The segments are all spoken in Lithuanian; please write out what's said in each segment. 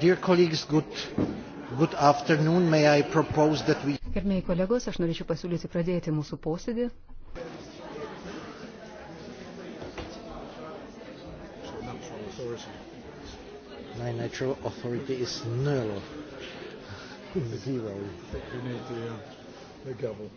Dear colleagues, good, good afternoon. May I propose that we... Gerbėjai kolegos, aš norėčiau pasiūlyti pradėti mūsų posėdį. My natural authority is null. Zero. You need the, uh, the gavel.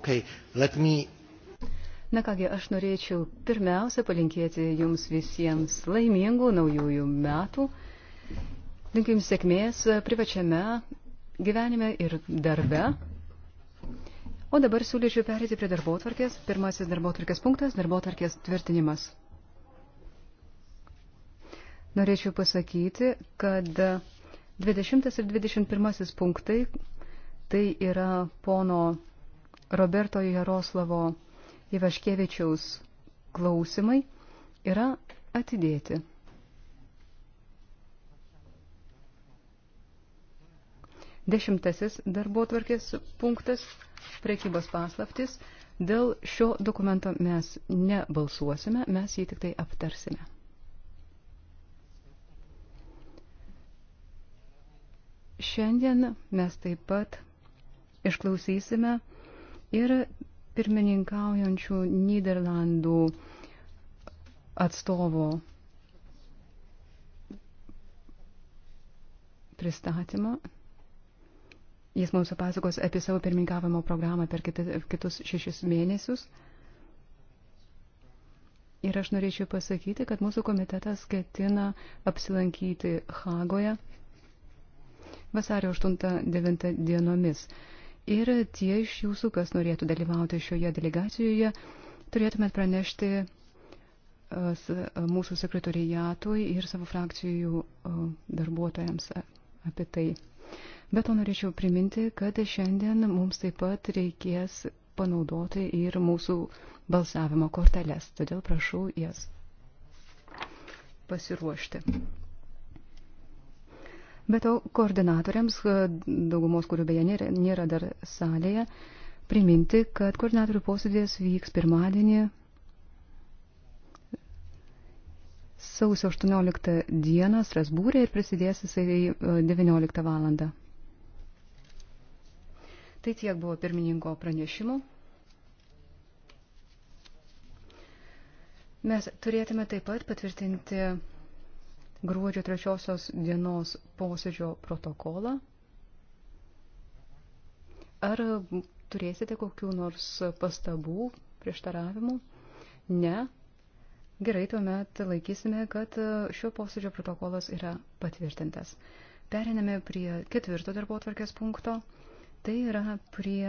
okay, let me. Na kągi, aš norėčiau pirmiausia palinkėti jums visiems laimingų naujųjų metų. Linkiu jums sėkmės privačiame gyvenime ir darbe. O dabar siūlyčiau perėti prie darbo tvarkės. Pirmasis darbo tvarkės punktas - darbo tvarkės tvirtinimas. Norėčiau pasakyti, kad 20 ir 21 punktai tai yra pono Roberto Jaroslavo Ivaškevičiaus klausimai yra atidėti. Dešimtasis darbo tvarkės punktas – prekybos paslaptis. Dėl šio dokumento mes nebalsuosime, mes jį tik tai aptarsime. Šiandien mes taip pat išklausysime ir pirmininkaujančių Niderlandų atstovo pristatymą. Jis mums papasakos apie savo pirmininkavimo programą per kitus šešis mėnesius. Ir aš norėčiau pasakyti, kad mūsų komitetas ketina apsilankyti Hagoje vasario 8-9 dienomis. Ir tie iš jūsų, kas norėtų dalyvauti šioje delegacijoje, turėtumėt pranešti e, e, mūsų sekretorijatui ir savo frakcijų e, darbuotojams apie tai. Bet to norėčiau priminti, kad šiandien mums taip pat reikės panaudoti ir mūsų balsavimo korteles, todėl prašau jas pasiruošti. Bet to koordinatoriams, e, daugumos kurių beje nėra, nėra dar salėje, priminti, kad koordinatorių posėdės vyks pirmadienį sausio 18 dieną Strasbūrė ir prasidės jisai 19 e, valandą. Tai tiek buvo pirmininko pranešimų. Mes turėtume taip pat patvirtinti gruodžio trečiosios dienos posėdžio protokolą. Ar turėsite kokių nors pastabų, prieštaravimų? Ne. Gerai, tuomet laikysime, kad šio posėdžio protokolas yra patvirtintas. Periname prie ketvirto darbo atvarkės punkto. Tai yra prie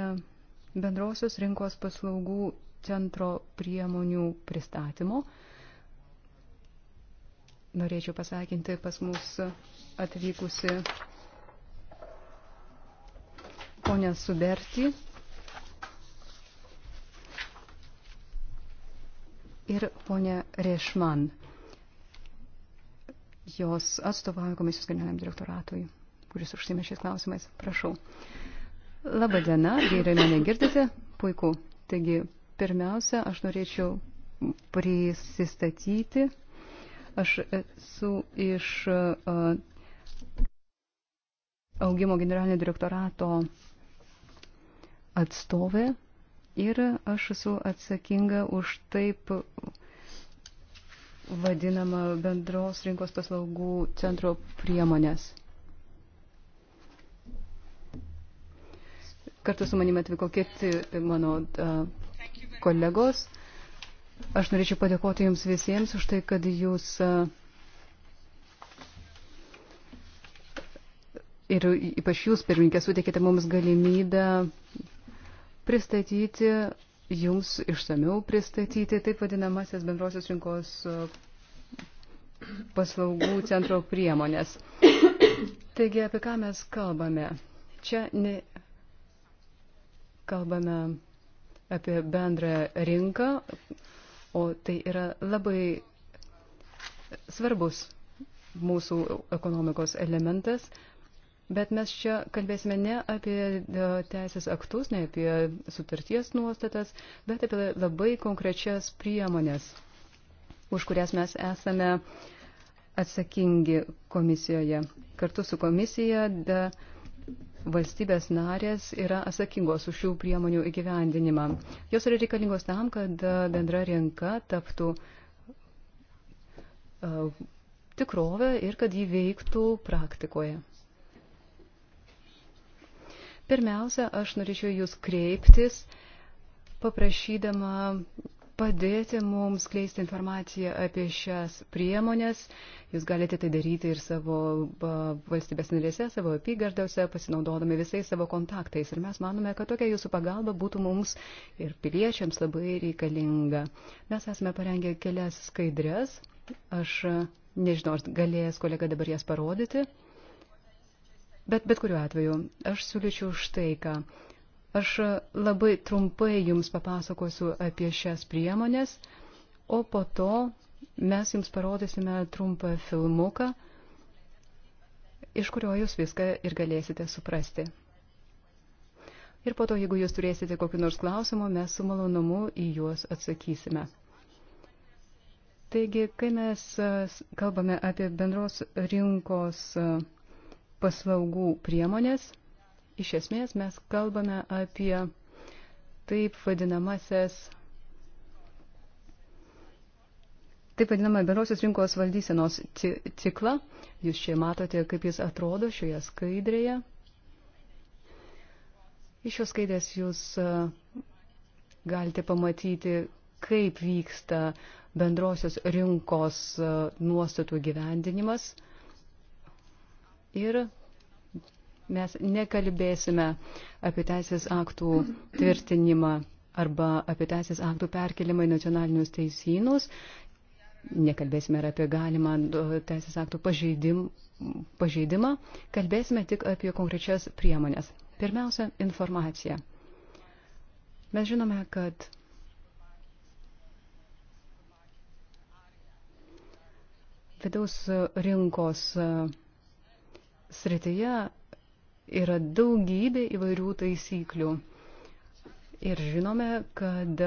bendrosios rinkos paslaugų centro priemonių pristatymo norėčiau pasakinti pas mus atvykusi ponę Suberti. Ir ponė Rešman, jos atstovauja komisijos generaliniam direktoratui, kuris užsima šiais klausimais. Prašau. Labą dieną, vyrai mane girdite? Puiku. Taigi, pirmiausia, aš norėčiau prisistatyti Aš esu iš augimo generalinio direktorato atstovė ir aš esu atsakinga už taip vadinamą bendros rinkos paslaugų centro priemonės. Kartu su manimi atvyko kiti mano uh, kolegos. Aš norėčiau padėkoti Jums visiems už tai, kad Jūs e, ir ypač Jūs, pirmininkė, suteikite mums galimybę pristatyti, Jums išsamiau pristatyti taip vadinamasis bendrosios rinkos e, paslaugų centro priemonės. Taigi, apie ką mes kalbame? Čia ne, kalbame apie bendrą rinką, o tai yra labai svarbus mūsų ekonomikos elementas, bet mes čia kalbėsime ne apie e, teisės aktus, ne apie sutarties nuostatas, bet apie labai konkrečias priemonės, už kurias mes esame atsakingi komisijoje. Kartu su komisija da, de valstybės narės yra atsakingos už šių priemonių įgyvendinimą. Jos yra reikalingos tam, kad bendra rinka taptų tikrovę ir kad jį veiktų praktikoje. Pirmiausia, aš norėčiau jūs kreiptis, paprašydama padėti mums kleisti informaciją apie šias priemonės. Jūs galite tai daryti ir savo valstybės narėse, savo apygardose, pasinaudodami visais savo kontaktais. Ir mes manome, kad tokia jūsų pagalba būtų mums ir piliečiams labai reikalinga. Mes esame parengę kelias skaidrės. Aš nežinau, ar galėjęs kolega dabar jas parodyti. Bet bet kuriuo atveju aš siūlyčiau štai ką. Aš labai trumpai jums papasakosiu apie šias priemonės, o po to mes jums parodysime trumpą filmuką, iš kurio jūs viską ir galėsite suprasti. Ir po to, jeigu jūs turėsite kokiu nors klausimu, mes su malonumu į juos atsakysime. Taigi, kai mes kalbame apie bendros rinkos paslaugų priemonės, Iš esmės mes kalbame apie taip vadinamasias Taip vadinamą bendrosios rinkos valdysenos ciklą. Jūs čia matote, kaip jis atrodo šioje skaidrėje. Iš šios skaidrės jūs e, galite pamatyti, kaip vyksta bendrosios rinkos e, nuostatų gyvendinimas ir mes nekalbėsime apie teisės aktų tvirtinimą arba apie teisės aktų perkelimą į nacionalinius teisynus, nekalbėsime ir apie galimą e, teisės aktų pažeidim, pažeidimą, kalbėsime tik apie konkrečias priemonės. Pirmiausia, informacija. Mes žinome, kad vidaus rinkos e, srityje yra daugybė įvairių taisyklių. Ir žinome, kad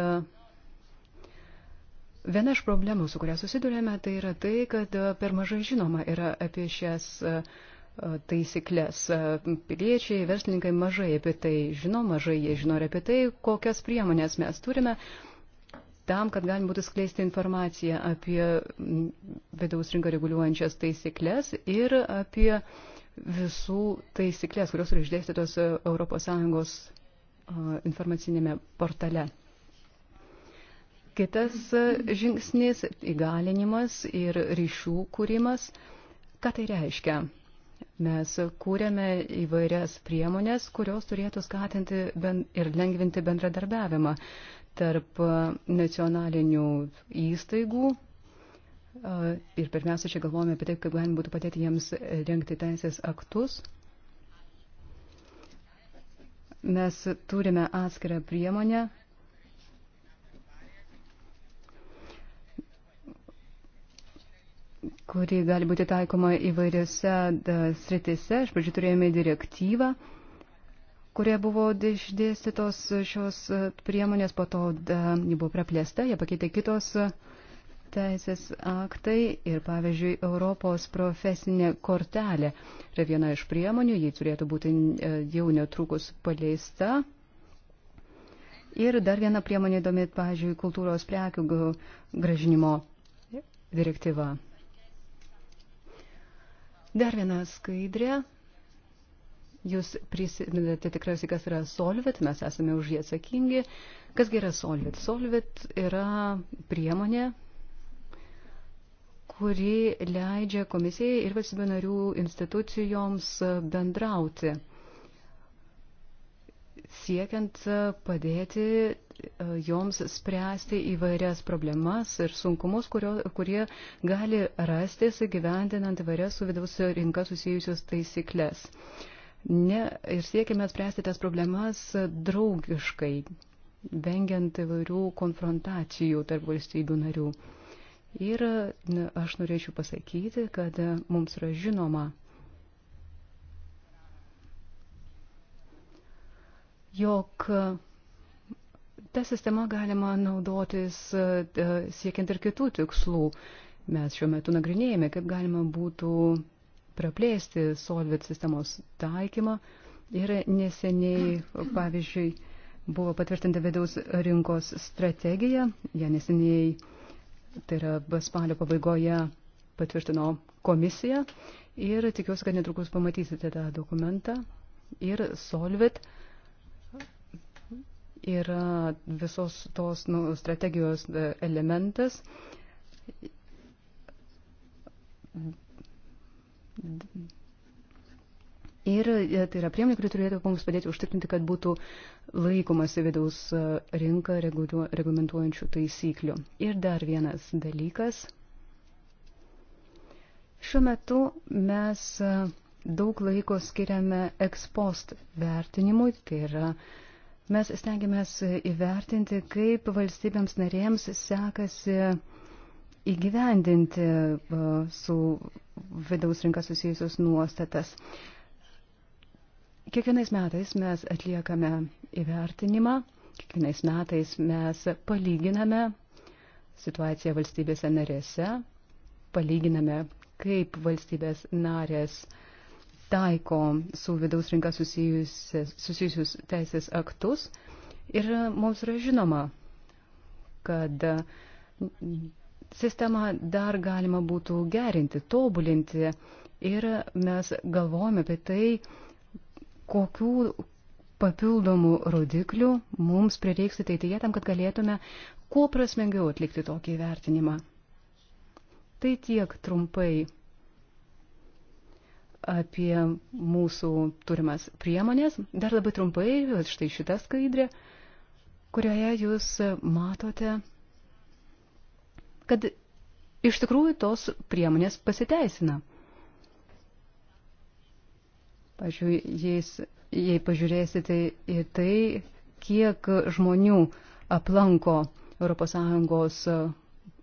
viena iš problemų, su kuria susidurėme, tai yra tai, kad per mažai žinoma yra apie šias e, taisyklės. Piliečiai, verslininkai mažai apie tai žino, mažai jie žino ir apie tai, kokias priemonės mes turime tam, kad galim būtų skleisti informaciją apie vidaus rinką reguliuojančias taisyklės ir apie uh, visų taisyklės, kurios yra išdėstytos ES e, informacinėme portale. Kitas e, žingsnis - įgalinimas ir ryšių kūrimas. Ką tai reiškia? Mes kūrėme įvairias priemonės, kurios turėtų skatinti ir lengvinti bendradarbiavimą tarp e, nacionalinių įstaigų, Ir pirmiausia, čia galvojame apie taip, kaip galima būtų padėti jiems rengti teisės aktus. Mes turime atskirą priemonę. kuri gali būti taikoma įvairiose sritise. Iš pradžių turėjome direktyvą, kurie buvo išdėstytos šios e, priemonės, po to ji buvo praplėsta, ją pakeitė kitos uh, teisės aktai ir, pavyzdžiui, Europos profesinė kortelė yra viena iš priemonių, jį turėtų būti e, jau netrukus paleista. Ir dar viena priemonė įdomi, pavyzdžiui, kultūros prekių gražinimo direktyva. Dar viena skaidrė. Jūs prisimenate tikriausiai, kas yra Solvit, mes esame už jį atsakingi. Kasgi yra Solvit? Solvit yra priemonė, kuri leidžia komisijai ir valstybių narių institucijoms bendrauti, siekiant padėti e, joms spręsti įvairias problemas ir sunkumus, kurio, kurie gali rastis įgyvendinant įvairias su vidaus rinka susijusios taisyklės. Ne, ir siekime spręsti tas problemas draugiškai, vengiant įvairių konfrontacijų tarp valstybių narių. Ir aš norėčiau pasakyti, kad e, mums yra žinoma, jog e, tą sistemą galima naudotis e, siekiant ir kitų tikslų. Mes šiuo metu nagrinėjame, kaip galima būtų praplėsti Solvit sistemos taikymą ir neseniai, pavyzdžiui, buvo patvirtinta vidaus rinkos strategija, ją neseniai tai yra spalio pabaigoje patvirtino komisija ir tikiuosi, kad netrukus pamatysite tą dokumentą. Ir Solvit yra visos tos nu, strategijos e, elementas. Mm -hmm Ir e, tai yra priemonė, kuri turėtų mums padėti užtikrinti, kad būtų laikomasi vidaus e, rinką reglamentuojančių taisyklių. Ir dar vienas dalykas. Šiuo metu mes e, daug laiko skiriame ekspost vertinimui, tai yra mes stengiamės įvertinti, kaip valstybėms narėms sekasi įgyvendinti su vidaus rinka susijusios nuostatas. Kiekvienais metais mes atliekame įvertinimą, kiekvienais metais mes palyginame situaciją valstybėse narėse, palyginame, kaip valstybės narės taiko su vidaus rinka susijusius, susijusius teisės aktus. Ir mums yra žinoma, kad sistemą dar galima būtų gerinti, tobulinti. Ir mes galvojame apie tai, kokių papildomų rodiklių mums prireiks ateityje tam, kad galėtume kuo prasmingiau atlikti tokį įvertinimą. Tai tiek trumpai apie mūsų turimas priemonės. Dar labai trumpai, štai šita skaidrė, kurioje jūs matote, kad iš tikrųjų tos priemonės pasiteisina. Pažiūrėjus, jei pažiūrėsite į tai, kiek žmonių aplanko ES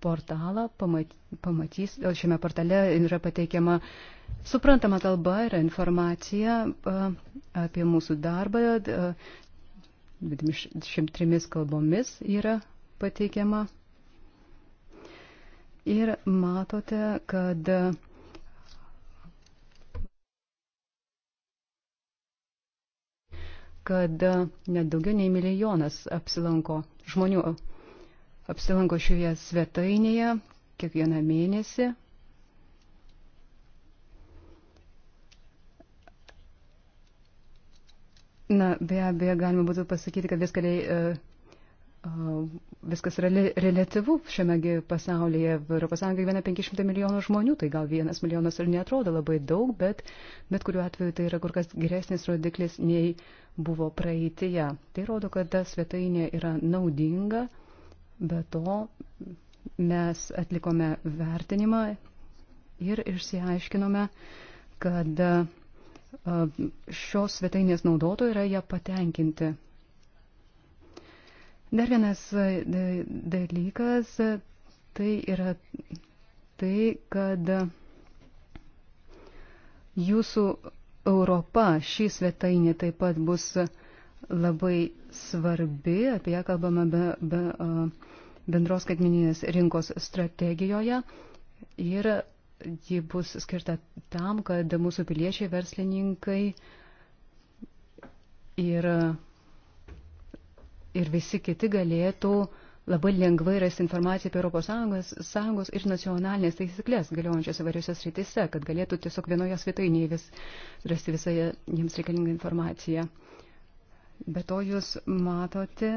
portalą, pamatys, šiame portale yra pateikiama suprantama kalba, yra informacija apie mūsų darbą, 23 kalbomis yra pateikiama. Ir matote, kad kad net daugiau nei milijonas apsilanko žmonių apsilanko šioje svetainėje kiekvieną mėnesį. Na, be abejo, galima būtų pasakyti, kad viską uh, uh, viskas yra relativu šiame pasaulyje. Europos Sąjunga gyvena 500 milijonų žmonių, tai gal vienas milijonas ir netrodo labai daug, bet bet kuriuo atveju tai yra kur kas geresnis rodiklis nei buvo praeitėje. Tai rodo, kad ta svetainė yra naudinga, be to mes atlikome vertinimą ir išsiaiškinome, kad šios svetainės naudotojai yra ją patenkinti. Dar vienas e, dalykas e, tai yra tai, kad jūsų Europa, ši svetainė taip pat bus labai svarbi, apie ją kalbame be, be e, bendros skaitmininės rinkos strategijoje ir ji bus skirta tam, kad mūsų piliečiai, verslininkai ir ir visi kiti galėtų labai lengvai rasti informaciją apie Europos Sąjungos, Sąjungos ir nacionalinės taisyklės galiojančias įvairiose srityse, kad galėtų tiesiog vienoje svetainėje vis rasti visą jiems reikalingą informaciją. Be to jūs matote,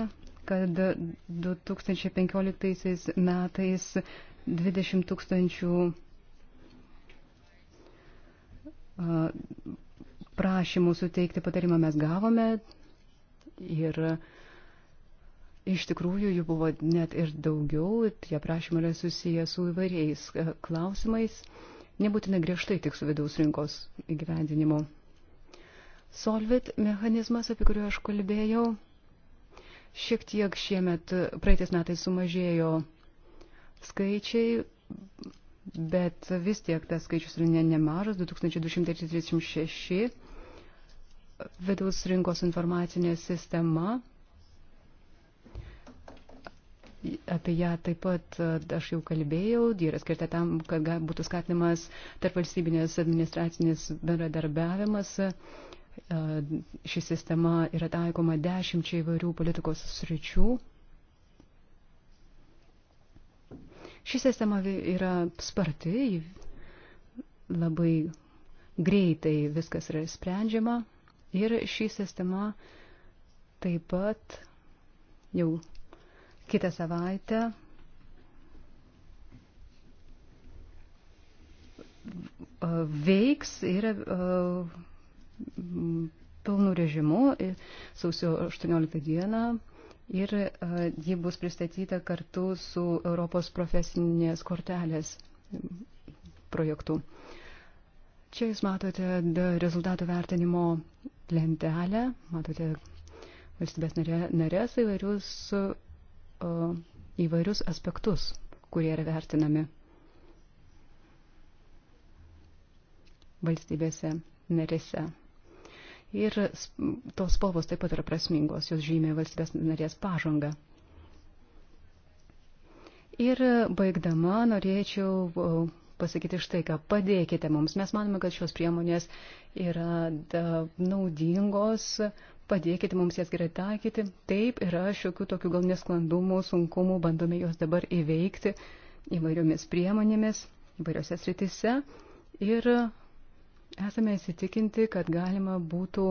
kad 2015 metais 20 tūkstančių prašymų suteikti patarimą mes gavome ir uh, Iš tikrųjų, jų buvo net ir daugiau, tie prašymai yra susiję su įvairiais e, klausimais, nebūtinai griežtai tik su vidaus rinkos įgyvendinimu. Solvit mechanizmas, apie kurį aš kalbėjau, šiek tiek šiemet praeitais metais sumažėjo skaičiai, bet vis tiek tas skaičius yra ne, nemažas, 2236 vidaus rinkos informacinė sistema apie ją taip pat e, aš jau kalbėjau, ji yra skirta tam, kad būtų skatinamas tarp valstybinės administracinės bendradarbiavimas. E, ši sistema yra taikoma dešimčiai įvairių politikos sričių. Ši sistema yra sparti, labai greitai viskas yra sprendžiama ir ši sistema taip pat jau kitą savaitę veiks ir e, pilnu režimu sausio 18 dieną ir e, ji bus pristatyta kartu su Europos profesinės kortelės projektu. Čia jūs matote rezultatų vertinimo lentelę, matote valstybės narės įvairius įvairius aspektus, kurie yra vertinami valstybėse narėse. Ir tos spalvos taip pat yra prasmingos, jos žymė valstybės narės pažangą. Ir baigdama norėčiau pasakyti štai ką, padėkite mums. Mes manome, kad šios priemonės yra da, naudingos, padėkite mums jas gerai taikyti. Taip yra šiokių tokių gal nesklandumų, sunkumų, bandome juos dabar įveikti įvairiomis priemonėmis, įvairiose sritise ir esame įsitikinti, kad galima būtų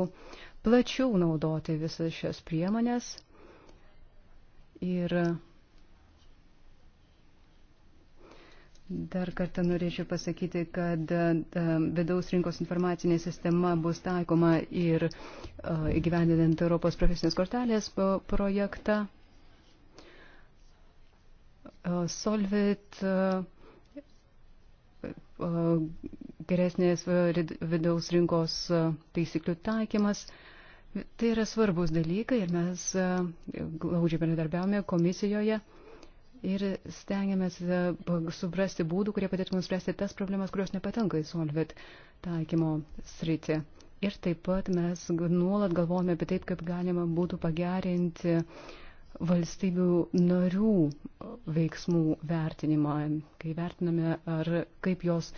plačiau naudoti visas šias priemonės ir Dar kartą norėčiau pasakyti, kad e, vidaus rinkos informacinė sistema bus taikoma ir e, įgyvendinant Europos profesinės kortelės projektą. E, Solvit geresnės vidaus rinkos taisyklių taikymas. Tai yra svarbus dalykai ir mes glaudžiai bendradarbiavome komisijoje ir stengiamės e, suprasti būdų, kurie padėtų mums spręsti tas problemas, kurios nepatenka į Solvit taikymo sritį. Ir taip pat mes nuolat galvojame apie taip, kaip galima būtų pagerinti valstybių narių e, veiksmų vertinimą, kai vertiname, ar kaip jos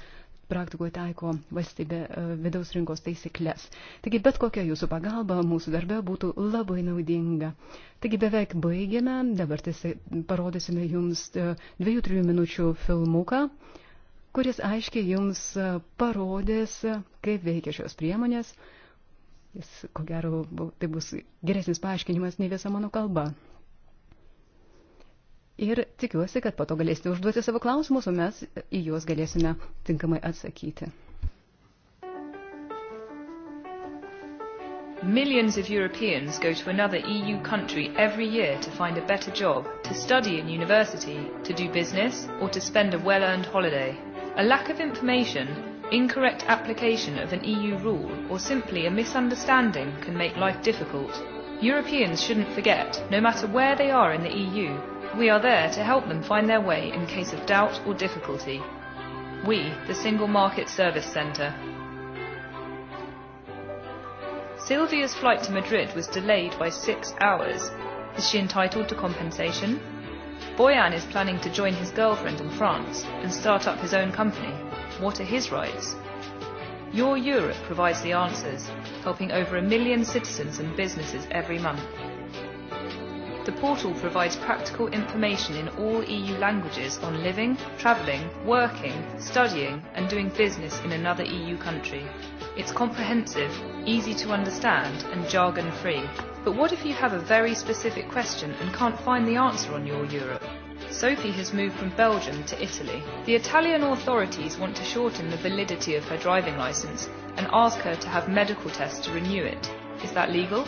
praktikoje taiko valstybė e, vidaus rinkos taisyklės. Taigi bet kokia jūsų pagalba mūsų darbe būtų labai naudinga. Taigi beveik baigėme, dabar tiesiog parodysime jums e, dviejų, trijų minučių filmuką, kuris aiškiai jums e, parodės, kaip veikia šios priemonės. Jis, ko gero, tai bus geresnis paaiškinimas nei visa mano kalba. Ir tikiuosi, kad po to galėsite užduoti savo klausimus, o mes į juos galėsime tinkamai atsakyti. Millions of Europeans go to another EU country every year to find a better job, to study in university, to do business, or to spend a well earned holiday. A lack of information, incorrect application of an EU rule, or simply a misunderstanding can make life difficult. Europeans shouldn't forget, no matter where they are in the EU, We are there to help them find their way in case of doubt or difficulty. We, the Single Market Service Centre. Sylvia's flight to Madrid was delayed by six hours. Is she entitled to compensation? Boyan is planning to join his girlfriend in France and start up his own company. What are his rights? Your Europe provides the answers, helping over a million citizens and businesses every month. The portal provides practical information in all EU languages on living, travelling, working, studying and doing business in another EU country. It's comprehensive, easy to understand and jargon free. But what if you have a very specific question and can't find the answer on your Europe? Sophie has moved from Belgium to Italy. The Italian authorities want to shorten the validity of her driving licence and ask her to have medical tests to renew it. Is that legal?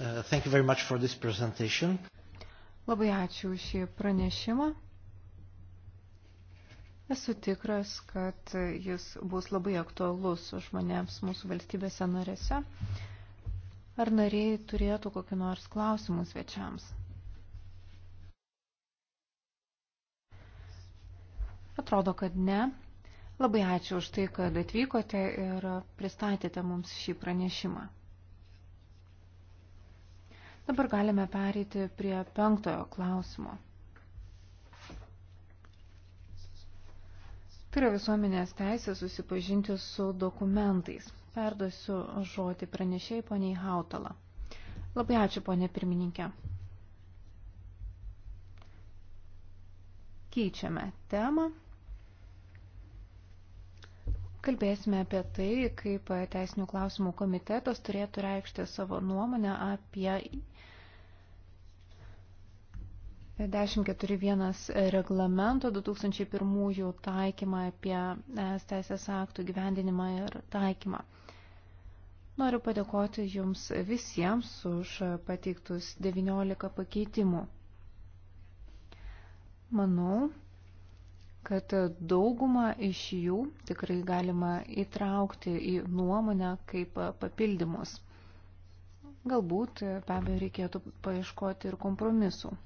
Uh, thank you very much for this presentation. Labai ačiū už šį pranešimą. Esu tikras, kad jis bus labai aktualus žmonėms mūsų valstybėse narėse. Ar nariai turėtų kokį nors klausimų svečiams? Atrodo, kad ne. Labai ačiū už tai, kad atvykote ir pristatėte mums šį pranešimą. Dabar galime pereiti prie penktojo klausimo. Tai yra visuomenės teisė susipažinti su dokumentais. Perduosiu žodį pranešėjai poniai Hautala. Labai ačiū, ponė pirmininkė. Keičiame temą. Kalbėsime apie tai, kaip Teisinių klausimų komitetas turėtų reikšti savo nuomonę apie 1041 reglamento 2001 taikymą apie ES teisės aktų gyvendinimą ir taikymą. Noriu padėkoti Jums visiems už pateiktus 19 pakeitimų. Manau, kad daugumą iš jų tikrai galima įtraukti į nuomonę kaip papildymus. Galbūt, be abejo, reikėtų paieškoti ir kompromisų.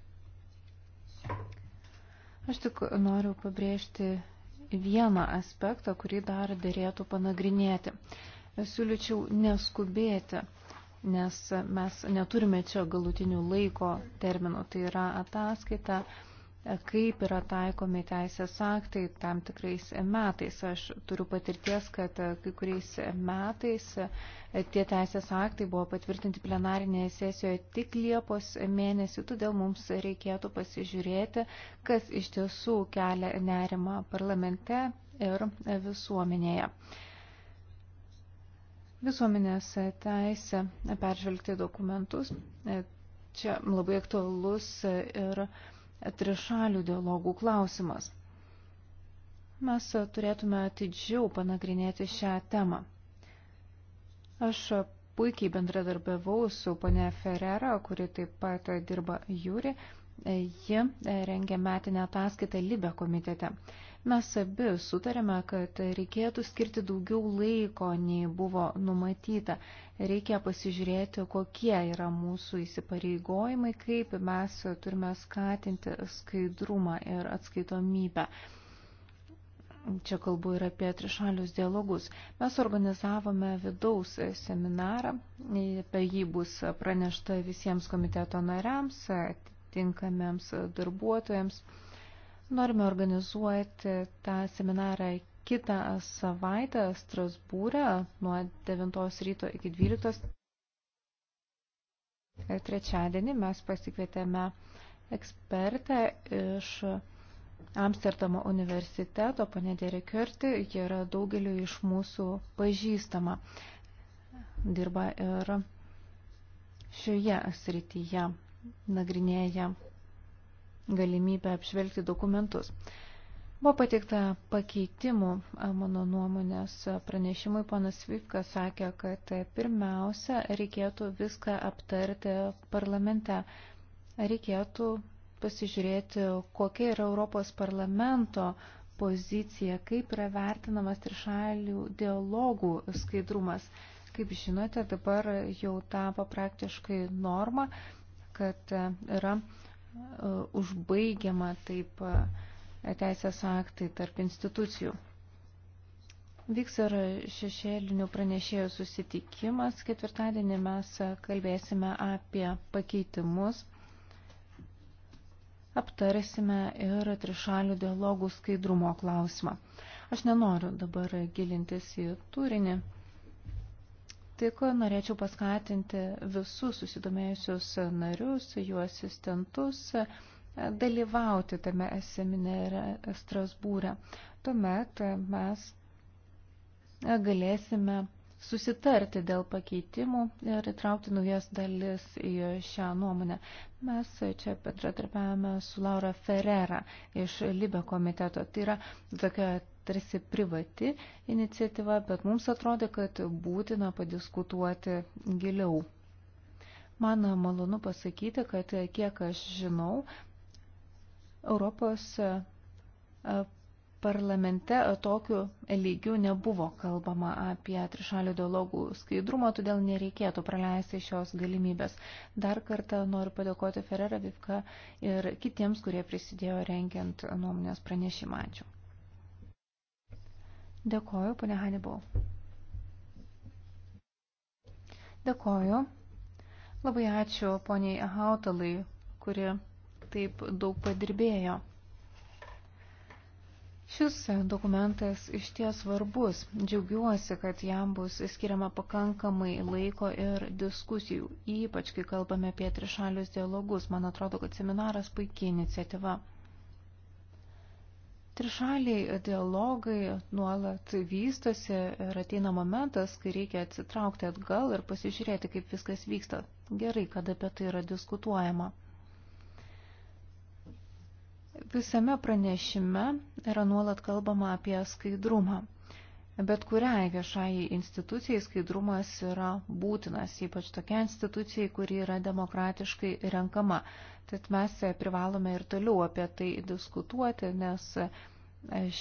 Aš tik noriu pabrėžti vieną aspektą, kurį dar dėrėtų panagrinėti. Siūlyčiau neskubėti, nes mes neturime čia galutinių laiko terminų. Tai yra ataskaita kaip yra taikomi teisės aktai tam tikrais metais. Aš turiu patirties, kad kai kuriais metais tie teisės aktai buvo patvirtinti plenarinėje sesijoje tik Liepos mėnesį, todėl mums reikėtų pasižiūrėti, kas iš tiesų kelia nerimą parlamente ir visuomenėje. Visuomenės teisė peržvelgti dokumentus. Čia labai aktualus ir trišalių dialogų klausimas. Mes turėtume atidžiau panagrinėti šią temą. Aš puikiai bendradarbiavau su ponia Ferrera, kuri taip pat dirba jūri Ji e, rengė metinę ataskaitą Libe komitete. Mes abi sutarėme, kad reikėtų skirti daugiau laiko, nei buvo numatyta. Reikia pasižiūrėti, kokie yra mūsų įsipareigojimai, kaip mes turime skatinti skaidrumą ir atskaitomybę čia kalbu ir apie trišalius dialogus. Mes organizavome vidaus seminarą, apie jį bus pranešta visiems komiteto nariams, tinkamiems darbuotojams. Norime organizuoti tą seminarą kitą savaitę Strasbūrę nuo 9 ryto iki 12. Trečiadienį mes pasikvietėme ekspertę iš Amsterdamo universiteto, ponė Derekirti, ji yra daugeliu iš mūsų pažįstama, dirba ir šioje srityje nagrinėja galimybę apžvelgti dokumentus. Buvo pateikta pakeitimų, mano nuomonės pranešimui, ponas Vivka sakė, kad pirmiausia reikėtų viską aptarti parlamente. Reikėtų pasižiūrėti, kokia yra Europos parlamento pozicija, kaip yra vertinamas trišalių dialogų skaidrumas. Kaip žinote, dabar jau tapo praktiškai norma kad yra e, užbaigiama taip e, teisės aktai tarp institucijų. Vyks ir šešėlinių pranešėjų susitikimas. Ketvirtadienį mes kalbėsime apie pakeitimus, aptarsime ir trišalių dialogų skaidrumo klausimą. Aš nenoriu dabar gilintis į turinį. Tik norėčiau paskatinti visus susidomėjusius narius, jų asistentus dalyvauti tame seminare Strasbūrė. Tuomet mes galėsime susitarti dėl pakeitimų ir įtraukti naujas dalis į šią nuomonę. Mes čia bendratarpiavame su Laura Ferrera iš Libe komiteto. Tai yra tokia tarsi privati iniciatyva, bet mums atrodo, kad būtina padiskutuoti giliau. Man malonu pasakyti, kad kiek aš žinau, Europos parlamente tokiu lygiu nebuvo kalbama apie trišalių dialogų skaidrumą, todėl nereikėtų praleisti šios galimybės. Dar kartą noriu padėkoti Ferrera Vivka ir kitiems, kurie prisidėjo rengiant nuomonės pranešimą. Ačiū. Dėkoju, ponė Hanibau. Dėkoju. Labai ačiū poniai Hautalai, kuri taip daug padirbėjo. Šis dokumentas iš ties svarbus. Džiaugiuosi, kad jam bus skiriama pakankamai laiko ir diskusijų, ypač kai kalbame apie trišalius dialogus. Man atrodo, kad seminaras puikiai iniciatyva. Trišaliai dialogai nuolat vystosi ir ateina momentas, kai reikia atsitraukti atgal ir pasižiūrėti, kaip viskas vyksta. Gerai, kad apie tai yra diskutuojama. Visame pranešime yra nuolat kalbama apie skaidrumą. Bet kuriai viešai institucijai skaidrumas yra būtinas, ypač tokia institucijai, kuri yra demokratiškai renkama. Tad mes privalome ir toliau apie tai diskutuoti, nes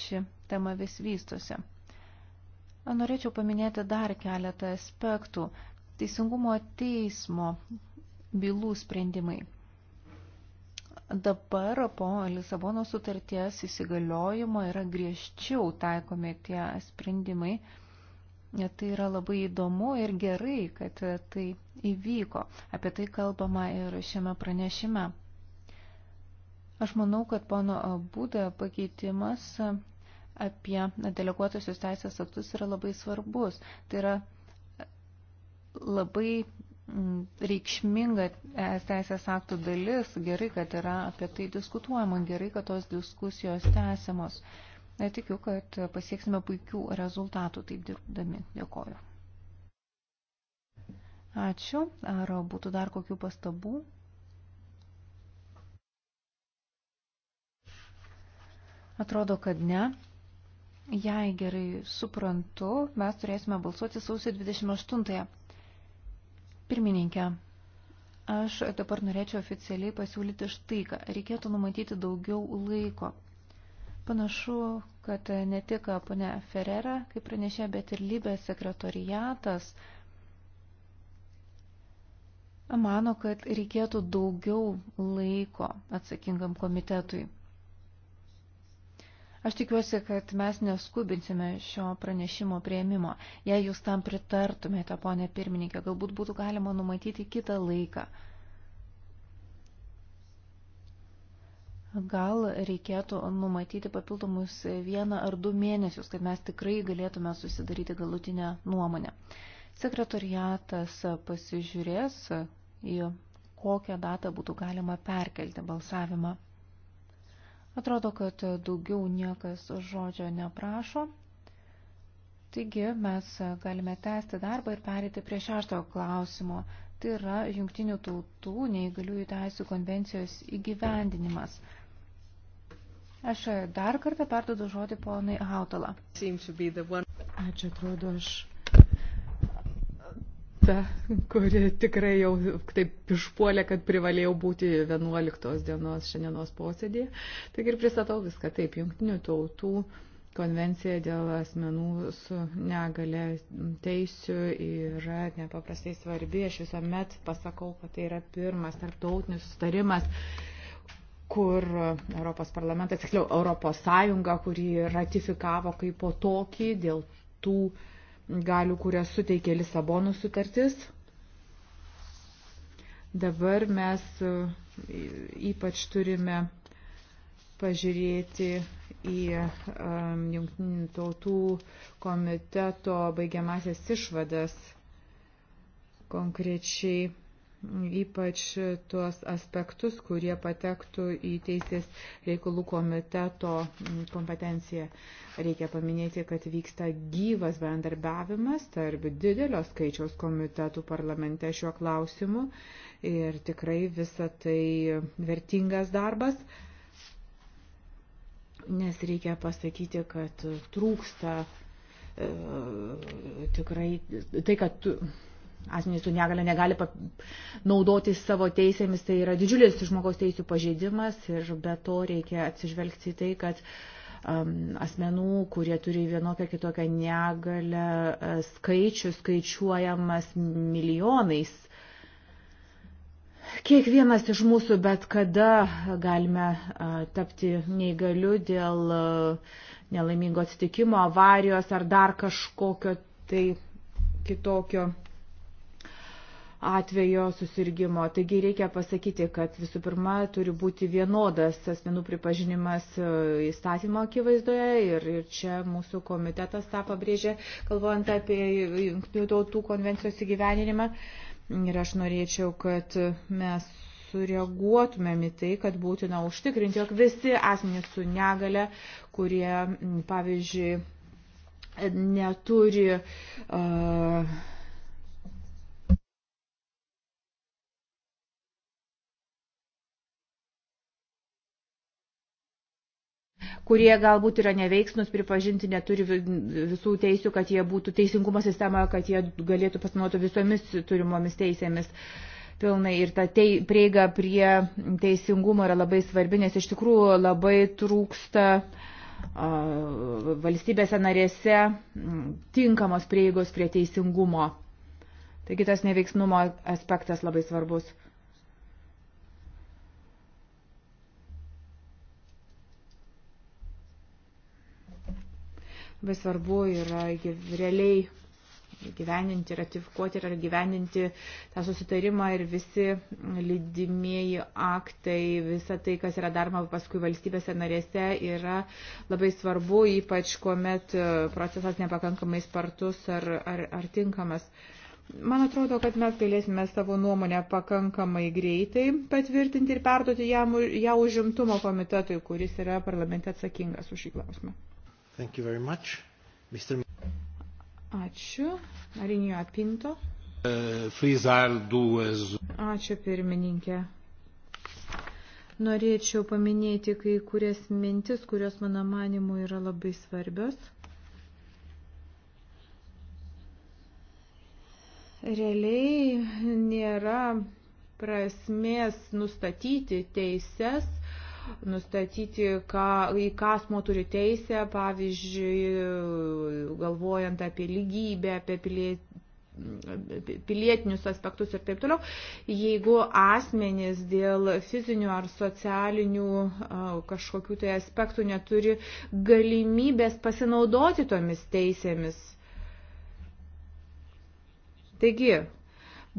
ši tema vis vystosi. Norėčiau paminėti dar keletą aspektų. Teisingumo teismo bylų sprendimai. Dabar po Lisabono sutarties įsigaliojimo yra griežčiau taikomi tie sprendimai. Tai yra labai įdomu ir gerai, kad tai įvyko. Apie tai kalbama ir šiame pranešime. Aš manau, kad pono būda pakeitimas apie deleguotusius teisės aktus yra labai svarbus. Tai yra labai Mm, reikšminga es teisės aktų dalis, gerai, kad yra apie tai diskutuojama, gerai, kad tos diskusijos tęsiamos. Tikiu, kad pasieksime puikių rezultatų taip dirbdami. Dėkoju. Ačiū. Ar būtų dar kokių pastabų? Atrodo, kad ne. Jei gerai suprantu, mes turėsime balsuoti sausio 28. -ąją pirmininkė, aš dabar norėčiau oficialiai pasiūlyti štai, ką reikėtų numatyti daugiau laiko. Panašu, kad ne tik ponė Ferrera, kaip pranešė, bet ir Libės sekretorijatas mano, kad reikėtų daugiau laiko atsakingam komitetui. Aš tikiuosi, kad mes neskubinsime šio pranešimo prieimimo. Jei jūs tam pritartumėte, ponė pirmininkė, galbūt būtų galima numatyti kitą laiką. Gal reikėtų numatyti papildomus vieną ar du mėnesius, kad mes tikrai galėtume susidaryti galutinę nuomonę. Sekretariatas pasižiūrės į kokią datą būtų galima perkelti balsavimą. Atrodo, kad daugiau niekas žodžio neprašo. Taigi mes galime tęsti darbą ir perėti prie šeštojo klausimo. Tai yra Junktinių tautų neįgaliųjų teisų konvencijos įgyvendinimas. Aš dar kartą perdodu žodį ponai Hautala. Ačiū, atrodo, aš ta, kuri tikrai jau taip išpuolė, kad privalėjau būti 11 dienos šiandienos posėdėje. Taigi ir pristatau viską taip, jungtinių tautų konvencija dėl asmenų su negale teisių yra nepaprastai svarbi. Aš visuomet pasakau, kad tai yra pirmas tarptautinis sustarimas kur Europos parlamentas, tiksliau Europos Sąjunga, kurį ratifikavo kaip po tokį dėl tų uh, galių, kurias suteikė Lisabonų sutartis. Dabar mes e, ypač turime pažiūrėti į um, e, Junktinių tautų komiteto baigiamasias išvadas konkrečiai ypač tuos aspektus, kurie patektų į Teisės reikalų komiteto kompetenciją. Reikia paminėti, kad vyksta gyvas bendarbiavimas tarp didelio skaičiaus komitetų parlamente šiuo klausimu ir tikrai visa tai vertingas darbas. Nes reikia pasakyti, kad trūksta e, tikrai tai, kad asmenys su negale negali naudotis savo teisėmis, tai yra didžiulis žmogaus teisų pažeidimas ir be to reikia atsižvelgti į tai, kad um, asmenų, kurie turi vienokią kitokią negalę, e, skaičių skaičiuojamas milijonais. Kiekvienas iš mūsų bet kada galime uh, tapti neįgaliu dėl uh, nelaimingo atsitikimo, avarijos ar dar kažkokio tai kitokio atvejo susirgymo. Taigi reikia pasakyti, kad visų pirma turi būti vienodas asmenų pripažinimas e, įstatymo akivaizdoje ir, ir čia mūsų komitetas tą pabrėžė, kalbant apie Junktinių tautų konvencijos įgyveninimą. Ir aš norėčiau, kad mes sureaguotumėm į tai, kad būtina užtikrinti, jog visi asmenys su negale, kurie, pavyzdžiui, neturi uh, kurie galbūt yra neveiksnus, pripažinti neturi visų teisių, kad jie būtų teisingumo sistemoje, kad jie galėtų pasinaudoti visomis turimomis teisėmis pilnai ir ta tei, prieiga prie teisingumo yra labai svarbi, nes iš tikrųjų labai trūksta uh, valstybėse narėse tinkamos prieigos prie teisingumo. Taigi tas neveiksnumo aspektas labai svarbus. Labai svarbu yra realiai gyveninti, ratifikuoti ir gyveninti tą susitarimą ir visi lydimieji aktai, visa tai, kas yra daroma paskui valstybėse narėse, yra labai svarbu, ypač kuomet e, procesas nepakankamai spartus ar, ar, ar tinkamas. Man atrodo, kad mes galėsime savo nuomonę pakankamai greitai patvirtinti ir perduoti ją, ją užimtumo komitetui, kuris yra parlamente atsakingas už šį klausimą. Thank you very much. Mr. Ačiū. Arinio Apinto. Uh, frizar duas. Ačiū pirmininkė. Norėčiau paminėti kai kurias mintis, kurios mano manimu yra labai svarbios. Realiai nėra prasmės nustatyti teises nustatyti, ką, į ką asmo turi teisę, pavyzdžiui, galvojant apie lygybę, apie pilietybę pilietinius aspektus ir taip toliau, jeigu asmenys dėl fizinių ar socialinių kažkokių tai aspektų neturi galimybės pasinaudoti tomis teisėmis. Taigi,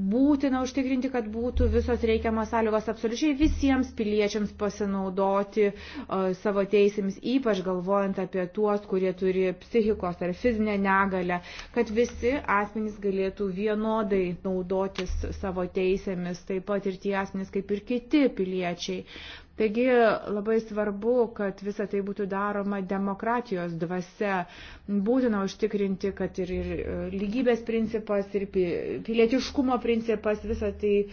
būtina užtikrinti, kad būtų visos reikiamos sąlygos absoliučiai visiems piliečiams pasinaudoti uh, savo teisėmis, ypač galvojant apie tuos, kurie turi psichikos ar fizinę negalę, kad visi asmenys galėtų vienodai naudotis savo teisėmis, taip pat ir tie asmenys kaip ir kiti piliečiai. Taigi labai svarbu, kad visa tai būtų daroma demokratijos dvasia. Būtina užtikrinti, kad ir, ir e, lygybės principas, ir pilietiškumo principas, visa tai e,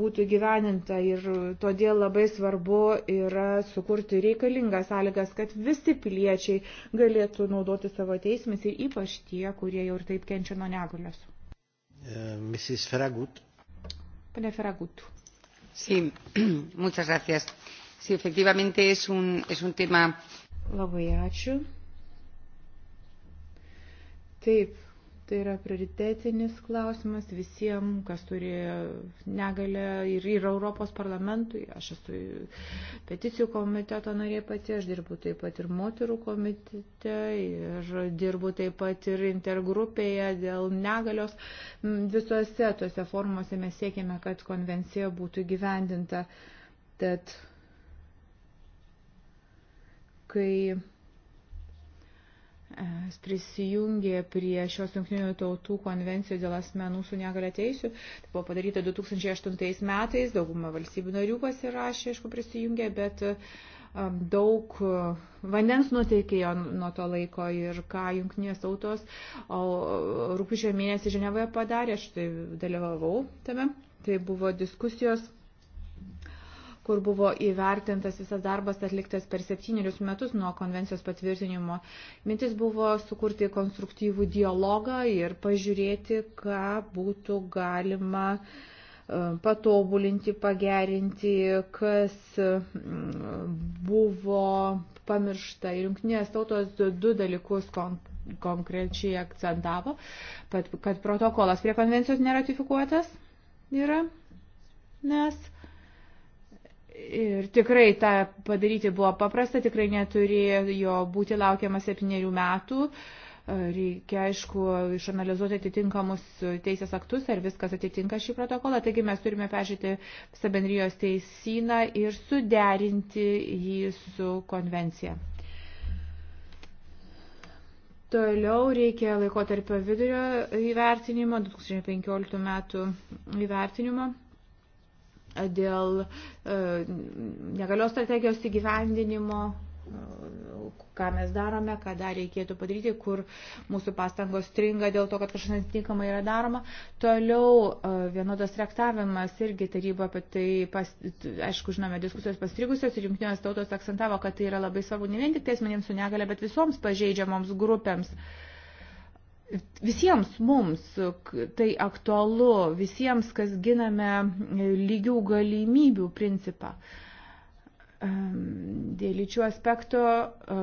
būtų gyveninta. Ir todėl labai svarbu yra sukurti reikalingas sąlygas, kad visi piliečiai galėtų naudoti savo teismės ir ypač tie, kurie jau ir taip kenčia nuo negalios. E, Mrs. Feragut. Pane Feragut. Sí, muchas gracias. Sí, efectivamente es un, es un tema. Labai ačiū. Taip, Tai yra prioritetinis klausimas visiems, kas turi negalę ir, ir Europos parlamentui. Aš esu peticijų komiteto narė pati, aš dirbu taip pat ir moterų komitete ir dirbu taip pat ir intergrupėje dėl negalios. Mm, visose tuose formuose mes siekime, kad konvencija būtų gyvendinta. Tad kai prisijungė prie šios jungtinių tautų konvencijos dėl asmenų su negalia teisių. Tai buvo padaryta 2008 metais, dauguma valstybių narių pasirašė, aišku, prisijungė, bet um, daug uh, vandens nutekėjo nuo to laiko ir ką jungtinės tautos rūpiučio mėnesį Ženevoje padarė, aš tai dalyvavau tame. Tai buvo diskusijos kur buvo įvertintas visas darbas atliktas per septynerius metus nuo konvencijos patvirtinimo. Mintis buvo sukurti konstruktyvų dialogą ir pažiūrėti, ką būtų galima e, patobulinti, pagerinti, kas buvo pamiršta. Ir jungtinės tautos du dalykus konkrečiai akcentavo, kad protokolas prie konvencijos neratifikuotas yra, nes Ir tikrai tą padaryti buvo paprasta, tikrai neturėjo būti laukiama septyniarių metų. Reikia, aišku, išanalizuoti atitinkamus teisės aktus, ar viskas atitinka šį protokolą. Taigi mes turime peržiūrėti visą bendrijos teisyną ir suderinti jį su konvencija. Toliau reikia laikotarpio vidurio įvertinimo, 2015 metų įvertinimo dėl e, negalios strategijos įgyvendinimo e, ką mes darome, ką dar reikėtų padaryti, kur mūsų pastangos stringa dėl to, kad kažkas netinkamai yra daroma. Toliau e, vienodas traktavimas irgi taryba apie tai, pas, aišku, žinome, diskusijos pastrigusios ir jungtinės tautos akcentavo, kad tai yra labai svarbu ne vien tik tais manėms su negale, bet visoms pažeidžiamoms grupėms. Uh, visiems mums tai aktualu, visiems, kas giname e, lygių galimybių principą. Ehm, dėl lyčių aspekto e,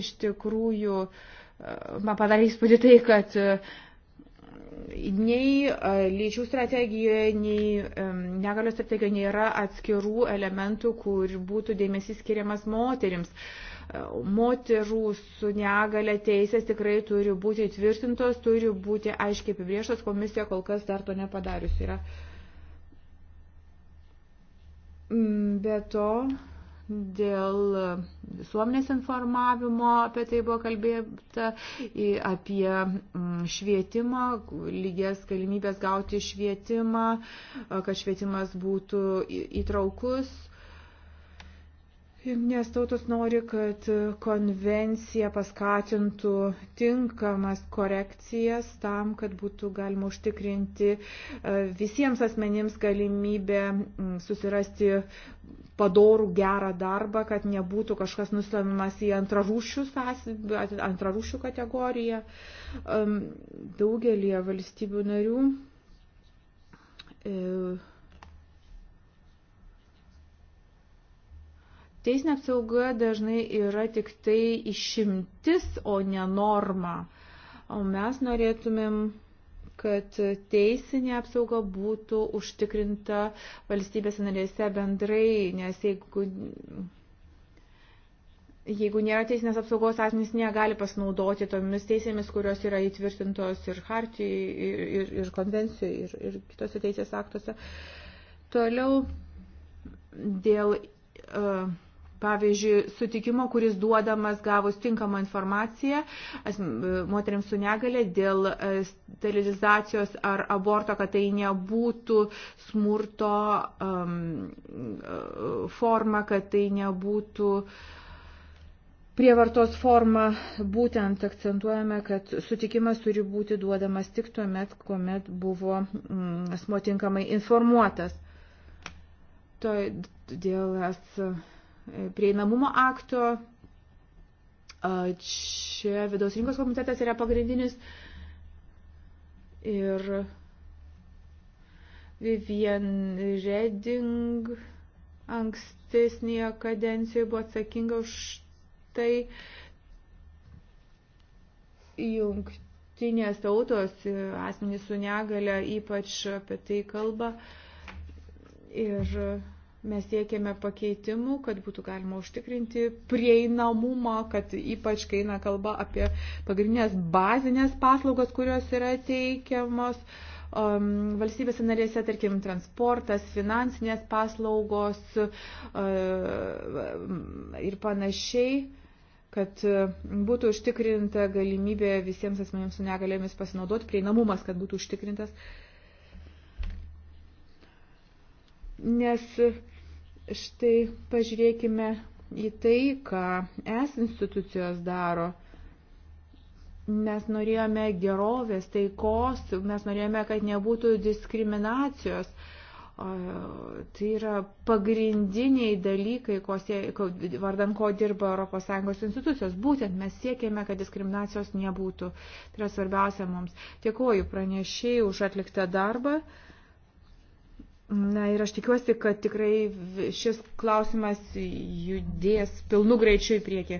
iš tikrųjų e, man padarė įspūdį tai, kad nei lyčių strategijoje, nei negalios strategijoje nėra atskirų elementų, kur būtų dėmesys skiriamas moterims. Uh, moterų su negale teisės tikrai turi būti įtvirtintos, turi būti aiškiai apibrieštos, komisija kol kas dar to nepadarius yra. Mm, be to, dėl visuomenės informavimo, apie tai buvo kalbėta, apie mm, švietimą, lygias galimybės gauti švietimą, kad švietimas būtų įtraukus. Junktinės tautos nori, kad konvencija paskatintų tinkamas korekcijas tam, kad būtų galima užtikrinti e, visiems asmenims galimybę susirasti padorų gerą darbą, kad nebūtų kažkas nuslamimas į antrarūšių kategoriją. Daugelie valstybių narių e, Teisinė apsauga dažnai yra tik tai išimtis, o ne norma. O mes norėtumėm, kad teisinė apsauga būtų užtikrinta valstybės narėse bendrai, nes jeigu, jeigu nėra teisinės apsaugos, asmenys negali pasinaudoti tomis teisėmis, kurios yra įtvirtintos ir hartijoje, ir, ir, ir konvencijoje, ir, ir kitose teisės aktuose. Toliau dėl. Uh, Pavyzdžiui, sutikimo, kuris duodamas gavus tinkamą informaciją moteriams su negale dėl e, sterilizacijos ar aborto, kad tai nebūtų smurto um, forma, kad tai nebūtų prievartos forma. Būtent akcentuojame, kad sutikimas turi būti duodamas tik tuomet, kuomet buvo mm, asmo tinkamai informuotas. Todėl esu prieinamumo akto. Čia vidaus rinkos komitetas yra pagrindinis. Ir Vivian Reding ankstesnėje kadencijoje buvo atsakinga už tai jungtinės tautos asmenys su negale ypač apie tai kalba. Ir Mes siekėme pakeitimų, kad būtų galima užtikrinti prieinamumą, kad ypač, kai eina kalba apie pagrindinės bazinės paslaugas, kurios yra teikiamos um, valstybėse narėse, tarkim, transportas, finansinės paslaugos uh, ir panašiai kad uh, būtų užtikrinta galimybė visiems asmenėms su negalėmis pasinaudoti, prieinamumas, kad būtų užtikrintas. Nes uh, Štai pažiūrėkime į tai, ką es institucijos daro. Mes norėjome gerovės, taikos, mes norėjome, kad nebūtų diskriminacijos. Tai yra pagrindiniai dalykai, ko sie, ko, vardan ko dirba ES institucijos. Būtent mes siekėme, kad diskriminacijos nebūtų. Tai yra svarbiausia mums. Dėkuoju pranešėjai už atliktą darbą. Na ir aš tikiuosi, kad tikrai šis klausimas judės pilnu greičiu į priekį.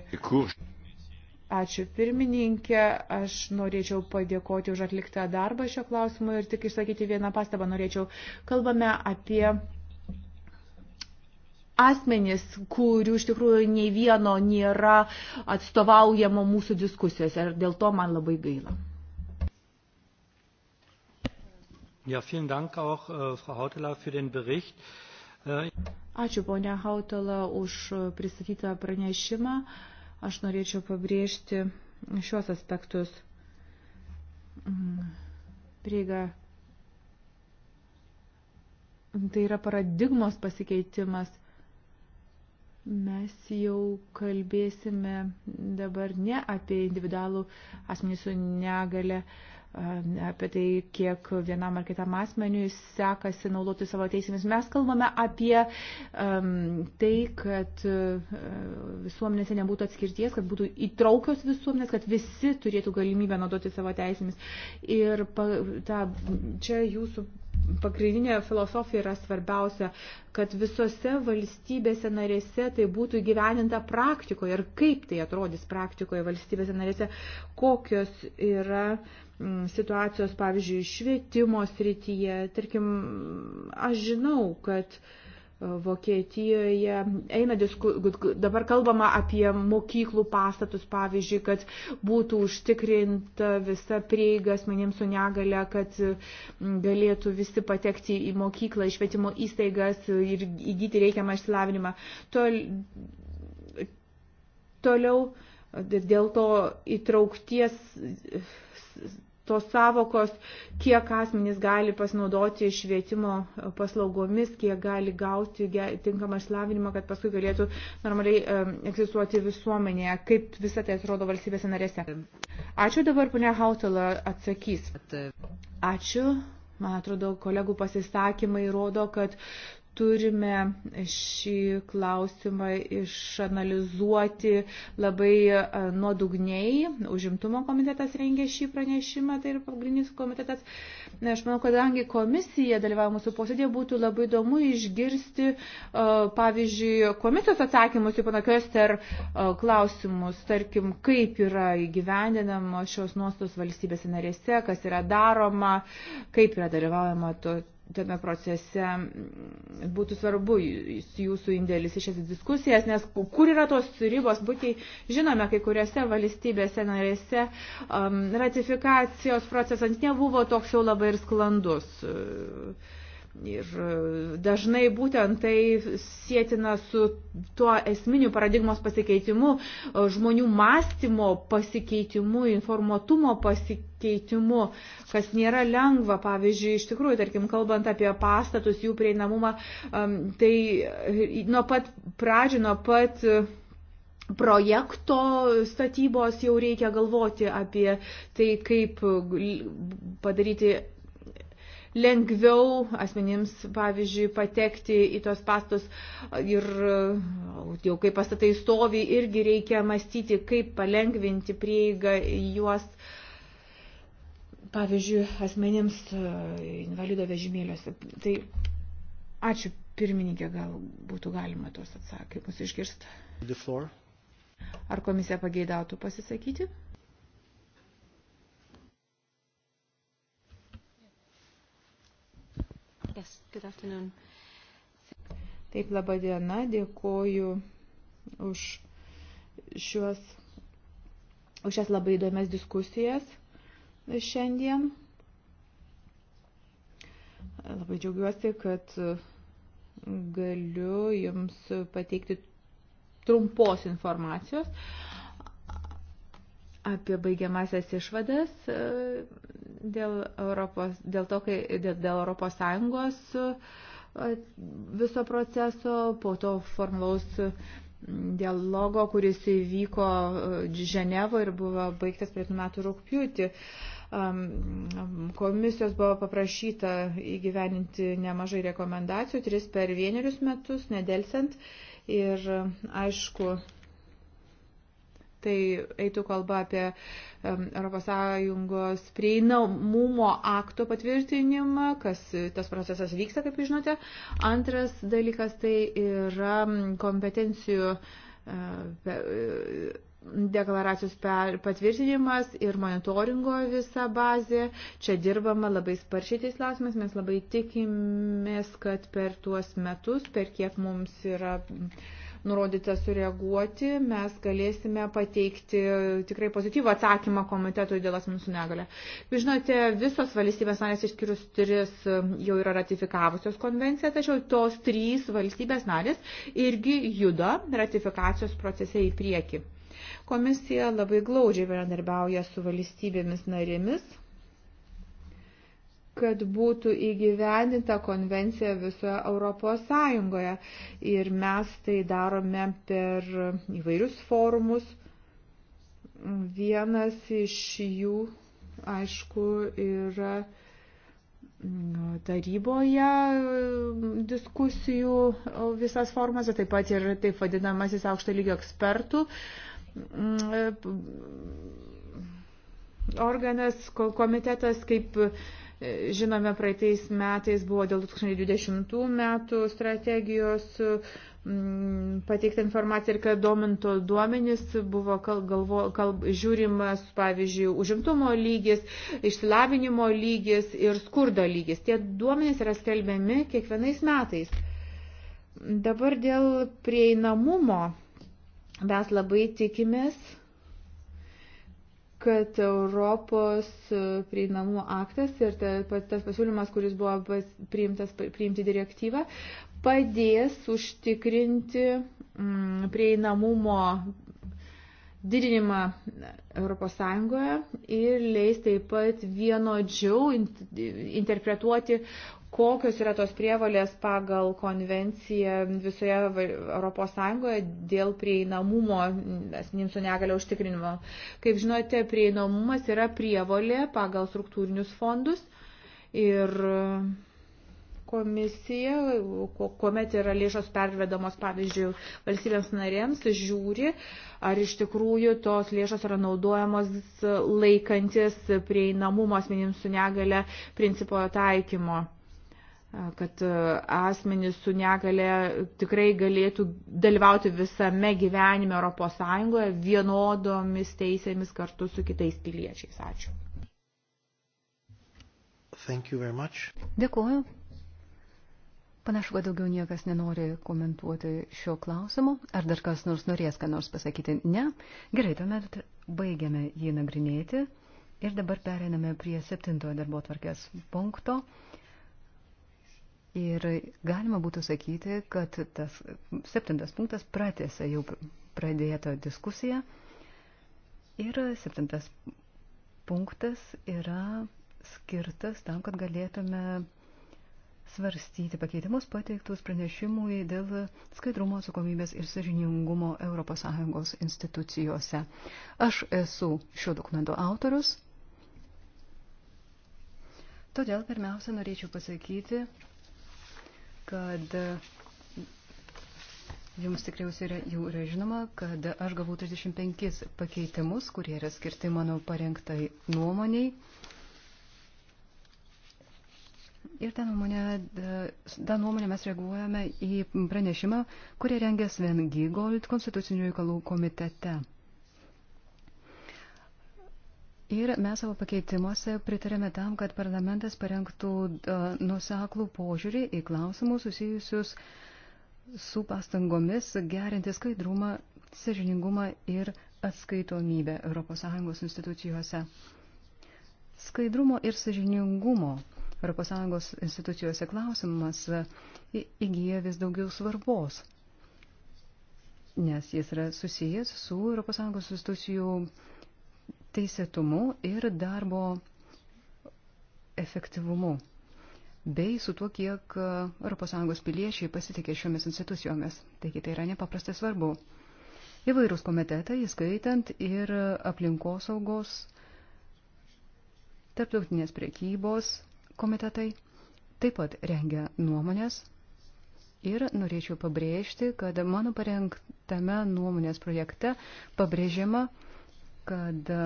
Ačiū pirmininkė, aš norėčiau padėkoti už atliktą darbą šio klausimu ir tik išsakyti vieną pastabą norėčiau. Kalbame apie asmenys, kurių iš tikrųjų nei vieno nėra atstovaujamo mūsų diskusijose ir dėl to man labai gaila. Ja, vielen Dank auch, äh, Frau Hautela, für den Bericht. Äh... Ačiū, ponia Hautela, už äh, pristatytą pranešimą. Aš norėčiau pabrėžti šios aspektus. Mm, prieiga. Tai yra paradigmos pasikeitimas. Mes jau kalbėsime dabar ne apie individualų asmenį su negale. Uh, apie tai, kiek vienam ar kitam asmeniui sekasi naudoti savo teisėmis. Mes kalbame apie um, tai, kad uh, visuomenėse nebūtų atskirties, kad būtų įtraukios visuomenės, kad visi turėtų galimybę naudoti savo teisėmis. Ir pa, ta, čia jūsų pagrindinė filosofija yra svarbiausia, kad visose valstybėse narėse tai būtų gyveninta praktikoje ir kaip tai atrodys praktikoje valstybėse narėse, kokios yra mm, situacijos, pavyzdžiui, švietimo srityje. Tarkim, aš žinau, kad uh, Vokietijoje eina disku, dabar kalbama apie mokyklų pastatus, pavyzdžiui, kad būtų užtikrinta visa prieiga asmenėms su negale, kad galėtų visi patekti į mokyklą, išvietimo įstaigas ir įgyti reikiamą išsilavinimą. Tol, toliau dėl to įtraukties tos savokos, kiek asmenys gali pasinaudoti švietimo paslaugomis, kiek gali gauti tinkamą išlavinimą, kad paskui galėtų normaliai egzistuoti visuomenėje. Kaip visą tai atrodo valstybėse narėse? Ačiū dabar, ponia Hautala, atsakys. Ačiū. Man atrodo, kolegų pasisakymai rodo, kad turime šį klausimą išanalizuoti labai e, nuodugniai. Užimtumo komitetas rengė šį pranešimą, tai yra pagrindinis komitetas. Na, aš manau, kadangi komisija dalyvavo mūsų posėdėje, būtų labai įdomu išgirsti, e, pavyzdžiui, komisijos atsakymus į panakios ter e, klausimus, tarkim, kaip yra įgyvendinamos šios nuostos valstybėse narėse, kas yra daroma, kaip yra dalyvaujama to tame procese mm, būtų svarbu jūsų indėlis į šias diskusijas, nes kur yra tos ribos, būkiai žinome, kai kuriuose valstybėse narėse um, ratifikacijos procesas nebuvo toks jau labai ir sklandus. Uh, Ir e, dažnai būtent tai sėtina su tuo esminiu paradigmos pasikeitimu, e, žmonių mąstymo pasikeitimu, informatumo pasikeitimu, kas nėra lengva. Pavyzdžiui, iš tikrųjų, tarkim, kalbant apie pastatus, jų prieinamumą, tai e, nuo pat pradžio, nuo pat projekto statybos jau reikia galvoti apie tai, kaip padaryti lengviau asmenims, pavyzdžiui, patekti į tos pastus ir e, jau kai pastatai stovi, irgi reikia mąstyti, kaip palengvinti prieigą juos. Pavyzdžiui, asmenims e, invalido vežimėliuose. Tai ačiū pirmininkė, gal būtų galima tos atsakymus išgirsti. Ar komisija pageidautų pasisakyti? Yes, good afternoon. Taip, laba diena, dėkoju už šios, už šias labai įdomias diskusijas šiandien. Labai džiaugiuosi, kad galiu Jums pateikti trumpos informacijos apie baigiamasias išvadas e, dėl Europos, dėl to, kai, dėl, dėl Europos Sąjungos e, viso proceso, po to formalaus dialogo, kuris įvyko e, Ženevo ir buvo baigtas prie metų rūpjūtį. Komisijos buvo paprašyta įgyveninti nemažai rekomendacijų, tris per vienerius metus, nedelsiant. Ir aišku, tai eitų kalba apie ES prieinamumo akto patvirtinimą, kas tas procesas vyksta, kaip žinote. Antras dalykas tai yra kompetencijų e, e, deklaracijos patvirtinimas ir monitoringo visa bazė. Čia dirbama labai sparčiai tais klausimais, mes labai tikimės, kad per tuos metus, per kiek mums yra uh, nurodyta sureaguoti, mes galėsime pateikti tikrai pozityvų atsakymą komitetui dėl asmenų su negale. Jūs žinote, visos valstybės narės išskyrus tris jau yra ratifikavusios konvenciją, tačiau tos trys valstybės narės irgi juda ratifikacijos procese į priekį. Komisija labai glaudžiai bendradarbiauja su valstybėmis narėmis kad būtų įgyvendinta konvencija visoje Europos Sąjungoje. Ir mes tai darome per įvairius forumus. Vienas iš jų, aišku, yra mm, taryboje mm, diskusijų visas formas, taip pat ir taip vadinamasis aukšto lygio ekspertų mm, organas, komitetas kaip Žinome, praeitais metais buvo dėl 2020 metų strategijos mm, pateikta informacija ir kad dominto duomenys buvo galvo, kalb, žiūrimas, pavyzdžiui, užimtumo lygis, išsilavinimo lygis ir skurdo lygis. Tie duomenys yra skelbiami kiekvienais metais. Dabar dėl prieinamumo mes labai tikimės kad Europos e, prieinamų aktas ir tas pasiūlymas, kuris buvo priimtas, priimti direktyvą, padės užtikrinti mm, prieinamumo didinimą ES ir leis taip pat vienodžiau interpretuoti kokios yra tos prievalės pagal konvenciją visoje ES dėl prieinamumo asmenims su negale užtikrinimo. Kaip žinote, prieinamumas yra prievalė pagal struktūrinius fondus ir komisija, kuomet yra lėšos pervedamos, pavyzdžiui, valstybėms narėms, žiūri, ar iš tikrųjų tos lėšos yra naudojamos laikantis prieinamumo asmenims su negale principo taikymo kad asmenys su negale tikrai galėtų dalyvauti visame gyvenime ES vienodomis teisėmis kartu su kitais piliečiais. Ačiū. Thank you very much. Dėkuoju. Panašu, kad daugiau niekas nenori komentuoti šio klausimo. Ar dar kas nors norės, ką nors pasakyti? Ne. Gerai, tuomet baigiame jį nagrinėti. Ir dabar pereiname prie septintojo darbo tvarkės punkto. Ir galima būtų sakyti, kad tas septintas punktas pratėse jau pradėtą diskusiją. Ir septintas punktas yra skirtas tam, kad galėtume svarstyti pakeitimus pateiktus pranešimui dėl skaidrumo atsakomybės ir sažiningumo ES institucijose. Aš esu šio dokumento autorius, todėl pirmiausia norėčiau pasakyti, kad jums tikriausiai yra, jau yra žinoma, kad aš gavau 35 pakeitimus, kurie yra skirti mano parengtai nuomoniai. Ir tą nuomonę, tą nuomonę mes reaguojame į pranešimą, kurį rengia Sven Gygold konstitucinių reikalų komitete. Ir mes savo pakeitimuose pritarėme tam, kad parlamentas parengtų e, nusaklų požiūrį į klausimus susijusius su pastangomis gerinti skaidrumą, sažiningumą ir atskaitomybę ES institucijose. Skaidrumo ir sažiningumo ES institucijose klausimas įgyja vis daugiau svarbos, nes jis yra susijęs su ES institucijų teisėtumu ir darbo efektyvumu, bei su tuo, kiek ES piliečiai pasitikė šiomis institucijomis. Taigi tai yra nepaprastai svarbu. Įvairūs komitetai, įskaitant ir aplinkosaugos, tarptautinės priekybos komitetai, taip pat rengia nuomonės Ir norėčiau pabrėžti, kad mano parengtame nuomonės projekte pabrėžiama, kad e,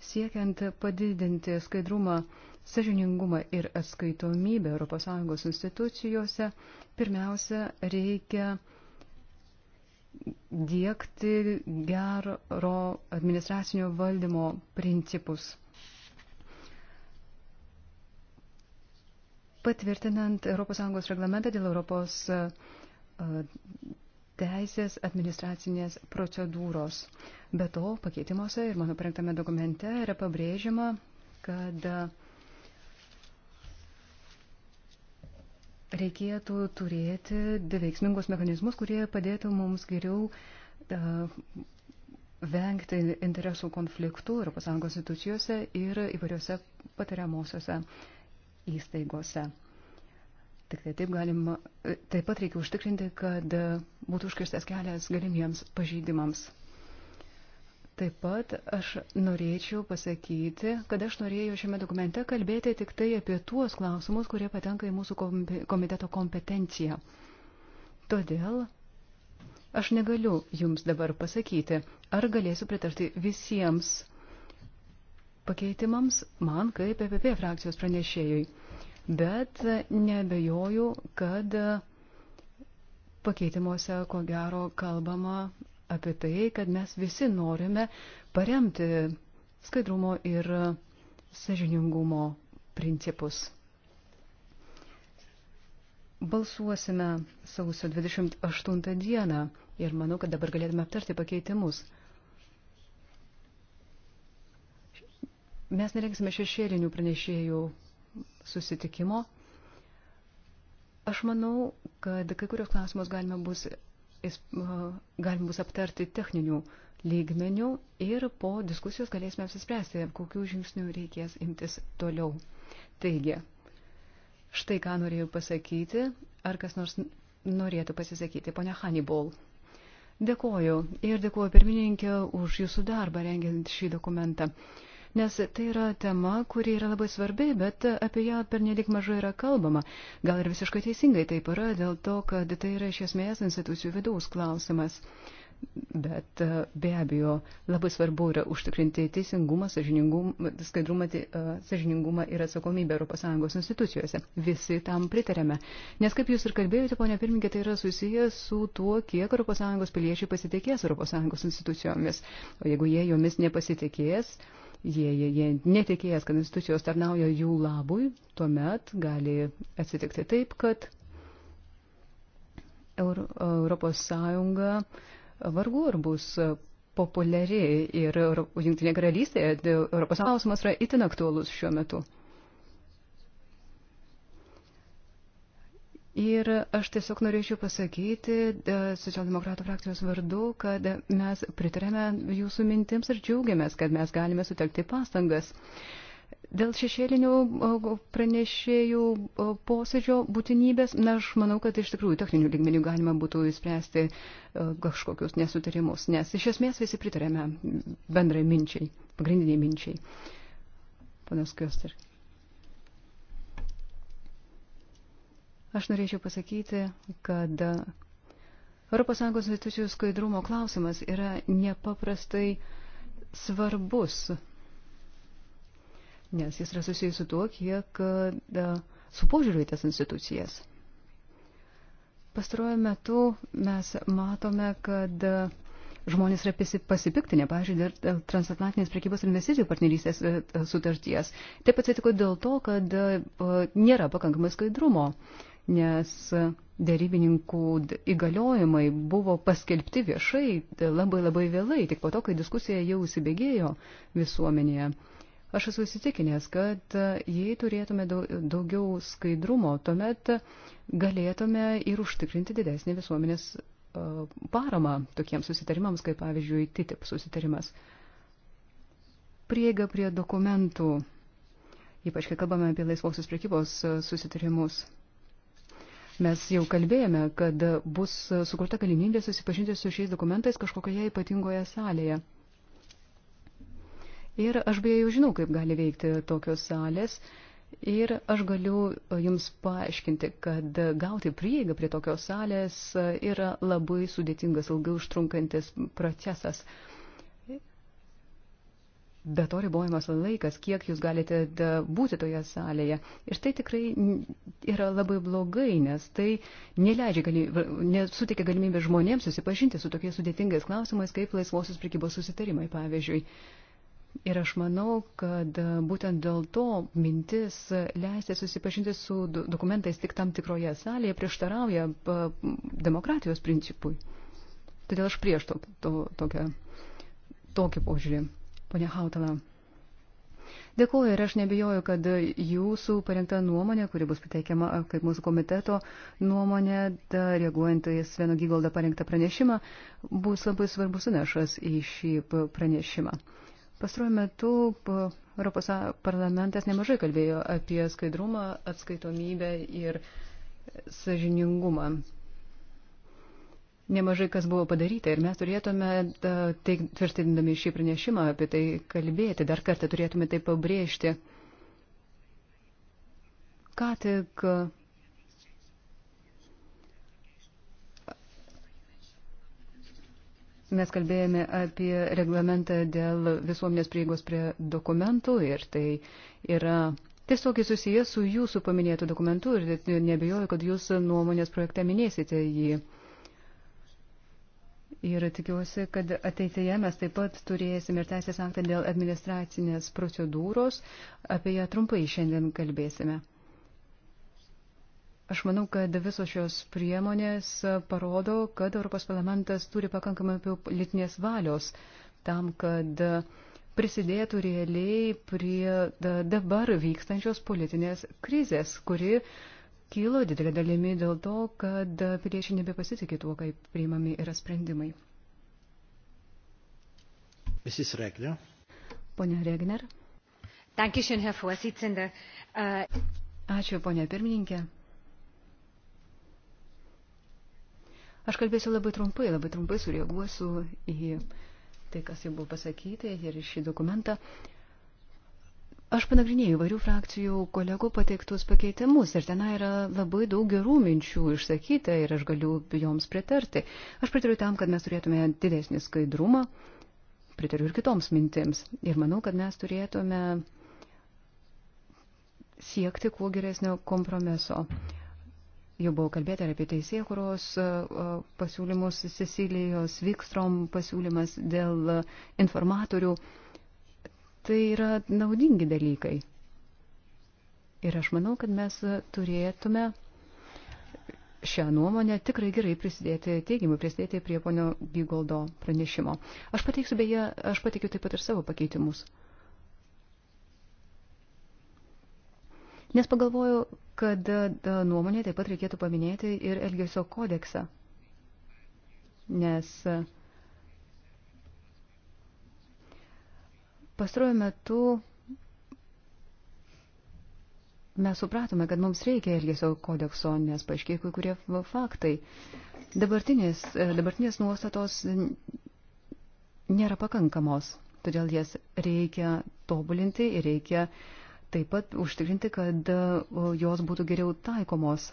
siekiant padidinti skaidrumą, sažiningumą ir atskaitomybę ES institucijose, pirmiausia, reikia dėkti gero administracinio valdymo principus. Patvirtinant ES reglamentą dėl Europos e, teisės administracinės procedūros. Be to, pakeitimuose ir mano parengtame dokumente yra pabrėžiama, kad reikėtų turėti veiksmingus mechanizmus, kurie padėtų mums geriau e, vengti interesų konfliktų ES institucijose ir įvairiose patariamosiose įstaigose. Tik tai taip galima, e, taip pat reikia užtikrinti, kad e, būtų užkirstas kelias galimiems pažydimams. Taip pat aš norėčiau pasakyti, kad aš norėjau šiame dokumente kalbėti tik tai apie tuos klausimus, kurie patenka į mūsų komiteto kompetenciją. Todėl aš negaliu jums dabar pasakyti, ar galėsiu pritarti visiems pakeitimams man kaip EPP frakcijos pranešėjui bet nebejoju, kad pakeitimuose, ko gero, kalbama apie tai, kad mes visi norime paremti skaidrumo ir sažiningumo principus. Balsuosime sausio 28 dieną ir manau, kad dabar galėtume aptarti pakeitimus. Mes nerengsime šešėlinių pranešėjų susitikimo. Aš manau, kad kai kurios klausimus galima bus, uh, galima bus aptarti techninių lygmenių ir po diskusijos galėsime apsispręsti, kokių žingsnių reikės imtis toliau. Taigi, štai ką norėjau pasakyti, ar kas nors norėtų pasisakyti, ponia Hannibal. Dėkoju ir dėkoju pirmininkė už jūsų darbą rengiant šį dokumentą. Uh, nes tai yra tema, kuri yra labai svarbi, bet apie ją pernelik mažai yra kalbama. Gal ir visiškai teisingai taip yra, dėl to, kad tai yra iš esmės institucijų vidaus klausimas. Bet e, be abejo, labai svarbu yra užtikrinti teisingumą, skaidrumą, e, sažiningumą ir atsakomybę ES institucijose. Visi tam pritarėme. Nes kaip jūs ir kalbėjote, ponia pirmininkė, tai yra susijęs su tuo, kiek ES piliečiai pasitikės ES institucijomis. O jeigu jie jomis nepasitikės, Jei jie, jie netikėjęs, kad institucijos tarnauja jų labui, tuomet gali atsitikti taip, kad Euro, Europos Sąjunga vargu ar bus populiari ir Jungtinė karalystė, Europos klausimas yra itin aktuolus šiuo metu. Ir aš tiesiog norėčiau pasakyti e, socialdemokratų frakcijos vardu, kad mes pritarėme jūsų mintims ir džiaugiamės, kad mes galime sutelkti pastangas. Dėl šešėlinių pranešėjų posėdžio būtinybės, na, aš manau, kad iš tikrųjų techninių lygmenių galima būtų įspręsti e, kažkokius nesutarimus, nes iš esmės visi pritarėme bendrai minčiai, pagrindiniai minčiai. Panas Kioster. Aš norėčiau pasakyti, kad ES institucijų skaidrumo klausimas yra nepaprastai svarbus, nes jis yra susijęs su tuo, kiek su požiūriu į tas institucijas. Pastaruoju metu mes matome, kad žmonės yra pasipiktinę, pavyzdžiui, dėl transatlantinės prekybos ir investicijų partnerystės e, sutarties. Taip atsitiko dėl to, kad e, nėra pakankamai skaidrumo nes dėrybininkų įgaliojimai buvo paskelbti viešai labai labai vėlai, tik po to, kai diskusija jau įsibėgėjo visuomenėje. Aš esu įsitikinęs, kad e, jei turėtume daugiau skaidrumo, tuomet galėtume ir užtikrinti didesnį visuomenės e, paramą tokiems susitarimams, kaip pavyzdžiui TTIP susitarimas. Prieiga prie dokumentų, ypač kai kalbame apie laisvosios priekybos e, susitarimus. Mes jau kalbėjome, kad bus sukurta galimybė susipažinti su šiais dokumentais kažkokioje ypatingoje salėje. Ir aš beje jau žinau, kaip gali veikti tokios salės. Ir aš galiu Jums paaiškinti, kad gauti prieigą prie tokios salės yra labai sudėtingas, ilgai užtrunkantis procesas. Uh, Be to ribojamas laikas, kiek jūs galite būti toje salėje. Ir tai tikrai yra labai blogai, nes tai neleidžia, nesuteikia galimybę žmonėms susipažinti su tokiais sudėtingais klausimais, kaip laisvosios prikybos susitarimai, pavyzdžiui. Ir aš manau, kad būtent dėl to mintis leisti susipažinti su dokumentais tik tam tikroje salėje prieštarauja demokratijos principui. Todėl aš prieš to, to, tokią, tokį požiūrį ponia Hautala. Dėkuoju ir aš nebijoju, kad jūsų parengta nuomonė, kuri bus pateikiama kaip mūsų komiteto nuomonė, da, reaguojant į Sveno Gygaldą parengtą pranešimą, bus labai svarbus įnašas į šį pranešimą. Pastaruoju metu Europos parlamentas nemažai kalbėjo apie skaidrumą, atskaitomybę ir sažiningumą nemažai kas buvo padaryta ir mes turėtume, tai, tvirtindami šį pranešimą, apie tai kalbėti, dar kartą turėtume tai pabrėžti. Ką tik Mes kalbėjome apie reglamentą dėl visuomenės prieigos prie dokumentų ir tai yra tiesiogiai susijęs su jūsų paminėtų dokumentų ir nebejoju, kad jūs nuomonės projekte minėsite jį. Ir tikiuosi, kad ateityje mes taip pat turėsim ir teisės aktą dėl administracinės procedūros, apie ją trumpai šiandien kalbėsime. Aš manau, kad visos šios priemonės parodo, kad Europos parlamentas turi pakankamai politinės valios tam, kad prisidėtų realiai prie dabar vykstančios politinės krizės, kuri uh, kilo didelė dalimi dėl to, kad piliečiai nebepasitikė tuo, kaip priimami yra sprendimai. Mrs. Regner. Pone Regner. Dankeschön, Herr Vorsitzender. Uh... Ačiū, ponė pirmininkė. Aš kalbėsiu labai trumpai, labai trumpai sureaguosiu į tai, kas jau buvo pasakyta ir šį dokumentą. Uh, Aš panagrinėjau įvairių frakcijų kolegų pateiktus pakeitimus ir ten yra labai daug gerų minčių išsakyta ir aš galiu joms pritarti. Aš pritariu tam, kad mes turėtume didesnį skaidrumą, pritariu ir kitoms mintims. Ir manau, kad mes turėtume siekti kuo geresnio kompromiso. Jau buvau kalbėta ir apie teisėjų, kurios e, e, pasiūlymus Cecilijos Vikstrom pasiūlymas dėl informatorių. Uh, tai yra naudingi dalykai. Ir aš manau, kad mes turėtume šią nuomonę tikrai gerai prisidėti, teigiamai prisidėti prie ponio Bygoldo pranešimo. Aš pateiksiu beje, aš pateikiu taip pat ir savo pakeitimus. Nes pagalvoju, kad e, nuomonė taip pat reikėtų paminėti ir Elgesio kodeksą. Nes uh, Pastaruoju metu mes supratome, kad mums reikia Elgesio kodekso, nes paaiškėjo kai kurie faktai. Dabartinės, e, dabartinės nuostatos nėra pakankamos, todėl jas reikia tobulinti ir reikia taip pat užtikrinti, kad e, jos būtų geriau taikomos.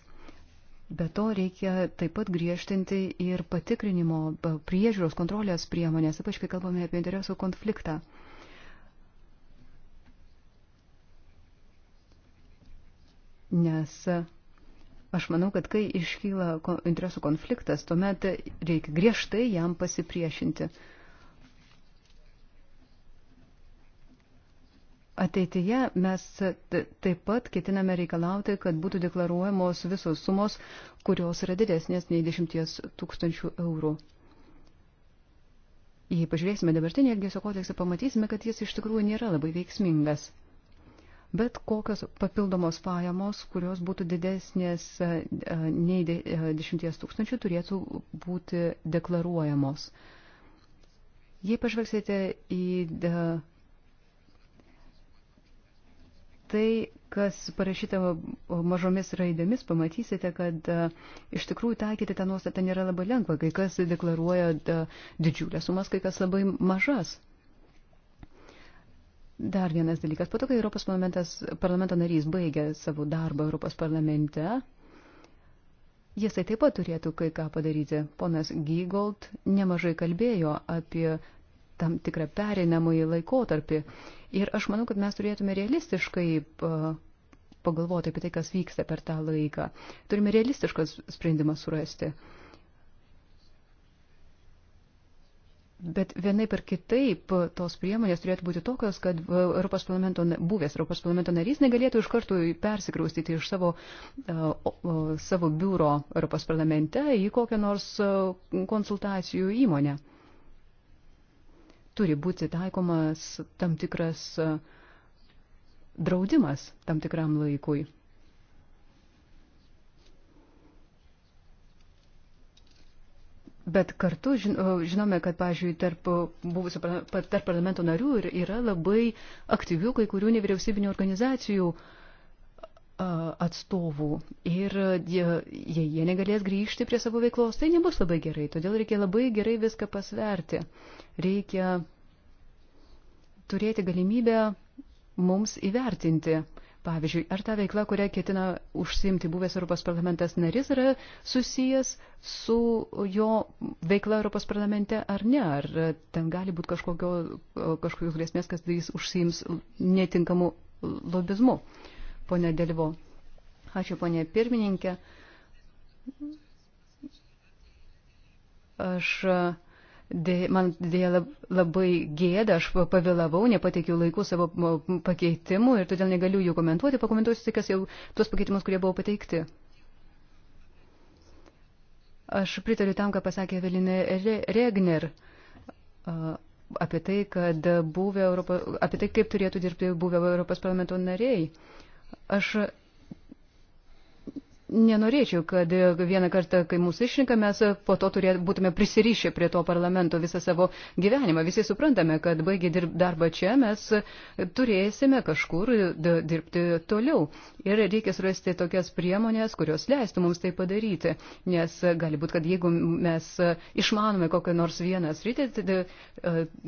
Be to reikia taip pat griežtinti ir patikrinimo priežiūros kontrolės priemonės, ypač kai kalbame apie interesų konfliktą. nes aš manau, kad kai iškyla interesų konfliktas, tuomet reikia griežtai jam pasipriešinti. Ateityje mes taip pat ketiname reikalauti, kad būtų deklaruojamos visos sumos, kurios yra didesnės nei 10 tūkstančių eurų. Jei pažiūrėsime dabartinį Elgėsio kodeksą, pamatysime, kad jis iš tikrųjų nėra labai veiksmingas bet kokios papildomos pajamos, kurios būtų didesnės e, e, nei 10 e, tūkstančių, turėtų būti deklaruojamos. Jei pažvelgsite į tai, kas parašyta mažomis raidėmis, pamatysite, kad iš tikrųjų taikyti tą nuostatą nėra labai lengva. Kai kas deklaruoja didžiulės sumas, kai kas labai mažas. Dar vienas dalykas. Po to, kai Europos parlamento narys baigė savo darbą Europos parlamente, jisai taip pat turėtų kai ką padaryti. Ponas Gygold nemažai kalbėjo apie tam tikrą pereinamąjį laikotarpį. Ir aš manau, kad mes turėtume realistiškai pagalvoti apie tai, kas vyksta per tą laiką. Turime realistiškas sprendimas surasti. Uh, Bet vienaip ir kitaip tos priemonės turėtų būti tokios, kad e, Europos parlamento, buvęs Europos parlamento narys negalėtų iš karto persikraustyti iš savo, e, e, savo biuro Europos parlamente į kokią nors konsultacijų įmonę. Turi būti taikomas tam tikras draudimas tam tikram laikui. Bet kartu žinome, kad, pavyzdžiui, tarp buvusių tarp parlamento narių yra labai aktyvių kai kurių nevyriausybinio organizacijų atstovų. Ir jei jie negalės grįžti prie savo veiklos, tai nebus labai gerai. Todėl reikia labai gerai viską pasverti. Reikia turėti galimybę mums įvertinti Pavyzdžiui, ar ta veikla, kurią ketina užsimti buvęs Europos parlamentas narys, yra susijęs su jo veikla Europos parlamente ar ne, ar ten gali būti kažkokios grėsmės, kad jis užsims netinkamu lobizmu. Pone Delvo. Ačiū, ponė pirmininkė. Aš. Uh, Dė, man dėl labai gėda, aš pavėlavau, nepateikiau laikų savo pakeitimų ir todėl negaliu jų komentuoti, pakomentuosiu tik jau tuos pakeitimus, kurie buvo pateikti. Aš pritariu tam, ką pasakė Evelina Regner apie tai, kad buvę Europo, apie tai, kaip turėtų dirbti buvę Europos parlamento nariai. Aš nenorėčiau, kad vieną kartą, kai mūsų išrinka, mes po to turėt, būtume prisirišę prie to parlamento visą savo gyvenimą. Visi suprantame, kad baigė darbą čia, mes turėsime kažkur dirbti toliau. Ir reikia surasti tokias priemonės, kurios leistų mums tai padaryti. Nes gali būti, kad jeigu mes išmanome kokią nors vieną sritį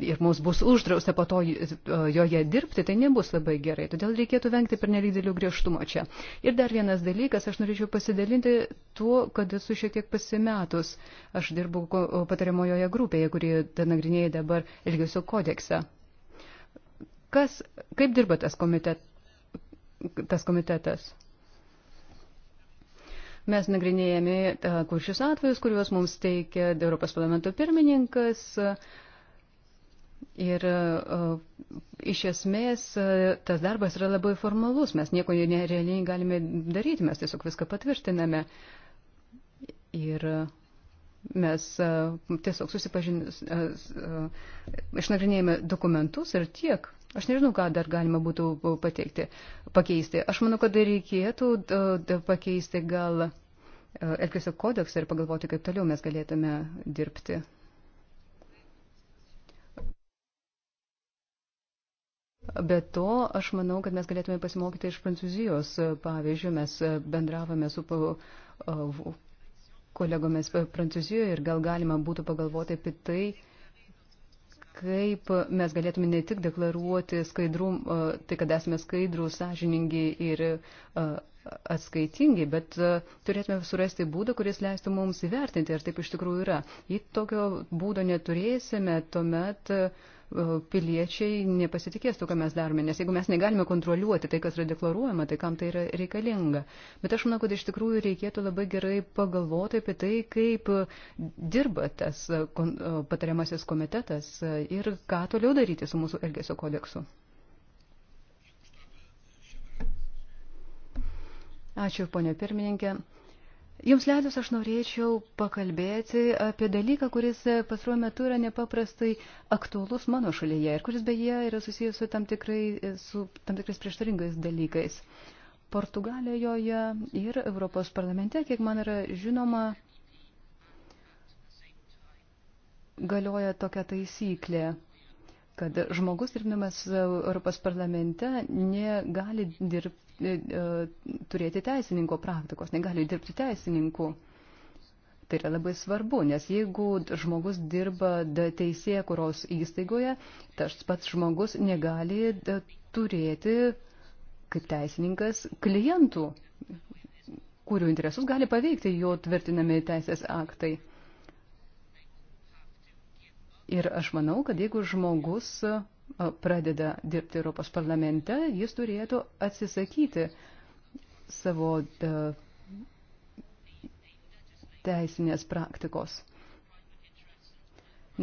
ir mums bus uždrausta po to joje dirbti, tai nebus labai gerai. Todėl reikėtų vengti per nelik dėlių griežtumo čia. Ir dar vienas dalykas, aš norėčiau pasidalinti tuo, kad esu šiek tiek pasimetus. Aš dirbu patariamojoje grupėje, kuri nagrinėja dabar Elgesio kodeksą. Kas, kaip dirba tas, komitet, tas komitetas? Mes nagrinėjame kuršius atvejus, kuriuos mums teikia Europos parlamento pirmininkas ir iš esmės e, tas darbas yra labai formalus, mes nieko nerealiai galime daryti, mes tiesiog viską patvirtiname. Ir e, mes e, tiesiog susipažin, išnagrinėjame dokumentus ir tiek. Aš nežinau, ką dar galima būtų pateikti, pakeisti. Aš manau, kad reikėtų pakeisti gal Elgesio kodeksą ir pagalvoti, kaip toliau mes galėtume dirbti. Be to, aš manau, kad mes galėtume pasimokyti iš Prancūzijos pavyzdžių. Mes bendravome su uh, kolegomis uh, Prancūzijoje ir gal galima būtų pagalvoti apie tai, kaip mes galėtume ne tik deklaruoti skaidrum, uh, tai kad esame skaidrų, sąžiningi ir atskaitingi, bet turėtume surasti būdą, kuris leistų mums įvertinti, ar taip iš tikrųjų yra. Jei tokio būdo neturėsime, tuomet uh, E, piliečiai nepasitikės to, ką mes darome, nes jeigu mes negalime kontroliuoti tai, kas yra deklaruojama, tai kam tai yra reikalinga. Bet aš manau, kad iš tikrųjų reikėtų labai gerai pagalvoti apie tai, kaip dirba tas e, e, patariamasis komitetas ir ką toliau daryti su mūsų Elgesio kodeksu. Ačiū, ponė pirmininkė. Jums leidus aš norėčiau pakalbėti apie dalyką, kuris pastaruoju metu yra nepaprastai aktuolus mano šalyje ir kuris beje yra susijęs su tam, tikrai, su tam tikrais prieštaringais dalykais. Portugalijoje ir Europos parlamente, kiek man yra žinoma, galioja tokia taisyklė kad žmogus dirbdamas Europos parlamente negali dirbti, e, e, turėti teisininko praktikos, negali dirbti teisininku. Tai yra labai svarbu, nes jeigu žmogus dirba teisėje, kurios įstaigoje, tas pats žmogus negali turėti kaip teisininkas klientų, kurių interesus gali paveikti jo tvirtinami teisės aktai. Ir aš manau, kad jeigu žmogus pradeda dirbti Europos parlamente, jis turėtų atsisakyti savo teisinės praktikos.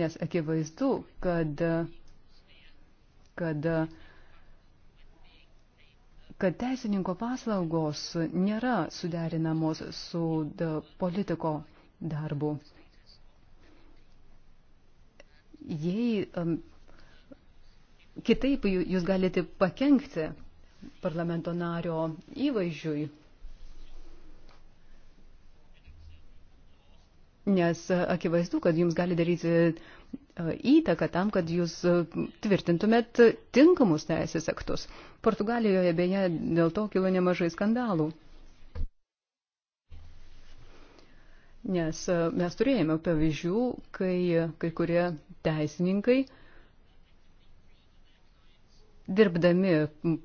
Nes akivaizdu, kad, kad, kad teisininko paslaugos nėra suderinamos su politiko darbu jei um, kitaip jūs galite pakengti parlamento nario įvaizdžiui. Nes e, akivaizdu, kad jums gali daryti e, įtaką tam, kad jūs e, tvirtintumėt tinkamus teisės aktus. Portugalijoje beje dėl to kilo nemažai skandalų. Nes mes turėjome pavyzdžių, kai kai kurie teisininkai, dirbdami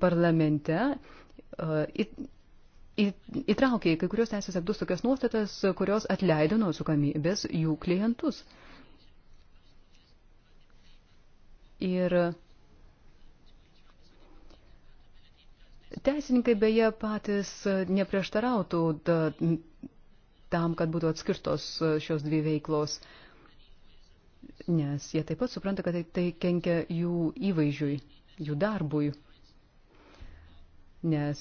parlamente, e, įtraukė į kai kurios teisės aktus tokias nuostatas, kurios atleido nuo sukamybės jų klientus. Ir teisininkai beje patys neprieštarautų tam, kad būtų atskirtos šios dvi veiklos. Uh, nes jie taip pat supranta, kad tai, tai kenkia jų įvaizdžiui, jų darbui. Nes,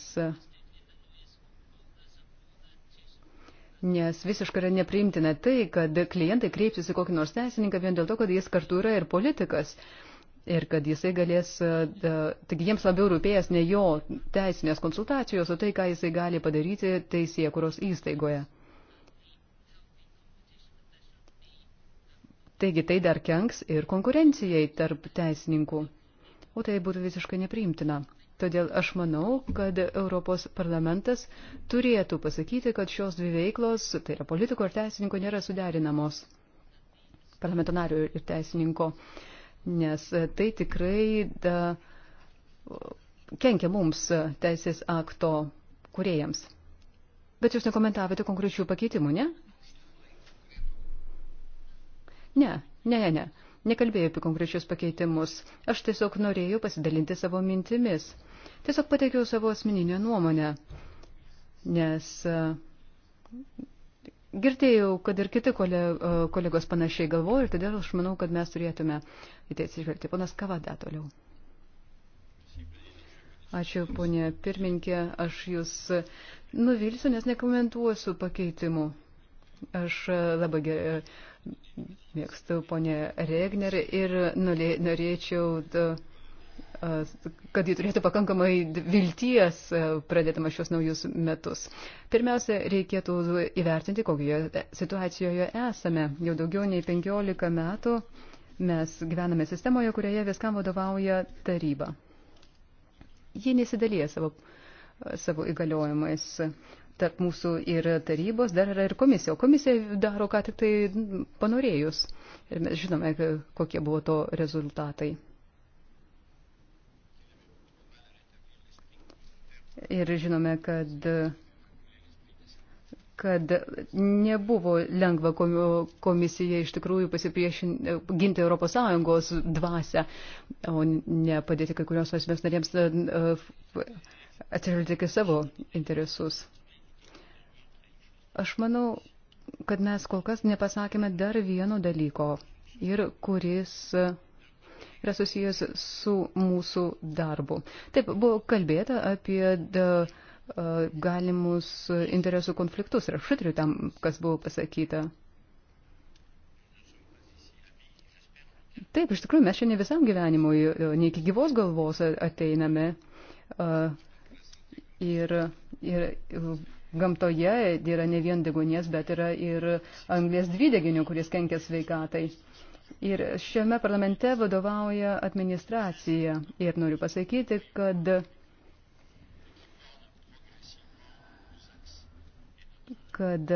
nes visiškai yra nepriimtina tai, kad klientai kreipsis į kokį nors teisininką vien dėl to, kad jis kartu yra ir politikas. Ir kad jisai galės, tik jiems labiau rūpėjęs ne jo teisinės konsultacijos, o tai, ką jisai gali padaryti teisėje, kurios įstaigoje. Taigi tai dar kenks ir konkurencijai tarp teisininkų. O tai būtų visiškai nepriimtina. Todėl aš manau, kad Europos parlamentas turėtų pasakyti, kad šios dvi veiklos, tai yra politiko ir teisininko, nėra suderinamos. Parlamento nario ir teisininko. Nes tai tikrai da, kenkia mums teisės akto kuriejams. Bet jūs nekomentavote konkrečių pakeitimų, ne? Ne, ne, ne, ne. Nekalbėjau apie konkrečius pakeitimus. Aš tiesiog norėjau pasidalinti savo mintimis. Tiesiog pateikiau savo asmeninę nuomonę. Nes e, girdėjau, kad ir kiti e, kolegos panašiai galvoja ir todėl aš manau, kad mes turėtume į tai atsižvelgti. Ponas Kavada toliau. Ačiū, ponė pirminkė, aš jūs nuvilsiu, nes nekomentuosiu pakeitimų. Aš e, labai gerai, mėgstu ponę Regner ir norėčiau, kad jį turėtų pakankamai vilties pradėdama šios naujus metus. Pirmiausia, reikėtų įvertinti, kokioje situacijoje esame. Jau daugiau nei 15 metų mes gyvename sistemoje, kurioje viskam vadovauja taryba. Ji nesidalyja savo, savo įgaliojimais tarp mūsų ir tarybos dar yra ir komisija. O komisija daro ką tik tai panorėjus. Ir mes žinome, kokie buvo to rezultatai. Ir žinome, kad, kad nebuvo lengva komisija iš tikrųjų pasipriešinti, ginti ES dvasę, o ne padėti kai kurios valstybės narėms e, atsižvelgti savo interesus. Aš manau, kad mes kol kas nepasakėme dar vieno dalyko ir kuris e, yra susijęs su mūsų darbu. Taip, buvo kalbėta apie da, e, galimus interesų konfliktus ir aš pritariu tam, kas buvo pasakyta. Taip, iš tikrųjų, mes šiandien visam gyvenimui, e, ne iki gyvos galvos ateiname. Ir, ir, ir gamtoje yra ne vien degonės, bet yra ir anglės dvideginių, kuris kenkia sveikatai. Ir šiame parlamente vadovauja administracija. Ir noriu pasakyti, kad kad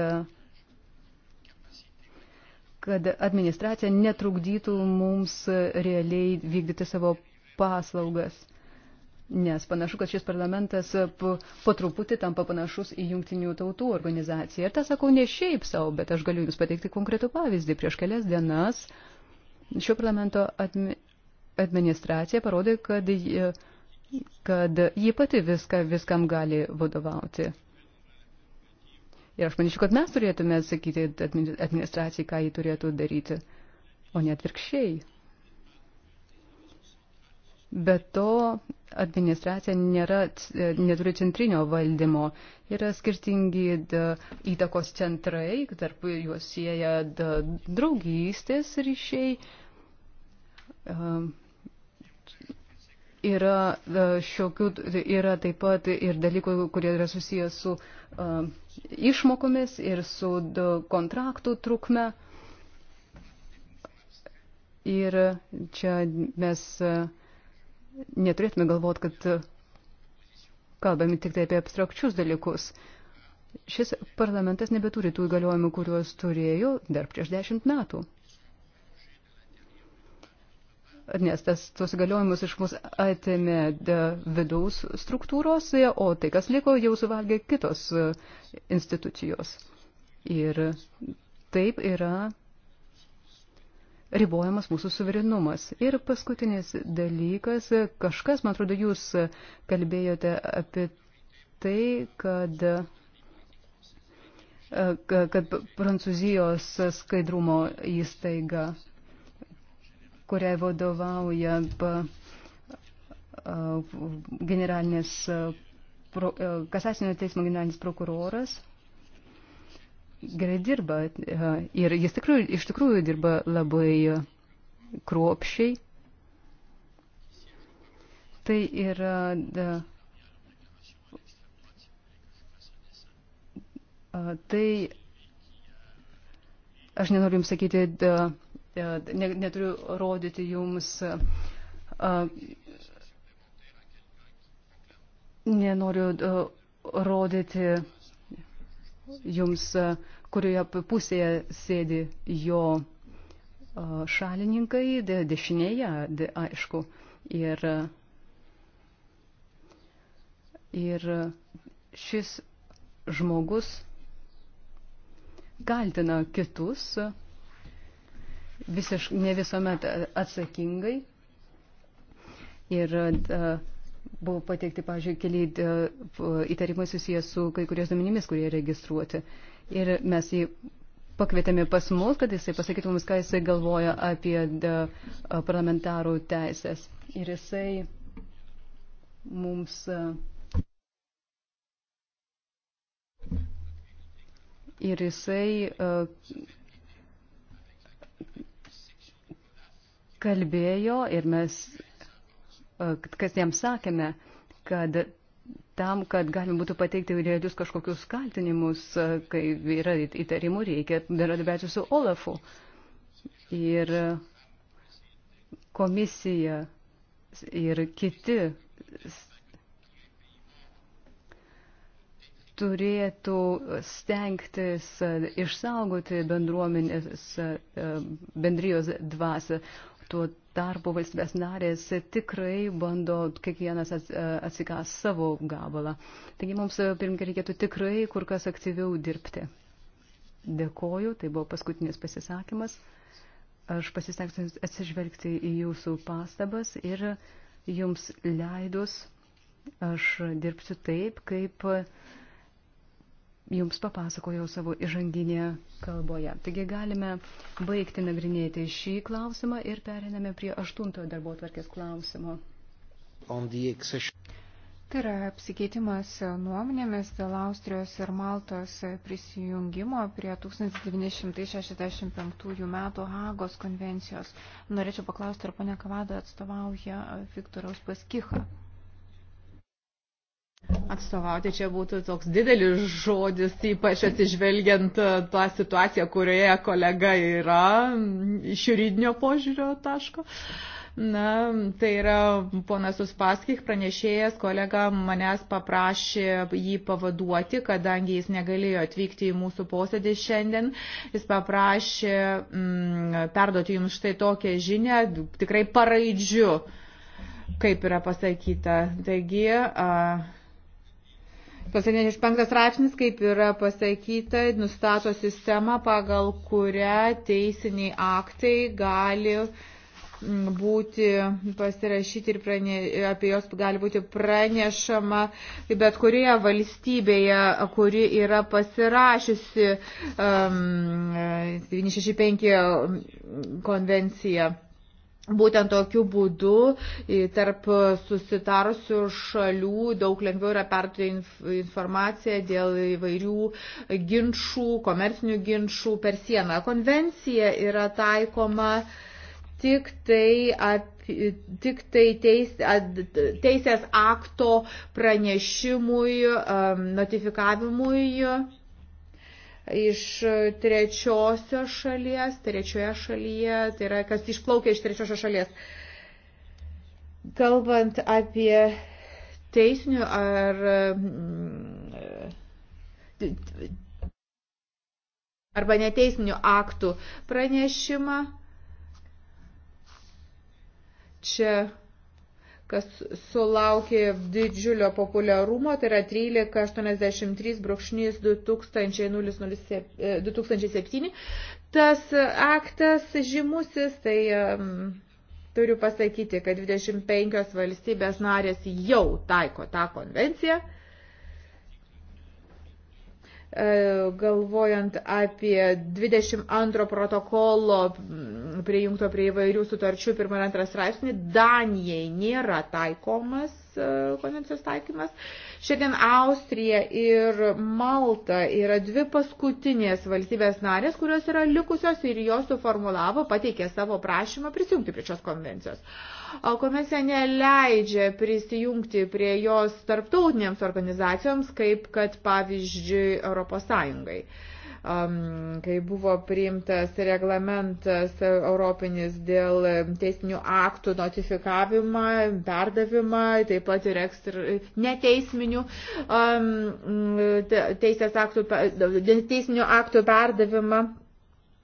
kad administracija netrukdytų mums realiai vykdyti savo paslaugas nes panašu, kad šis parlamentas po, po truputį tampa panašus į jungtinių tautų organizaciją. Ir tą sakau ne šiaip savo, bet aš galiu Jums pateikti konkretų pavyzdį. Prieš kelias dienas šio parlamento admi, administracija parodė, kad, kad ji pati viską, viskam gali vadovauti. Ir aš manyčiau, kad mes turėtume sakyti administracijai, ką ji turėtų daryti, o ne atvirkščiai. Bet to administracija nėra, e, neturi centrinio valdymo. Yra skirtingi įtakos centrai, tarp juos sieja draugystės ryšiai. Ehm, yra, e, šiokių, yra taip pat ir dalykų, kurie yra susijęs su uh, išmokomis ir su kontraktų trukme. Ir čia mes uh, neturėtume galvoti, kad e, kalbame tik tai apie abstrakčius dalykus. Šis parlamentas nebeturi tų įgaliojimų, kuriuos turėjo dar prieš dešimt metų. Nes tas, tos įgaliojimus iš mus atėmė e, vidaus struktūros, e, o tai, kas liko, jau suvalgė kitos institucijos. Ir taip yra ribojamas mūsų suverenumas. Ir paskutinis dalykas, kažkas, man atrodo, jūs kalbėjote apie tai, kad kad Prancūzijos skaidrumo įstaiga, kuriai vadovauja generalinis, kasacinio teismo generalinis prokuroras, gerai dirba e, ir jis tikrųjų, iš tikrųjų dirba labai kruopšiai. Tai yra da, tai aš nenoriu jums sakyti, da, da, ne, neturiu rodyti jums. A, nenoriu da, rodyti jums, e, kurioje pusėje sėdi jo e, šalininkai, dešinėje, de, aišku. Ir, ir šis žmogus kaltina kitus visiškai ne visuomet atsakingai. Ir uh, buvo pateikti, pažiūrėjau, keli e, įtarimai susijęs su kai kurios duomenimis, kurie registruoti. Ir mes jį pakvietėme pas mus, kad jisai pasakytų mums, ką jisai galvoja apie parlamentarų teisės. Ir jisai mums. E, ir jisai e, kalbėjo ir mes E, kas jam sakėme, kad tam, kad galima būtų pateikti realius kažkokius kaltinimus, e, kai yra įtarimų, reikia bendradarbiauti su Olafu. Ir komisija ir kiti turėtų stengtis e, išsaugoti bendruomenės bendrijos dvasę. Tuo tarpu valstybės narės tikrai bando kiekvienas e, atsikas savo gabalą. Taigi mums, e, pirmininkai, reikėtų tikrai kur kas aktyviau dirbti. Dėkoju, tai buvo paskutinis pasisakymas. Aš pasistengsiu atsižvelgti į jūsų pastabas ir jums leidus aš dirbsiu taip, kaip jums papasakojau savo įžanginėje kalboje. Taigi galime baigti nagrinėti šį klausimą ir periname prie aštuntojo darbo tvarkės klausimo. Tai yra apsikeitimas nuomonėmis dėl Austrijos ir Maltos prisijungimo prie 1965 m. Hagos konvencijos. Norėčiau paklausti, ar ponia Kavada atstovauja Viktoriaus Paskichą. Atstovauti čia būtų toks didelis žodis, ypač atsižvelgiant e, tą situaciją, kurioje kolega yra iš juridinio požiūrio taško. Na, tai yra ponas Uspaskik, pranešėjas, kolega manęs paprašė jį pavaduoti, kadangi jis negalėjo atvykti į mūsų posėdį šiandien. Jis paprašė mm, perduoti jums štai tokią žinią, tikrai paraidžiu, kaip yra pasakyta. Taigi, a, 175 straipsnis, kaip yra pasakyta, nustato sistemą, pagal kurią teisiniai aktai gali mm, būti pasirašyti ir prane, apie jos gali būti pranešama bet kurioje valstybėje, kuri yra pasirašiusi um, 965 konvenciją. Būtent tokiu būdu tarp susitarusių šalių daug lengviau yra perduoti informaciją dėl įvairių ginčių, komercinių ginčių per sieną. Konvencija yra taikoma tik tai apie tik tai teis, teisės akto pranešimui, notifikavimui iš trečiosios šalies, trečioje šalyje, tai yra kas išplaukia iš trečiosios šalies. Kalbant apie teisinių ar mm, arba neteisinių aktų pranešimą, čia kas sulaukė didžiulio populiarumo, tai yra 1383-2007. E, Tas aktas žymusis, tai um, turiu pasakyti, kad 25 valstybės narės jau taiko tą konvenciją. E, galvojant apie 22 protokolo prijungto prie įvairių sutarčių pirmą ir antrą straipsnį, Danijai nėra taikomas e, konvencijos taikymas. Šiandien Austrija ir Malta yra dvi paskutinės valstybės narės, kurios yra likusios ir jos suformulavo, pateikė savo prašymą prisijungti prie šios konvencijos komisija neleidžia prisijungti prie jos tarptautinėms organizacijoms, kaip kad pavyzdžiui Europos Sąjungai um, kai buvo priimtas reglamentas europinis dėl teisinių aktų notifikavimą, perdavimą, taip pat ir ekstra, neteisminių um, teisės aktų, teisinių aktų perdavimą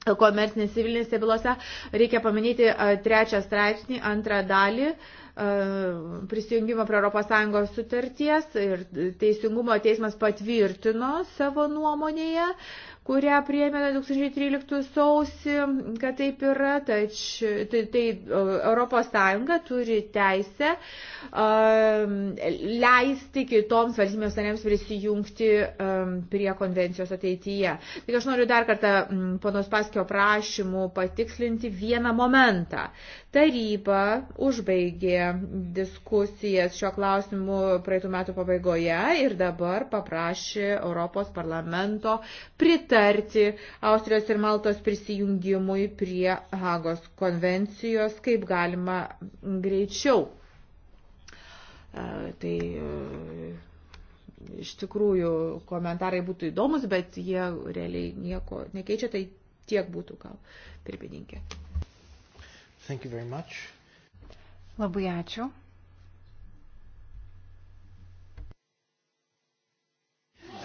komercinėse civilinėse bylose. Reikia paminėti trečią straipsnį, antrą dalį prisijungimo prie ES sutarties ir Teisingumo teismas patvirtino savo nuomonėje kurią prieėmė 2013 sausį, kad taip yra, tač, tai, tai Europos Sąjunga turi teisę um, leisti kitoms valstybėms narėms prisijungti um, prie konvencijos ateityje. Tik aš noriu dar kartą um, panos Paskio prašymų patikslinti vieną momentą. Taryba užbaigė diskusijas šio klausimu praeitų metų pabaigoje ir dabar paprašė Europos parlamento pritarti pritarti Austrijos ir Maltos prisijungimui prie Hagos konvencijos kaip galima greičiau. E, tai e, iš tikrųjų komentarai būtų įdomus, bet jie realiai nieko nekeičia, tai tiek būtų gal pirmininkė. Thank you very much. Labai ačiū.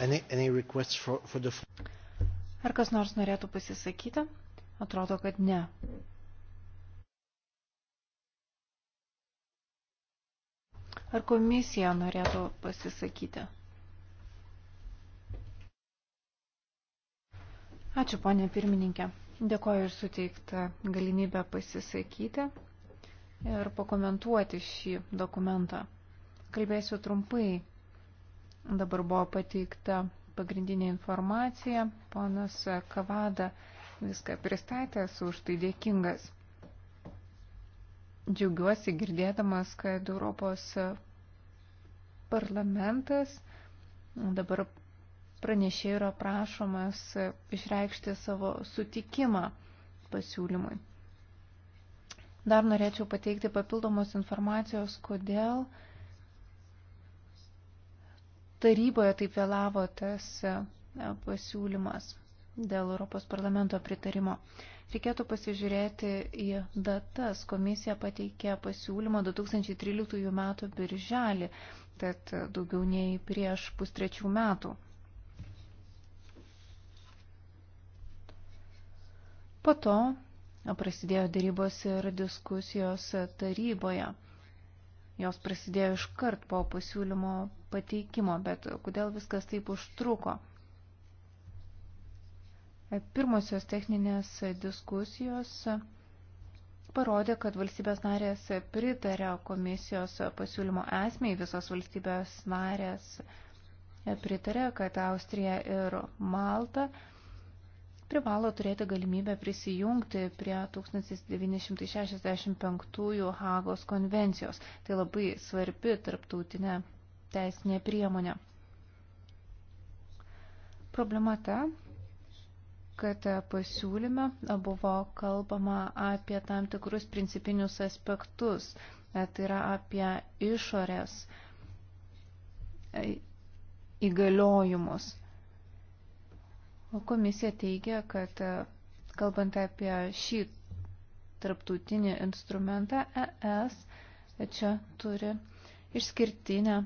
Any, any requests for, for the... Ar kas nors norėtų pasisakyti? Atrodo, kad ne. Ar komisija norėtų pasisakyti? Ačiū, ponė pirmininkė. Dėkoju ir suteiktą galimybę pasisakyti ir pakomentuoti šį dokumentą. Kalbėsiu trumpai. Dabar buvo pateikta pagrindinė informacija. Ponas Kavada viską pristatė, esu už tai dėkingas. Džiaugiuosi girdėdamas, kad Europos parlamentas dabar pranešėjų yra prašomas išreikšti savo sutikimą pasiūlymui. Dar norėčiau pateikti papildomos informacijos, kodėl uh, taryboje taip vėlavo tas e, pasiūlymas dėl Europos parlamento pritarimo. Reikėtų pasižiūrėti į datas. Komisija pateikė pasiūlymą 2013 m. birželį, tad daugiau nei prieš pustrečių metų. Po to prasidėjo darybos ir diskusijos taryboje. Jos prasidėjo iškart po pasiūlymo pateikimo, bet kodėl viskas taip užtruko? Pirmosios techninės diskusijos parodė, kad valstybės narės pritarė komisijos pasiūlymo esmiai, visos valstybės narės pritarė, kad Austrija ir Malta privalo turėti galimybę prisijungti prie 1965 Hagos konvencijos. Tai labai svarbi tarptautinė teisinė priemonė. Problema ta, kad pasiūlyme buvo kalbama apie tam tikrus principinius aspektus, tai yra apie išorės įgaliojimus. Komisija teigia, kad kalbant apie šį tarptautinį instrumentą, ES čia turi išskirtinę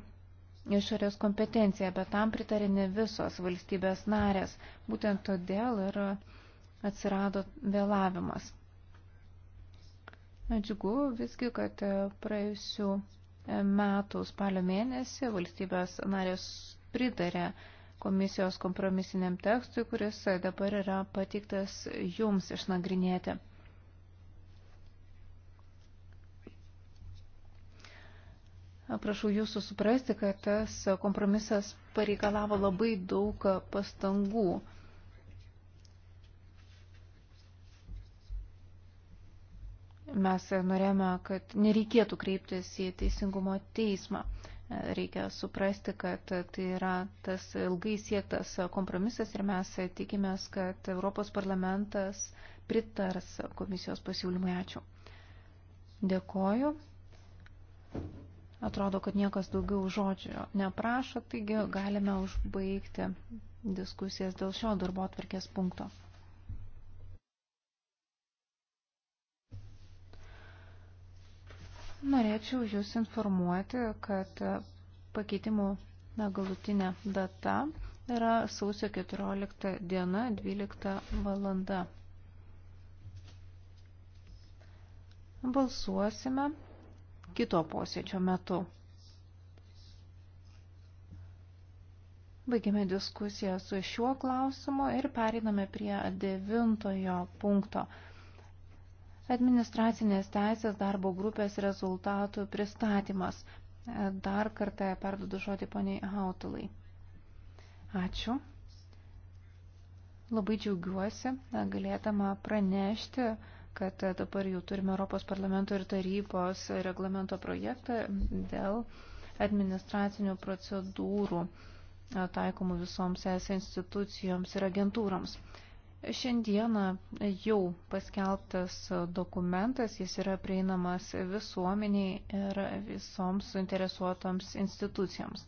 išorės kompetencija, bet tam pritarė ne visos valstybės narės. Būtent todėl ir atsirado vėlavimas. Džiugu visgi, kad e, praėjusių e, metų spalio mėnesį valstybės narės pritarė komisijos kompromisiniam tekstui, kuris e, dabar yra patiktas jums išnagrinėti. Prašau jūsų suprasti, kad tas kompromisas pareikalavo labai daug pastangų. Mes norėjome, kad nereikėtų kreiptis į teisingumo teismą. Reikia suprasti, kad tai yra tas ilgai siektas kompromisas ir mes tikimės, kad Europos parlamentas pritars komisijos pasiūlymui. Ačiū. Dėkoju. Atrodo, kad niekas daugiau žodžio neprašo, taigi galime užbaigti diskusijas dėl šio darbo atvarkės punkto. Norėčiau Jūs informuoti, kad pakeitimų galutinė data yra sausio 14 diena 12 valanda. Balsuosime kito posėdžio metu. Baigėme diskusiją su šiuo klausimu ir pereiname prie devintojo punkto. Administracinės teisės darbo grupės rezultatų pristatymas. Dar kartą perdudu žodį poniai Hautulai. Ačiū. Labai džiaugiuosi galėdama pranešti kad dabar jau turime Europos parlamento ir tarybos reglamento projektą dėl administracinių procedūrų e, taikomų visoms es institucijoms ir agentūroms. Šiandieną jau paskelbtas dokumentas, jis yra prieinamas visuomeniai ir visoms suinteresuotoms institucijoms.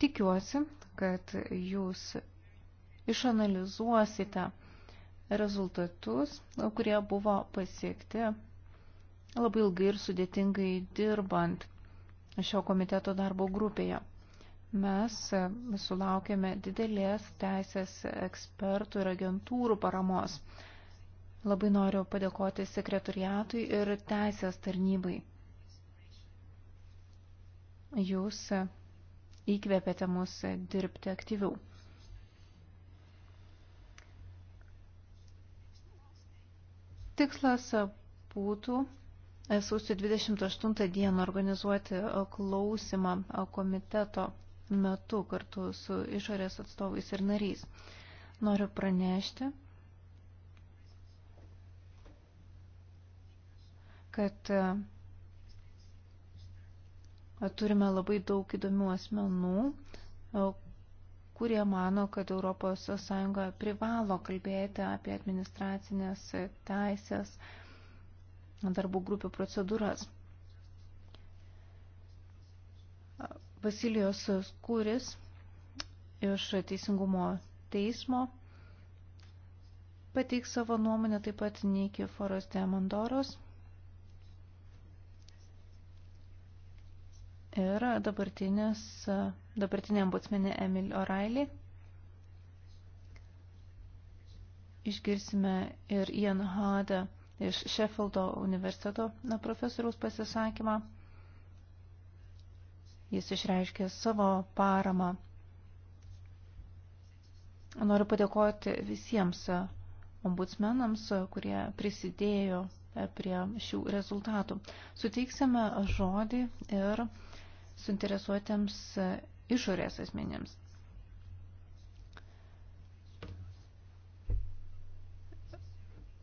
Tikiuosi, kad jūs išanalizuosite rezultatus, kurie buvo pasiekti labai ilgai ir sudėtingai dirbant šio komiteto darbo grupėje. Mes sulaukėme didelės teisės ekspertų ir agentūrų paramos. Labai noriu padėkoti sekretoriatui ir teisės tarnybai. Jūs įkvėpėte mus dirbti aktyviau. Tikslas būtų sausio 28 dieną organizuoti klausimą komiteto metu kartu su išorės atstovais ir nariais. Noriu pranešti, kad turime labai daug įdomių asmenų, e, kurie mano, kad ES privalo kalbėti apie administracinės teisės darbų grupių procedūras. Vasilijos Skūris iš Teisingumo teismo pateiks savo nuomonę taip pat Nikiforos Demandoros. De ir dabartinės, dabartinė ambutsmenė Emil O'Reilly. Išgirsime ir Ian Hadę iš Sheffieldo universiteto profesoriaus pasisakymą. Jis išreiškė savo paramą. Noriu padėkoti visiems ombudsmenams, kurie prisidėjo prie šių rezultatų. Suteiksime žodį ir suinteresuotėms e, išorės asmenėms.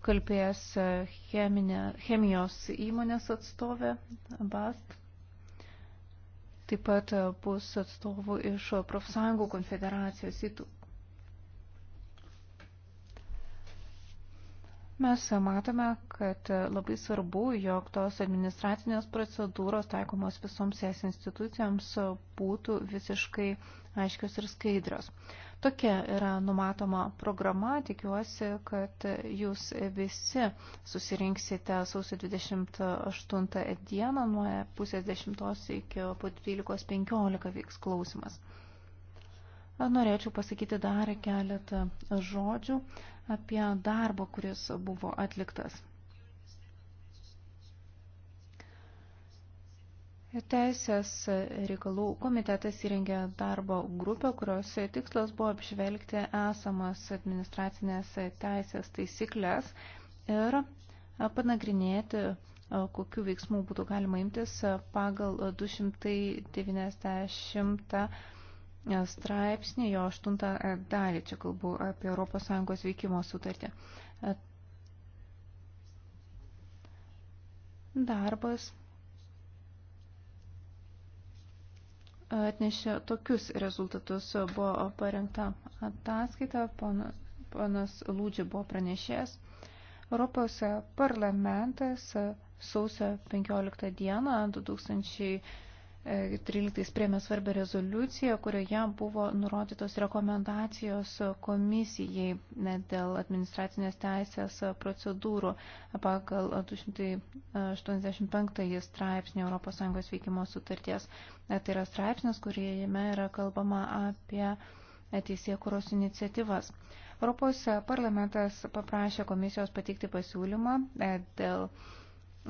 Kalbėjęs e, cheminė, chemijos įmonės atstovė BAST. Taip pat e, bus atstovų iš profsąjungų konfederacijos įtų. Mes matome, kad labai svarbu, jog tos administracinės procedūros taikomos visoms es institucijoms būtų visiškai aiškios ir skaidrios. Tokia yra numatoma programa, tikiuosi, kad jūs visi susirinksite sausio 28 dieną nuo pusės 10 iki po 12.15 vyks klausimas. Norėčiau pasakyti dar keletą žodžių apie darbą, kuris buvo atliktas. Teisės reikalų komitetas įrengė darbo grupę, kurios tikslas buvo apžvelgti esamas administracinės teisės taisyklės ir panagrinėti, kokiu veiksmu būtų galima imtis pagal 290 straipsnį, jo aštuntą e, dalį, čia kalbu apie ES veikimo sutartį. E, darbas atnešė tokius rezultatus, buvo parengta ataskaita, ponas Lūdži buvo pranešęs. Europos parlamentas sausio 15 dieną 2000 13 priemė svarbę rezoliuciją, kurioje buvo nurodytos rekomendacijos komisijai dėl administracinės teisės procedūrų pagal 285 straipsnį ES veikimo sutarties. Tai yra straipsnis, kuriame yra kalbama apie teisėkuros iniciatyvas. Europos parlamentas paprašė komisijos pateikti pasiūlymą dėl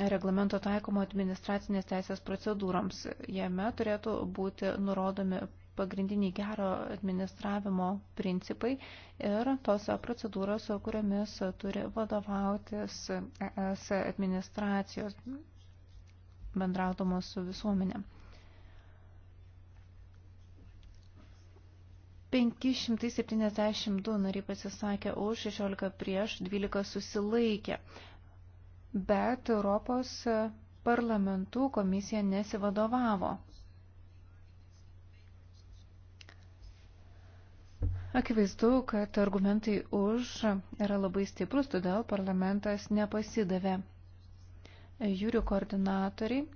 reglamento taikomo administracinės teisės procedūroms. Jame turėtų būti nurodomi pagrindiniai gero administravimo principai ir tos procedūros, kuriomis turi vadovautis ES administracijos bendraudomos su visuomenė. 572 nariai pasisakė už, 16 prieš, 12 susilaikė bet Europos parlamentų komisija nesivadovavo. Akivaizdu, kad argumentai už yra labai stiprus, todėl parlamentas nepasidavė. Jūrių koordinatoriai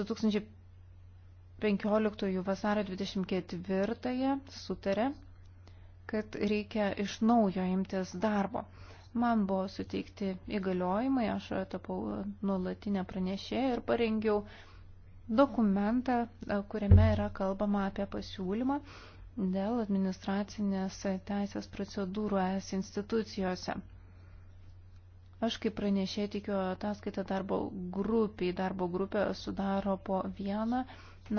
2015 vasario 24 sutarė, kad reikia iš naujo imtis darbo. Man buvo suteikti įgaliojimai, aš tapau nuolatinę pranešėją ir parengiau dokumentą, e, kuriame yra kalbama apie pasiūlymą dėl administracinės teisės procedūrų es institucijose. Aš kaip pranešė tikiu ataskaitą darbo grupiai. Darbo grupė sudaro po vieną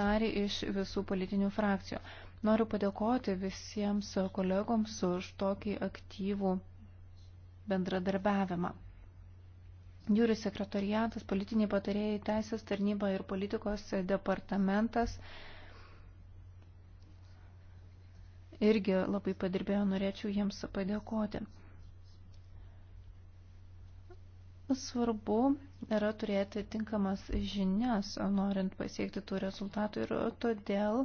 narį iš visų politinių frakcijų. Noriu padėkoti visiems kolegoms už tokį aktyvų bendradarbiavimą. Jūrių sekretariatas, politiniai patarėjai, teisės tarnyba ir politikos departamentas irgi labai padirbėjo, norėčiau jiems padėkoti. Svarbu yra turėti tinkamas žinias, norint pasiekti tų rezultatų ir todėl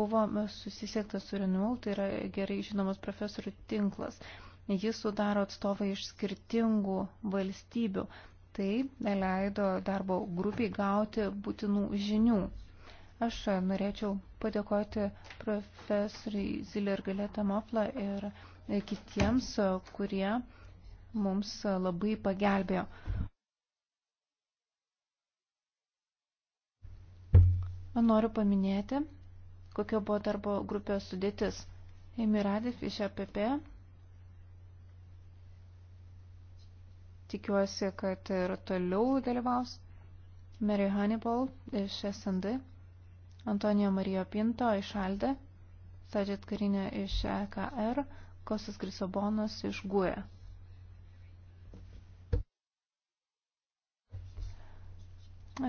buvo susisiektas su Renault, tai yra gerai žinomas profesorių tinklas. Jis sudaro atstovai iš skirtingų valstybių. Tai leido darbo grupiai gauti būtinų žinių. Aš norėčiau padėkoti profesoriai Ziller Galeta Mofla ir kitiems, kurie mums labai pagelbėjo. Noriu paminėti, kokia buvo darbo grupės sudėtis. Emiradif iš APP, Tikiuosi, kad ir toliau dalyvaus Mary Hannibal iš SND, Antonija Marija Pinto iš Alde, Sadžet Karinė iš EKR, Kostas Grisobonas iš GUE.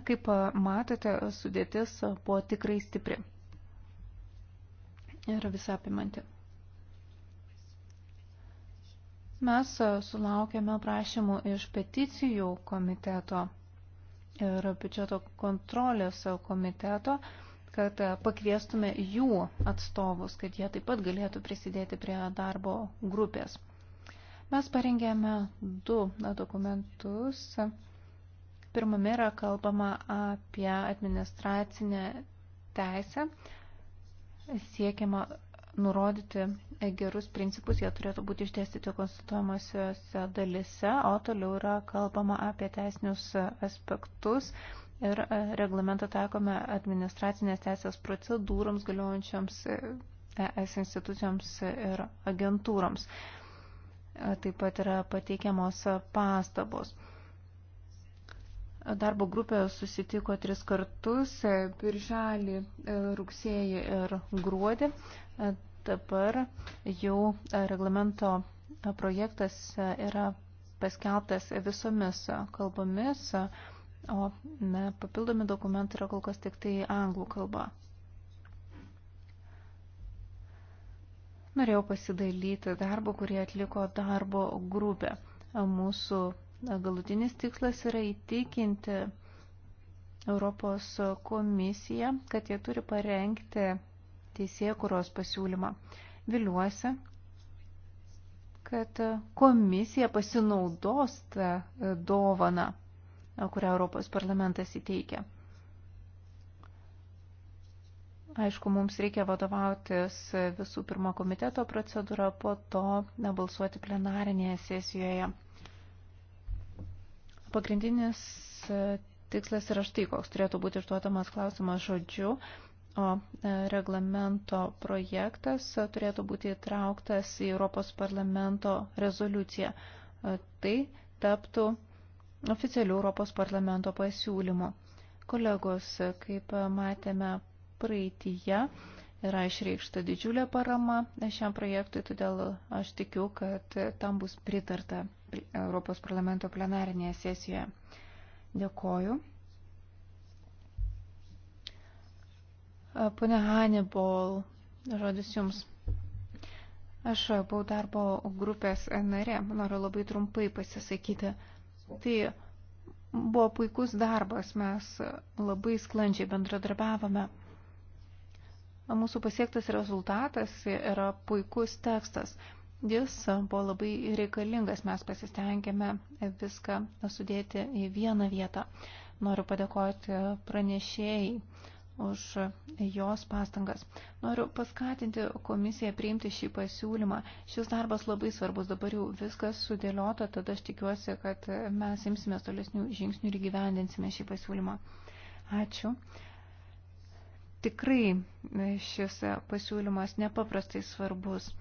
Kaip matote, sudėtis buvo tikrai stipri ir visapimanti. Mes e, sulaukėme prašymų iš peticijų komiteto ir biudžeto kontrolės komiteto, kad e, pakviestume jų atstovus, kad jie taip pat galėtų prisidėti prie darbo grupės. Mes parengėme du dokumentus. Pirmame yra kalbama apie administracinę teisę, siekiama nurodyti gerus principus, jie turėtų būti išdėstyti konstituojamosiose dalise, o toliau yra kalbama apie teisinius aspektus ir e, reglamentą taikome administracinės teisės procedūroms galiojančioms ES e institucijoms ir agentūroms. E, taip pat yra pateikiamos pastabos. Darbo grupė susitiko tris kartus e, - birželį, e, rugsėjį ir gruodį. E, dabar jau reglamento projektas yra paskelbtas visomis kalbomis, o ne, papildomi dokumentai yra kol kas tik tai anglų kalba. Norėjau pasidalyti darbo, kurį atliko darbo grupė. Mūsų galutinis tikslas yra įtikinti Europos komisiją, kad jie turi parengti teisėkuros pasiūlymą. Viliuosi, kad komisija pasinaudos tą dovaną, kurią Europos parlamentas įteikia. Aišku, mums reikia vadovautis visų pirma komiteto procedūra, po to nebalsuoti plenarinėje sesijoje. Pagrindinis e, tikslas yra štai, koks turėtų būti išduotamas klausimas žodžiu, o e, reglamento projektas e, turėtų būti įtrauktas į Europos parlamento rezoliuciją. Tai taptų oficialių Europos parlamento pasiūlymų. Kolegos, kaip matėme praeitįje, yra išreikšta didžiulė parama šiam projektui, todėl aš tikiu, kad tam bus pritarta Europos parlamento plenarinėje sesijoje. Dėkoju. Pane Hannibal, žodis Jums. Aš buvau darbo grupės narė, noriu labai trumpai pasisakyti. Tai buvo puikus darbas, mes labai sklandžiai bendradarbiavome. Mūsų pasiektas rezultatas yra puikus tekstas. Jis buvo labai reikalingas, mes pasistengėme viską sudėti į vieną vietą. Noriu padėkoti pranešėjai už jos pastangas. Noriu paskatinti komisiją priimti šį pasiūlymą. Šis darbas labai svarbus, dabar jau viskas sudėliota, tada aš tikiuosi, kad mes imsime tolesnių žingsnių ir gyvendinsime šį pasiūlymą. Ačiū tikrai šis pasiūlymas nepaprastai svarbus.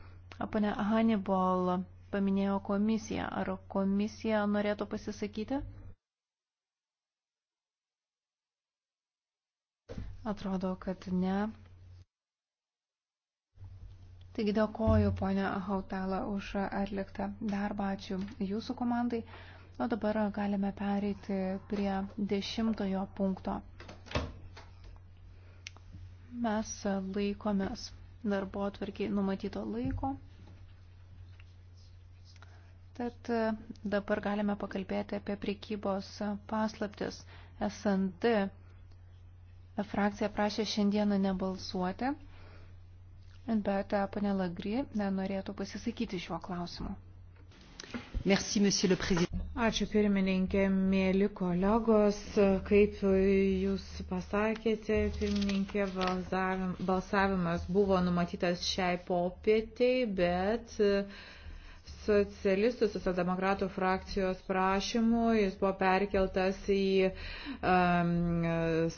Pane Hannibal paminėjo komisiją. Ar komisija norėtų pasisakyti? Atrodo, kad ne. Taigi dėkoju, ponia Hautala, už atliktą darbą. Ačiū jūsų komandai. O dabar galime pereiti prie dešimtojo punkto. Mes laikomės darbo atvarkiai numatyto laiko. Tad e, dabar galime pakalbėti apie prekybos paslaptis. SND frakcija prašė šiandieną nebalsuoti, bet e, panelagri nenorėtų pasisakyti šiuo klausimu. Merci, monsieur le président. Ačiū pirmininkė, mėly kolegos. Kaip jūs pasakėte, pirmininkė, balsavimas buvo numatytas šiai popietiai, bet socialistų, socialdemokratų frakcijos prašymu, jis buvo perkeltas į um,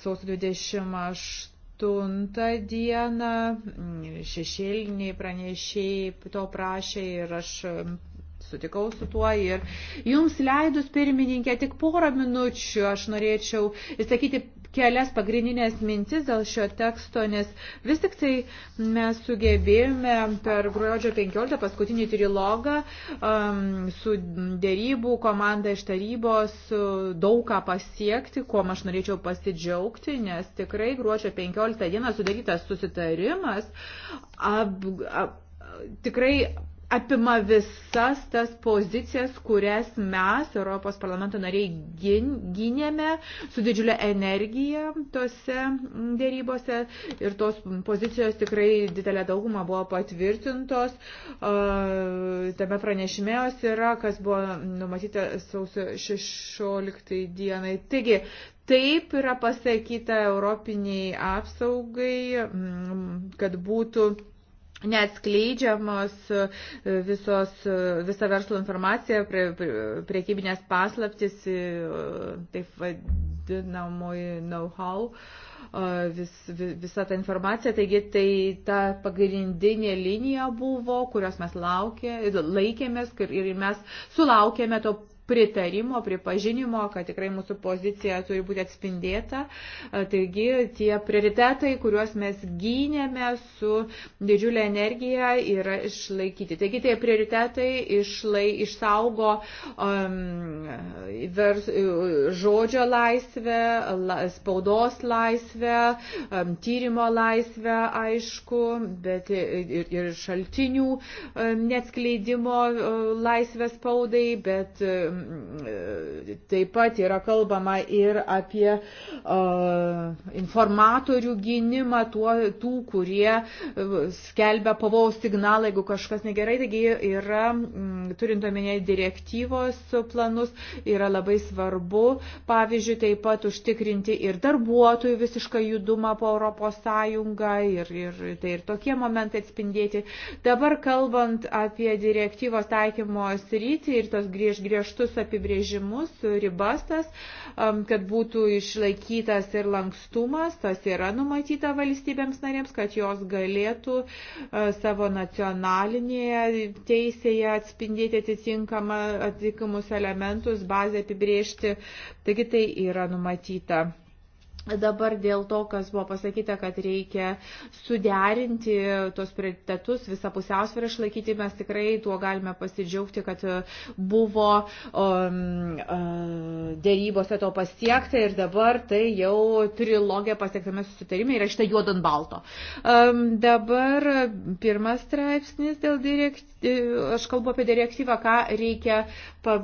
sausio 28 aštuntą dieną šešėliniai pranešėjai to prašė ir aš sutikau su tuo ir jums leidus pirmininkė tik porą minučių aš norėčiau išsakyti kelias pagrindinės mintis dėl šio teksto, nes vis tik tai mes sugebėjome per gruodžio 15 paskutinį trilogą um, su dėrybų komanda iš tarybos daug ką pasiekti, kuo aš norėčiau pasidžiaugti, nes tikrai gruodžio 15 dieną sudarytas susitarimas ab, ab, tikrai apima visas tas pozicijas, kurias mes, Europos parlamento nariai, gynėme su didžiulė energija tose dėrybose ir tos pozicijos tikrai didelė dauguma buvo patvirtintos. Tame pranešime jos yra, kas buvo numatyta sausio 16 dienai. Taigi, Taip yra pasakyta Europiniai apsaugai, kad būtų neatskleidžiamos e, visos, e, visa verslo informacija, prie, prie, priekybinės paslaptis, e, taip vadinamoji know-how, vis, vis, visa ta informacija. Taigi tai ta pagrindinė linija buvo, kurios mes laukė, laikėmės ir mes sulaukėme to pritarimo, pripažinimo, kad tikrai mūsų pozicija turi būti atspindėta. Taigi tie prioritetai, kuriuos mes gynėme su didžiulė energija, yra išlaikyti. Taigi tie prioritetai išlai, išsaugo um, vers, e, žodžio laisvę, la, spaudos laisvę, um, tyrimo laisvę, aišku, bet ir, ir šaltinių um, neatskleidimo um, laisvę spaudai, bet um, taip pat yra kalbama ir apie uh, informatorių gynimą tuo, tų, kurie skelbia pavojaus signalą, jeigu kažkas negerai. Taigi yra, turint omenyje direktyvos planus, yra labai svarbu, pavyzdžiui, taip pat užtikrinti ir darbuotojų visišką judumą po Europos Sąjungą ir, ir tai ir tokie momentai atspindėti. Dabar kalbant apie direktyvos taikymo sritį ir tos griež, griežtus visus apibrėžimus, ribas tas, kad būtų išlaikytas ir lankstumas, tas yra numatyta valstybėms narėms, kad jos galėtų savo nacionalinėje teisėje atspindėti atitinkamus elementus, bazę apibrėžti. Taigi tai yra numatyta. Dabar dėl to, kas buvo pasakyta, kad reikia suderinti tos prioritetus, visą pusiausvyrą išlaikyti, mes tikrai tuo galime pasidžiaugti, kad buvo um, uh, dėrybose to pasiekta ir dabar tai jau trilogija pasiektame susitarime yra šitą juodą ant balto. Um, dabar pirmas straipsnis dėl direktyvos, aš kalbu apie direktyvą, ką reikia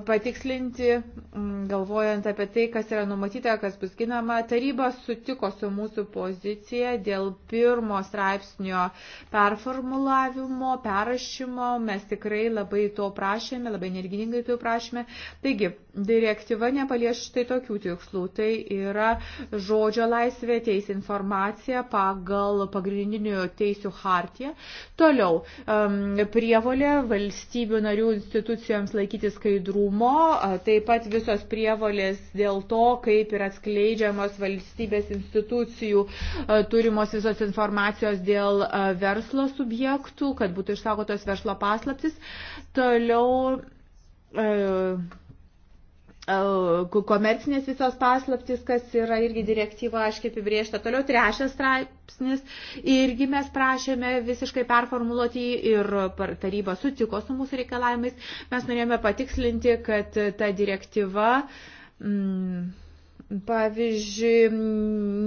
patikslinti, mm, galvojant apie tai, kas yra numatyta, kas bus ginama. Taryba sutiko su mūsų pozicija dėl pirmo straipsnio performulavimo, perrašymo. Mes tikrai labai to prašėme, labai energingai to prašėme. Taigi, direktyva nepalieš štai tokių tikslų. Tai yra žodžio laisvė, teisė informacija pagal pagrindinių teisių hartiją. Toliau, prievolė valstybių narių institucijoms laikyti skaidrų skaidrumo, taip pat visos prievolės dėl to, kaip yra skleidžiamos valstybės institucijų turimos visos informacijos dėl verslo subjektų, kad būtų išsaugotos verslo paslaptis. Toliau komercinės visos paslaptis, kas yra irgi direktyva aiškiai apibriešta. Toliau trečias straipsnis, irgi mes prašėme visiškai performuluoti ir taryba sutiko su mūsų reikalavimais. Mes norėjome patikslinti, kad ta direktyva. Mm, pavyzdžiui,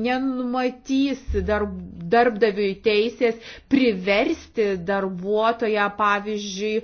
nenumatys darb, darbdaviui teisės priversti darbuotoją, pavyzdžiui,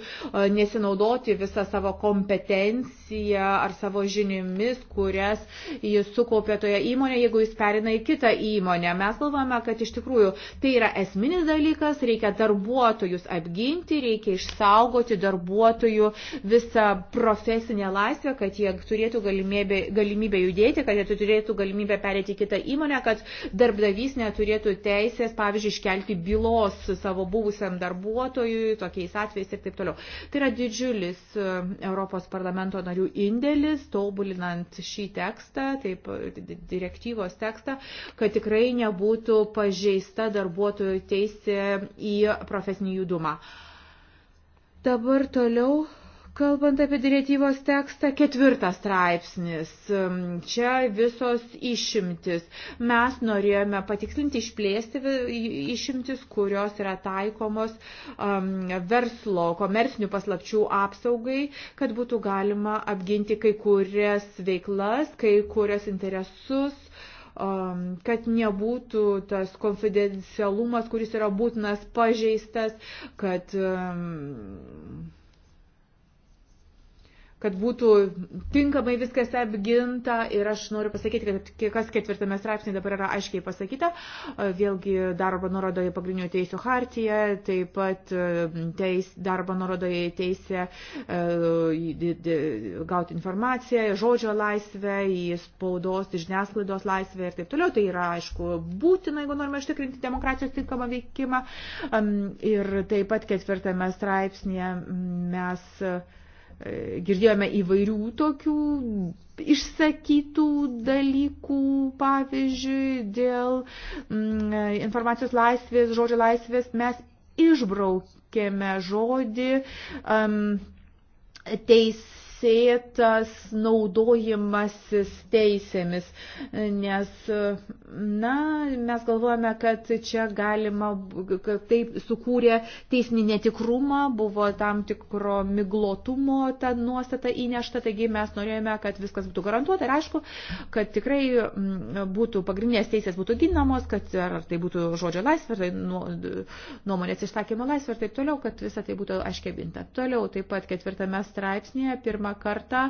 nesinaudoti visą savo kompetenciją informacija ar savo žiniomis, kurias jis sukaupė toje įmonėje, jeigu jis perina į kitą įmonę. Mes galvojame, kad iš tikrųjų tai yra esminis dalykas, reikia darbuotojus apginti, reikia išsaugoti darbuotojų visą profesinę laisvę, kad jie turėtų galimybę, galimybę judėti, kad jie turėtų galimybę perėti į kitą įmonę, kad darbdavys neturėtų teisės, pavyzdžiui, iškelti bylos savo buvusiam darbuotojui, tokiais atvejais ir taip toliau. Tai yra didžiulis e, Europos parlamento narių jų indėlis, tobulinant šį tekstą, taip, direktyvos tekstą, kad tikrai nebūtų pažeista darbuotojų teisė į profesinį judumą. Dabar toliau Kalbant apie direktyvos tekstą, ketvirtas straipsnis. Čia visos išimtis. Mes norėjome patikslinti, išplėsti išimtis, kurios yra taikomos um, verslo, komersinių paslapčių apsaugai, kad būtų galima apginti kai kurias veiklas, kai kurias interesus kad nebūtų tas konfidencialumas, kuris yra būtinas pažeistas, kad kad būtų tinkamai viskas apginta ir aš noriu pasakyti, kad kas ketvirtame straipsnėje dabar yra aiškiai pasakyta, vėlgi darbo nurodo į pagrindinių teisų hartiją, taip pat e, teis, darbo nurodo e, į teisę gauti informaciją, žodžio laisvę, į spaudos, žiniasklaidos laisvę ir taip toliau. Tai yra, aišku, būtina, jeigu norime ištikrinti demokratijos tinkamą veikimą. Ir taip pat ketvirtame straipsnėje mes E, girdėjome įvairių tokių išsakytų dalykų, pavyzdžiui, dėl mm, informacijos laisvės, žodžio laisvės mes išbraukėme žodį um, teis teisėtas naudojimasis teisėmis, nes, na, mes galvojame, kad čia galima, kad taip sukūrė teisinį netikrumą, buvo tam tikro miglotumo ta nuostata įnešta, taigi mes norėjome, kad viskas būtų garantuota ir aišku, kad tikrai mm, būtų pagrindinės teisės būtų ginamos, kad ar tai būtų žodžio laisvė, tai nu, nuomonės išsakymo laisvė ir taip toliau, kad visa tai būtų aiškiai binta. Toliau taip pat ketvirtame straipsnėje pirmą pirmą kartą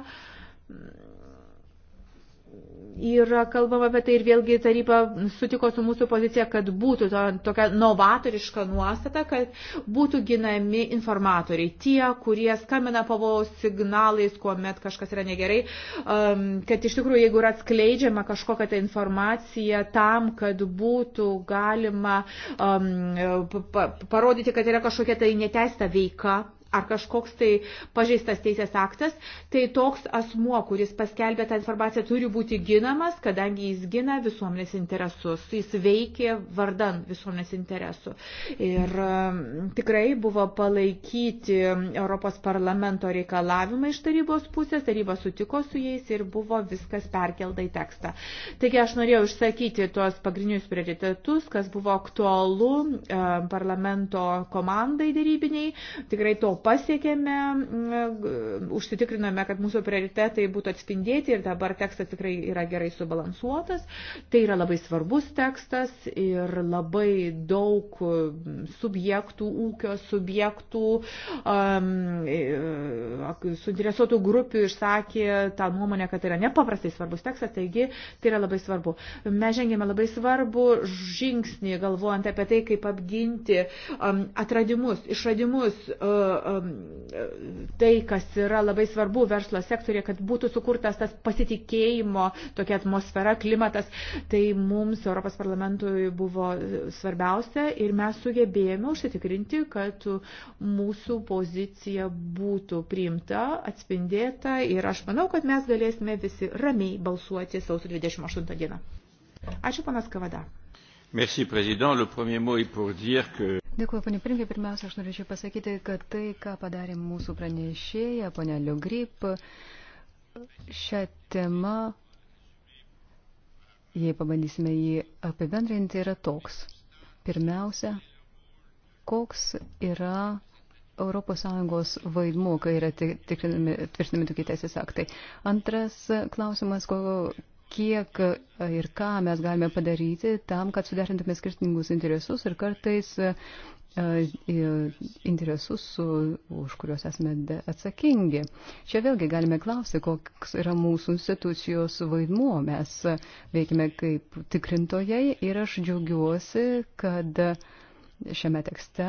yra kalbama apie tai ir vėlgi taryba sutiko su mūsų pozicija, kad būtų to, tokia novatoriška nuostata, kad būtų ginami informatoriai, tie, kurie skamina pavojaus signalais, kuomet kažkas yra negerai, um, kad iš tikrųjų, jeigu yra atskleidžiama kažkokia ta informacija tam, kad būtų galima um, pa, parodyti, kad yra kažkokia tai neteista veika, ar kažkoks tai pažeistas teisės aktas, tai toks asmuo, kuris paskelbė tą informaciją, turi būti ginamas, kadangi jis gina visuomenės interesus, jis veikė vardan visuomenės interesų. Ir um, tikrai buvo palaikyti Europos parlamento reikalavimai iš tarybos pusės, taryba sutiko su jais ir buvo viskas perkelta į tekstą. Taigi aš norėjau išsakyti tuos pagrindinius prioritetus, kas buvo aktualu um, parlamento komandai dėrybiniai. Tikrai to pasiekėme, e, užsitikrinome, kad mūsų prioritetai būtų atspindėti ir dabar tekstas tikrai yra gerai subalansuotas. Tai yra labai svarbus tekstas ir labai daug subjektų, ūkio subjektų, um, suinteresuotų grupių išsakė tą nuomonę, kad tai yra nepaprastai svarbus tekstas, taigi tai yra labai svarbu. Mes žengėme labai svarbu žingsnį, galvojant apie tai, kaip apginti um, atradimus, išradimus, uh, Um, tai, kas yra labai svarbu verslo sektorė, kad būtų sukurtas tas pasitikėjimo tokia atmosfera, klimatas, tai mums Europos parlamentui buvo svarbiausia ir mes sugebėjome užsitikrinti, kad mūsų pozicija būtų priimta, atspindėta ir aš manau, kad mes galėsime visi ramiai balsuoti sausio 28 dieną. Ačiū, panas Kavada. Merci, président. Le premier mot est pour dire que... Dėkuoju, ponė Primkė. Pirmiausia, aš norėčiau pasakyti, kad tai, ką padarė mūsų pranešėja, ponė Liugrip, šią temą, jei pabandysime jį apibendrinti, yra toks. Pirmiausia, koks yra ES vaidmuo, kai yra tikrinami, tvirtinami tokie teisės aktai. Antras klausimas, ko, kiek ir ką mes galime padaryti tam, kad suderintume skirtingus interesus ir kartais e, e, interesus, už kuriuos esame atsakingi. Čia vėlgi galime klausti, koks yra mūsų institucijos vaidmuo. Mes veikime kaip tikrintojai ir aš džiaugiuosi, kad šiame tekste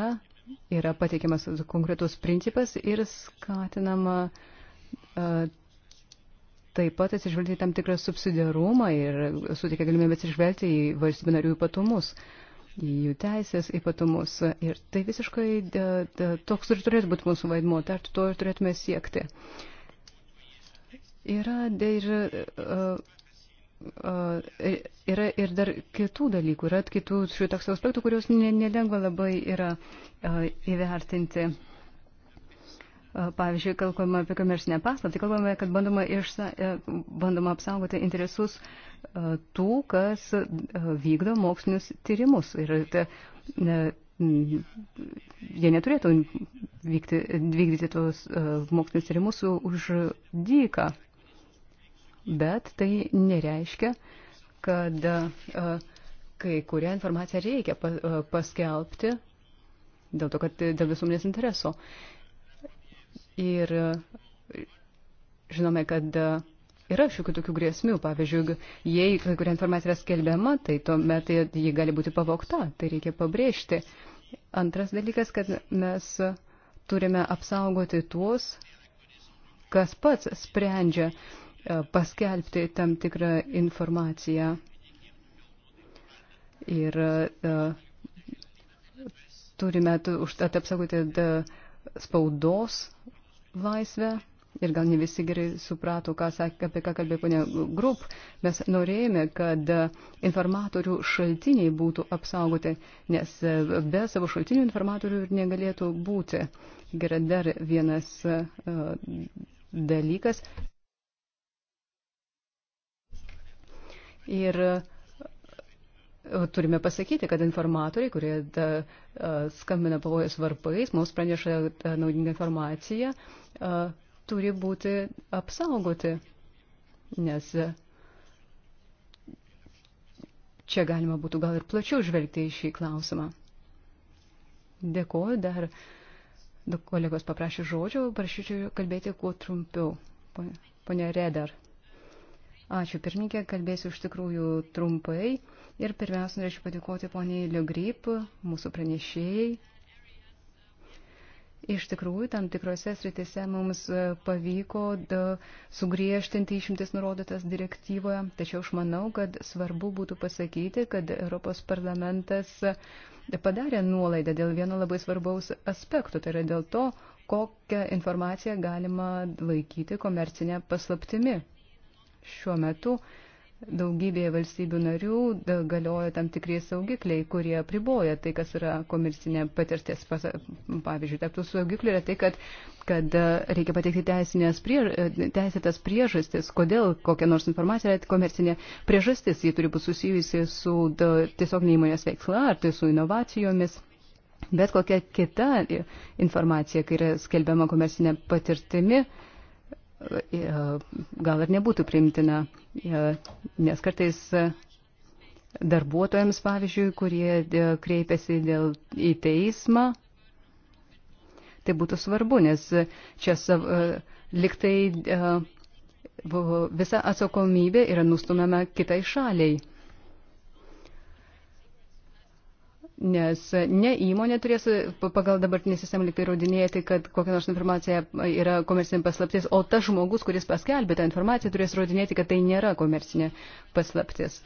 yra pateikiamas konkretus principas ir skatinama e, taip pat atsižvelgti tam tikrą subsidiarumą ir suteikia galimybę atsižvelgti į valstybių narių ypatumus, į jų teisės ypatumus. Ir tai visiškai da, e, da, e, toks ir turėtų būti mūsų vaidmuo, dar tai to ir turėtume siekti. Yra, da, ir, uh, uh, yra ir dar kitų dalykų, yra kitų šių teksto aspektų, kuriuos nelengva labai yra uh, įvertinti. Pavyzdžiui, kalbame apie komersinę paslaptį, tai kalbame, kad bandoma, išsa, e, bandoma apsaugoti interesus e, tų, kas e, vykdo mokslinius tyrimus. Ir te, ne, jie neturėtų vykti, vykdyti tos mokslinius tyrimus už dyką. Bet tai nereiškia, kad kai kurią informaciją reikia paskelbti dėl to, kad dėl visuomenės intereso. Uh, Ir e, žinome, kad e, yra šiokių tokių grėsmių. Pavyzdžiui, jei kai kuria informacija yra skelbiama, tai tuomet tai ji gali būti pavokta. Tai reikia pabrėžti. Antras dalykas, kad mes turime apsaugoti tuos, kas pats sprendžia e, paskelbti tam tikrą informaciją. Ir turime už tą apsaugoti spaudos laisvę. Ir gal ne visi gerai suprato, ką sakė, apie ką kalbėjo ponė Grup. Mes norėjome, kad informatorių šaltiniai būtų apsaugoti, nes be savo šaltinių informatorių ir negalėtų būti. Gerai, dar vienas uh, dalykas. Ir uh, Turime pasakyti, kad informatoriai, kurie da, skambina pavojus varpais, mums praneša da, naudingą informaciją, a, turi būti apsaugoti, nes čia galima būtų gal ir plačiau žvelgti į šį klausimą. Dėkuoju dar. Du kolegos paprašė žodžio, prašyčiau kalbėti kuo trumpiau. Pone Redar. Ačiū pirmininkė, kalbėsiu iš tikrųjų trumpai ir pirmiausia norėčiau padėkoti poniai Liugryp, mūsų pranešėjai. Iš tikrųjų, tam tikrose sritise mums pavyko sugriežtinti išimtis nurodytas direktyvoje, tačiau aš manau, kad svarbu būtų pasakyti, kad Europos parlamentas padarė nuolaidą dėl vieno labai svarbaus aspektų, tai yra dėl to, kokią informaciją galima laikyti komercinę paslaptimi šiuo metu daugybėje valstybių narių galioja tam tikrie saugikliai, kurie priboja tai, kas yra komercinė patirtis. Pavyzdžiui, tarptų saugiklių yra tai, kad, kad reikia pateikti priež, e, teisėtas priežastis, kodėl kokia nors informacija yra komercinė priežastis, ji turi būti susijusi su tiesiog neįmonės veikla ar tai su inovacijomis. Bet kokia kita informacija, kai yra skelbiama komercinė patirtimi, uh, E, gal ir nebūtų primtina, e, nes kartais darbuotojams, pavyzdžiui, kurie e, kreipiasi dėl, į teismą, tai būtų svarbu, nes čia sav, liktai visa atsakomybė yra nustumama kitai šaliai. nes ne įmonė turės pagal dabartinį sistemą liktai rodinėti, kad kokia nors informacija yra komercinė paslaptis, o tas žmogus, kuris paskelbė tą informaciją, turės rodinėti, kad tai nėra komercinė paslaptis.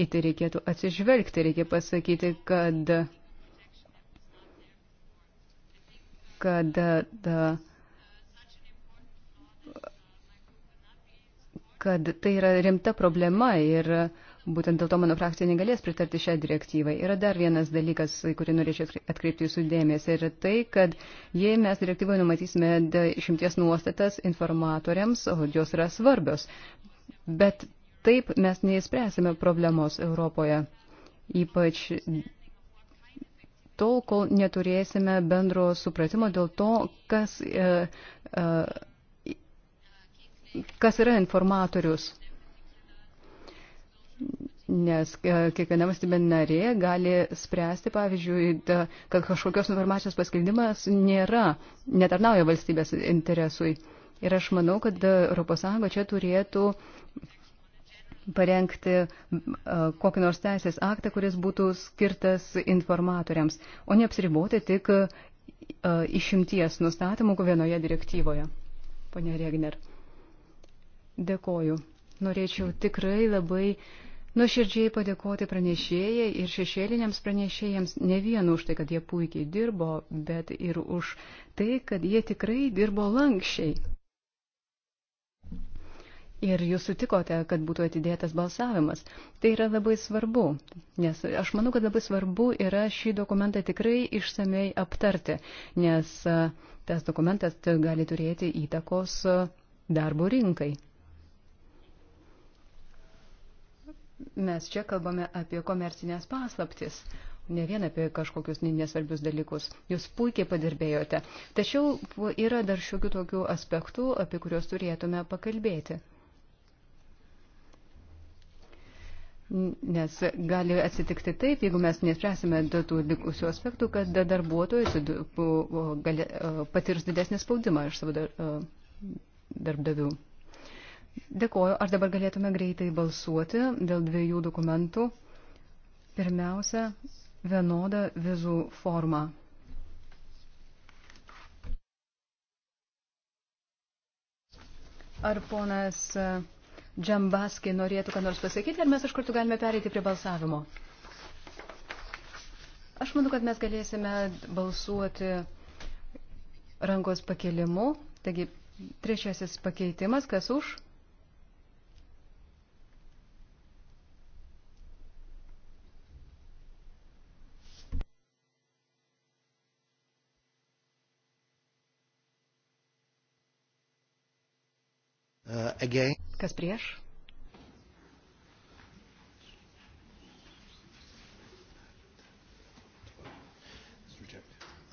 Į tai reikėtų atsižvelgti, reikia pasakyti, kad, kad da, kad tai yra rimta problema ir uh, Būtent dėl to mano frakcija negalės pritarti šią direktyvą. Yra dar vienas dalykas, kurį norėčiau atkreipti jūsų dėmesį, yra tai, kad jei mes direktyvoje numatysime išimties nuostatas informatoriams, o jos yra svarbios, bet taip mes neįspręsime problemos Europoje, ypač tol, kol neturėsime bendro supratimo dėl to, kas, e, e, kas yra informatorius Nes e, kiekviena valstybė narė gali spręsti, pavyzdžiui, da, kad kažkokios informacijos paskelbimas nėra, netarnauja valstybės interesui. Ir aš manau, kad ES čia turėtų parengti e, kokį nors teisės aktą, kuris būtų skirtas informatoriams, o ne apsiriboti tik e, išimties nustatymų vienoje direktyvoje. Pone Regner, dėkoju. Norėčiau tikrai labai uh, nuoširdžiai padėkoti pranešėjai ir šešėliniams pranešėjams ne vien už tai, kad jie puikiai dirbo, bet ir už tai, kad jie tikrai dirbo lankščiai. Ir jūs sutikote, kad būtų atidėtas balsavimas. Tai yra labai svarbu, nes aš manau, kad labai svarbu yra šį dokumentą tikrai išsamei aptarti, nes tas dokumentas gali turėti įtakos darbo rinkai. mes čia kalbame apie komercinės paslaptis, ne vien apie kažkokius nesvarbius dalykus. Jūs puikiai padirbėjote. Tačiau yra dar šiokių tokių aspektų, apie kuriuos turėtume pakalbėti. Nes gali atsitikti taip, jeigu mes nespręsime tų likusių aspektų, kad darbuotojas e, patirs didesnį spaudimą iš savo e, darbdavių. Dar, Dėkoju, ar dabar galėtume greitai balsuoti dėl dviejų dokumentų. Pirmiausia, vienoda vizų forma. Ar ponas e, Džambaski norėtų ką nors pasakyti, ar mes iš karto galime pereiti prie balsavimo? Aš manau, kad mes galėsime balsuoti rankos pakelimu. Taigi, trečiasis pakeitimas, kas už? Uh, again. Kas prieš?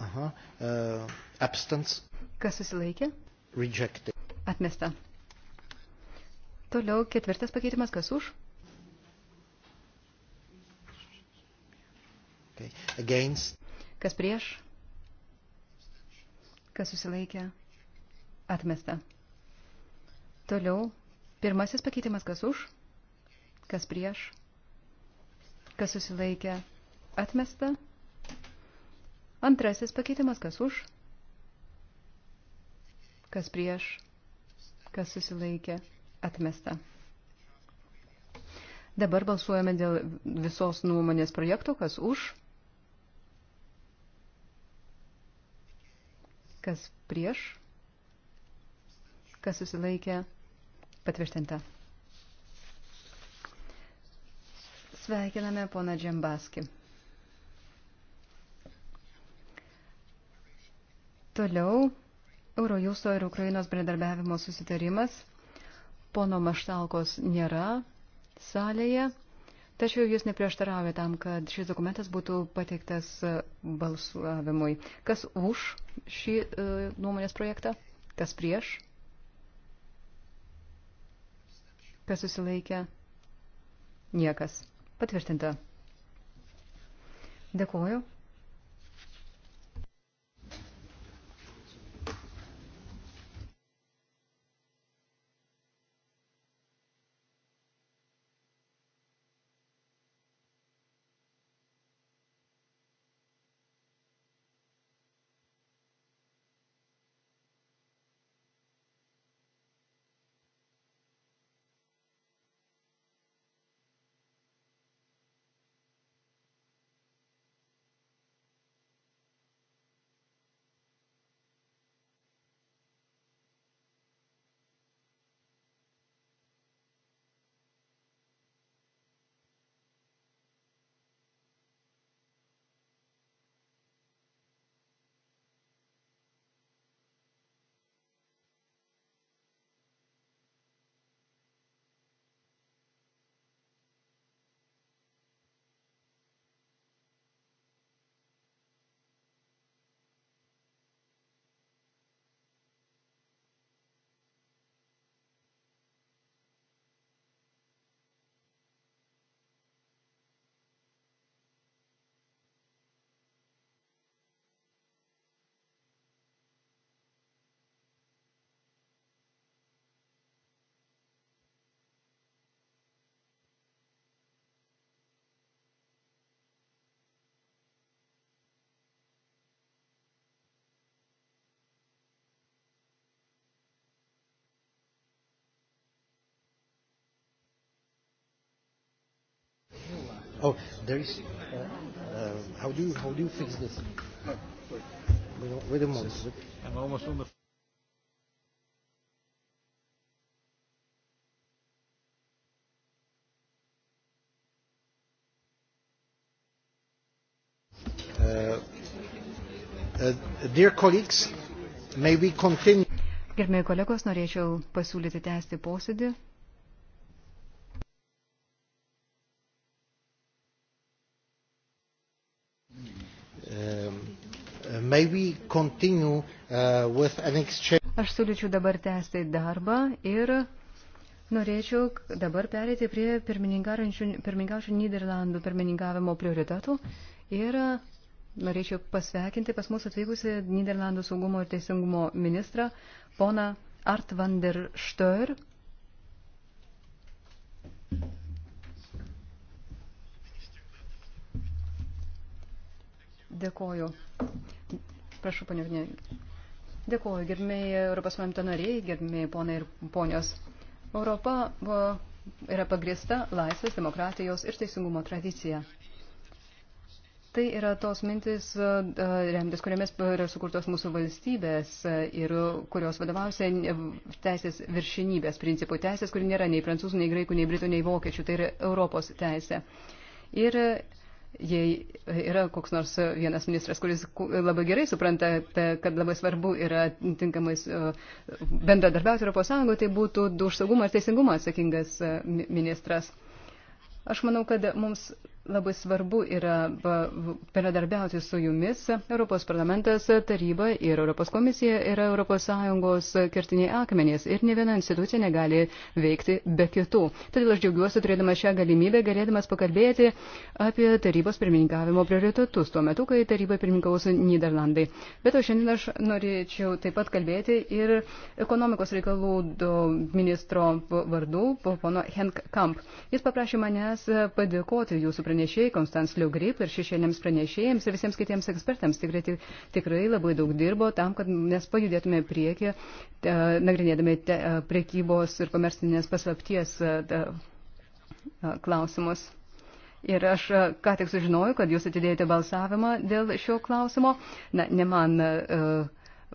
Aha. Uh-huh. Uh, abstance. Kas susilaikė? Rejected. Atmesta. Toliau ketvirtas pakeitimas. Kas už? Okay. Against. Kas prieš? Kas susilaikė? Atmesta. Toliau pirmasis pakeitimas kas už, kas prieš, kas susilaikė atmesta. Antrasis pakeitimas kas už, kas prieš, kas susilaikė atmesta. Dabar balsuojame dėl visos nuomonės projekto, kas už, kas prieš, kas susilaikė atmesta Patvirtinta. Sveikiname poną Džembaskį. Toliau Eurojuso ir Ukrainos bendradarbiavimo susitarimas. Pono Maštalkos nėra salėje, tačiau jis neprieštaravė tam, kad šis dokumentas būtų pateiktas balsuavimui. Kas už šį e, nuomonės projektą, kas prieš? Kas susilaikė? Niekas. Patvirtinta. Dėkuoju. Oh, there is. Uh, uh, how do you how do you fix this? Wait, wait a moment. I'm almost on the. Uh, uh, dear colleagues, may we continue? Gerbėjai kolegos, norėčiau pasiūlyti tęsti posėdį. continue, uh, Aš siūlyčiau dabar tęsti darbą ir norėčiau dabar perėti prie pirmininkaušių Niderlandų pirmininkavimo prioritetų ir norėčiau pasveikinti pas mus atvykusi Niderlandų saugumo ir teisingumo ministrą pona Art van der Stör. Dėkoju. Prašau, ponė Vinė. Dėkuoju, gerbėjai Europos parlamento nariai, gerbėjai ponai ir ponios. Europa yra pagrįsta laisvės, demokratijos ir teisingumo tradicija. Tai yra tos mintis remtis, kuriamis yra sukurtos mūsų valstybės ir kurios vadovausia e, teisės viršinybės principų. Teisės, kuri nėra nei prancūzų, nei graikų, nei britų, nei vokiečių. Tai yra Europos teisė. Ir jei yra koks nors vienas ministras, kuris labai gerai supranta, kad labai svarbu yra tinkamai bendradarbiauti Europos Sąjungoje, tai būtų už saugumą ir teisingumą atsakingas e, ministras. Aš manau, kad mums Labai svarbu yra bendradarbiauti su jumis. Europos parlamentas, taryba ir Europos komisija yra ES kertiniai akmenys ir ne viena institucija negali veikti be kitų. Todėl aš džiaugiuosi turėdama šią galimybę, galėdamas pakalbėti apie tarybos pirmininkavimo prioritetus tuo metu, kai taryba pirmininkaus Niderlandai. Bet o šiandien aš norėčiau taip pat kalbėti ir ekonomikos reikalų ministro vardu, pono Henk Kamp. Jis paprašė manęs padėkoti jūsų pranešimą pranešėjai, Konstans Liugrip ir šešėliams pranešėjams ir visiems kitiems ekspertams tikrai, tikrai labai daug dirbo tam, kad mes pajudėtume priekį, e, nagrinėdami e, priekybos ir komercinės paslapties e, klausimus. Ir aš ką tik sužinojau, kad jūs atidėjote balsavimą dėl šio klausimo. Na, ne man uh,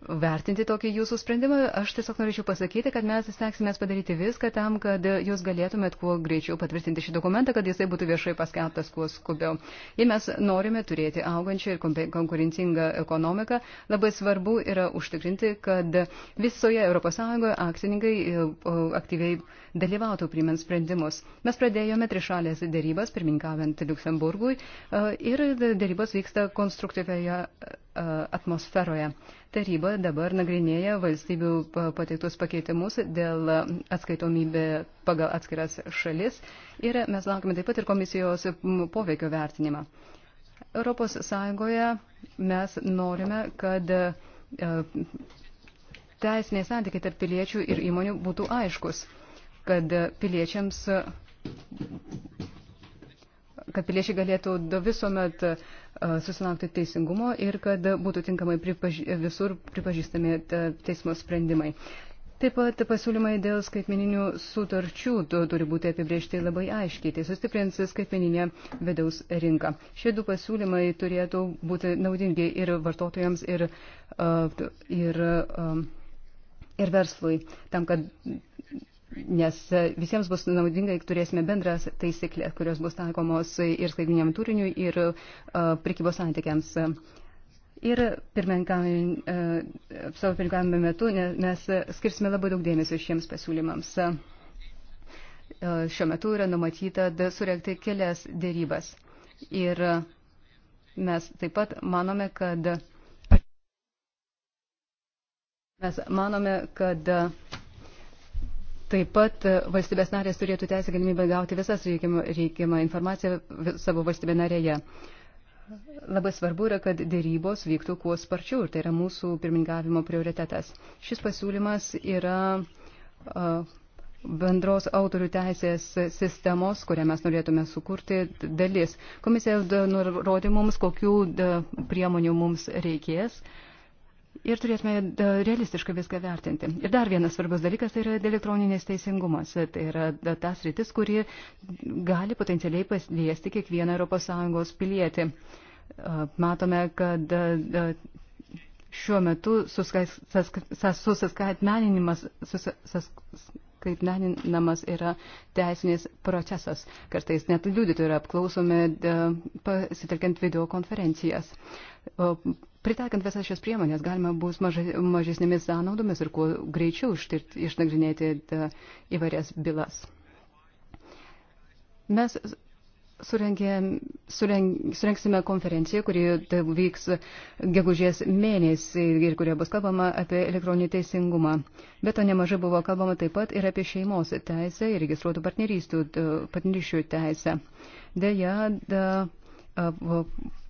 vertinti tokį jūsų sprendimą. Aš tiesiog norėčiau pasakyti, kad mes stengsime padaryti viską tam, kad jūs galėtumėt kuo greičiau patvirtinti šį dokumentą, kad jisai būtų viešai paskelbtas kuo skubiau. Jei mes norime turėti augančią ir konkurencingą ekonomiką, labai svarbu yra užtikrinti, kad visoje ES akcininkai e, aktyviai dalyvautų priimant sprendimus. Mes pradėjome trišalės dėrybas, pirmininkavant Luksemburgui, e, ir dėrybos vyksta konstruktyvioje e, atmosferoje. Taryba dabar nagrinėja valstybių pateiktus pakeitimus dėl atskaitomybė pagal atskiras šalis ir mes laukime taip pat ir komisijos poveikio vertinimą. Europos Sąjungoje mes norime, kad e, teisiniai santykiai tarp piliečių ir įmonių būtų aiškus, kad piliečiams kad piliečiai galėtų visuomet uh, susilaukti teisingumo ir kad būtų tinkamai pripaž... visur pripažįstami teismo sprendimai. Taip pat pasiūlymai dėl skaitmeninių sutarčių turi būti apibriežti labai aiškiai, tai sustiprins skaitmeninę vidaus rinką. Šie du pasiūlymai turėtų būti naudingi ir vartotojams, ir, ir, ir verslui, tam, kad nes e, visiems bus naudinga, jeigu turėsime bendras taisyklės, kurios bus taikomos ir sklaidiniam turiniui, ir uh, e, prikybos santykiams. Ir pirmininkavimo e, savo pirmininkavimo metu mes skirsime labai daug dėmesio šiems pasiūlymams. Šiuo metu yra numatyta surekti kelias dėrybas. Ir mes taip pat manome, kad mes manome, kad Taip pat e, valstybės narės turėtų teisę galimybę gauti visas reikiamą, reikiamą informaciją savo valstybė narėje. Labai svarbu yra, kad dėrybos vyktų kuo sparčiau ir tai yra mūsų pirmingavimo prioritetas. Šis pasiūlymas yra uh, bendros autorių teisės sistemos, kurią mes norėtume sukurti, dalis. Komisija nurodė mums, kokių priemonių mums reikės. Uh, ir turėtume e, realistiškai viską vertinti. Ir dar vienas svarbus dalykas tai yra elektroninės teisingumas. Tai yra e, tas rytis, kuri gali potencialiai pasliesti kiekvieną ES pilietį. E, matome, kad šiuo metu susiskaitmeninimas skaitmeninamas yra teisinis procesas. Kartais net liudytojai yra apklausomi pasitelkiant videokonferencijas. Pritaikant visas šias priemonės galima bus maža, mažesnėmis sąnaudomis ir kuo greičiau ištirti, išnagrinėti įvairias bylas. Mes surengė, sureng, surengsime konferenciją, kuri vyks gegužės mėnesį ir kurioje bus kalbama apie elektroninį teisingumą. Bet to nemažai buvo kalbama taip pat ir apie šeimos teisę ir registruotų partnerystų, partnerysčių teisę. Deja, da,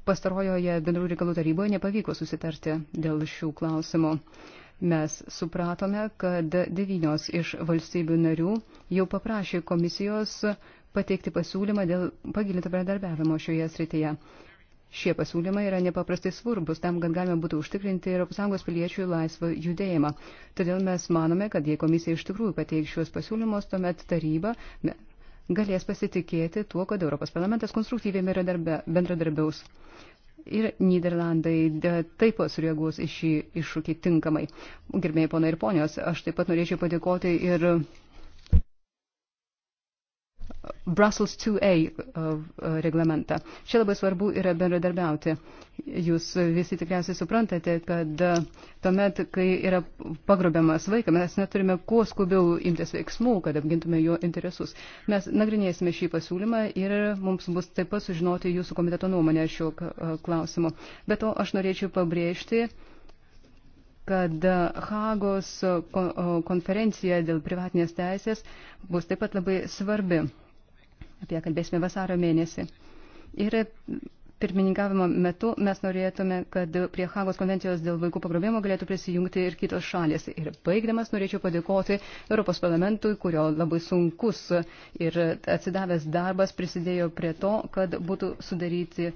pastarojoje bendrų reikalų taryboje nepavyko susitarti dėl šių klausimų. Mes supratome, kad devynios iš valstybių narių jau paprašė komisijos pateikti pasiūlymą dėl pagilinto bendradarbiavimo šioje srityje. Šie pasiūlymai yra nepaprastai svarbus tam, kad galime būtų užtikrinti ES piliečių laisvą judėjimą. Todėl mes manome, kad jei komisija iš tikrųjų pateiks šios pasiūlymus, tuomet taryba, galės pasitikėti tuo, kad Europos parlamentas konstruktyviai bendradarbiaus. Ir Niderlandai e, taip pat sureaguos į šį iššūkį tinkamai. Gerbėjai ponai ir ponios, aš taip pat norėčiau padėkoti ir Brussels 2A uh, uh, reglamentą. Čia labai svarbu yra bendradarbiauti. Jūs visi tikriausiai suprantate, kad uh, tuomet, kai yra pagrobiamas vaikas, mes neturime kuo skubiau imtis veiksmų, kad apgintume jo interesus. Mes nagrinėsime šį pasiūlymą ir mums bus taip pat sužinoti jūsų komiteto nuomonę šiuo klausimu. Bet to aš norėčiau pabrėžti kad Hagos konferencija dėl privatinės teisės bus taip pat labai svarbi apie ją kalbėsime vasario mėnesį. Ir pirmininkavimo metu mes norėtume, kad prie Hagos konvencijos dėl vaikų pagrobimo galėtų prisijungti ir kitos šalės. Ir baigdamas norėčiau padėkoti Europos parlamentui, kurio labai sunkus ir atsidavęs darbas prisidėjo prie to, kad būtų sudaryti